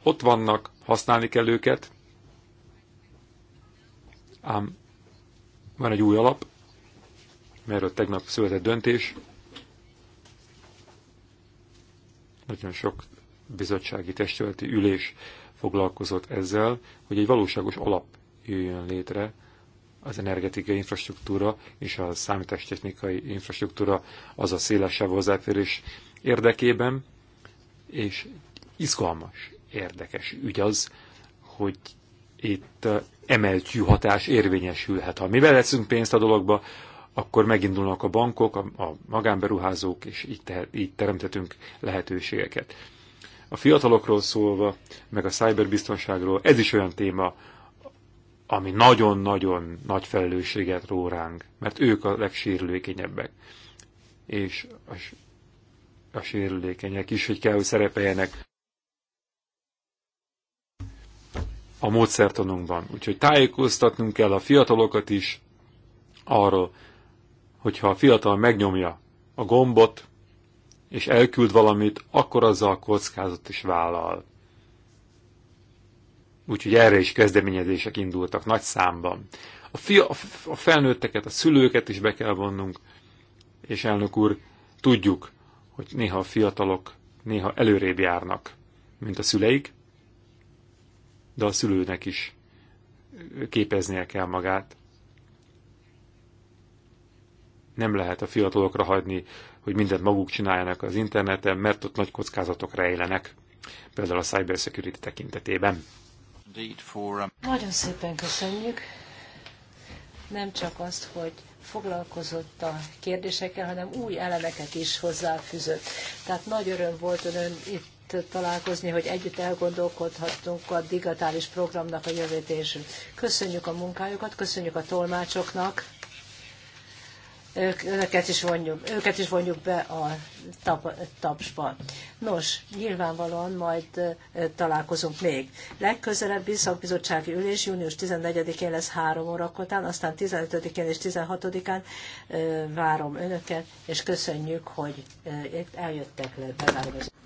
ott vannak, használni kell őket, ám van egy új alap, mert tegnap született döntés. Nagyon sok bizottsági testületi ülés foglalkozott ezzel, hogy egy valóságos alap jöjjön létre az energetikai infrastruktúra és a számítástechnikai infrastruktúra, az a szélesebb hozzáférés érdekében, és izgalmas, érdekes ügy az, hogy itt uh, emeltyű hatás érvényesülhet. Ha mi beleszünk pénzt a dologba, akkor megindulnak a bankok, a, a magánberuházók, és így, te, így teremtetünk lehetőségeket. A fiatalokról szólva, meg a cyberbiztonságról, ez is olyan téma, ami nagyon-nagyon nagy felelősséget ró ránk, mert ők a legsérülékenyebbek. És a, a sérülékenyek is, hogy kell, hogy szerepeljenek a módszertanunkban. Úgyhogy tájékoztatnunk kell a fiatalokat is arról, hogyha a fiatal megnyomja a gombot, és elküld valamit, akkor azzal kockázat is vállal. Úgyhogy erre is kezdeményezések indultak nagy számban. A, fia, a felnőtteket, a szülőket is be kell vonnunk, és elnök úr, tudjuk, hogy néha a fiatalok néha előrébb járnak, mint a szüleik, de a szülőnek is képeznie kell magát. Nem lehet a fiatalokra hagyni, hogy mindent maguk csináljanak az interneten, mert ott nagy kockázatok rejlenek, például a cybersecurity tekintetében. Um, Nagyon szépen köszönjük. Nem csak azt, hogy foglalkozott a kérdésekkel, hanem új elemeket is hozzáfűzött. Tehát nagy öröm volt ön itt találkozni, hogy együtt elgondolkodhattunk a digitális programnak a jövőtésről. Köszönjük a munkájukat, köszönjük a tolmácsoknak ők, őket is vonjuk, őket is vonjuk be a tap, tapsba. Nos, nyilvánvalóan majd találkozunk még. Legközelebbi szakbizottsági ülés június 14-én lesz 3 óra aztán 15-én és 16-án várom önöket, és köszönjük, hogy itt eljöttek le. Bevárom.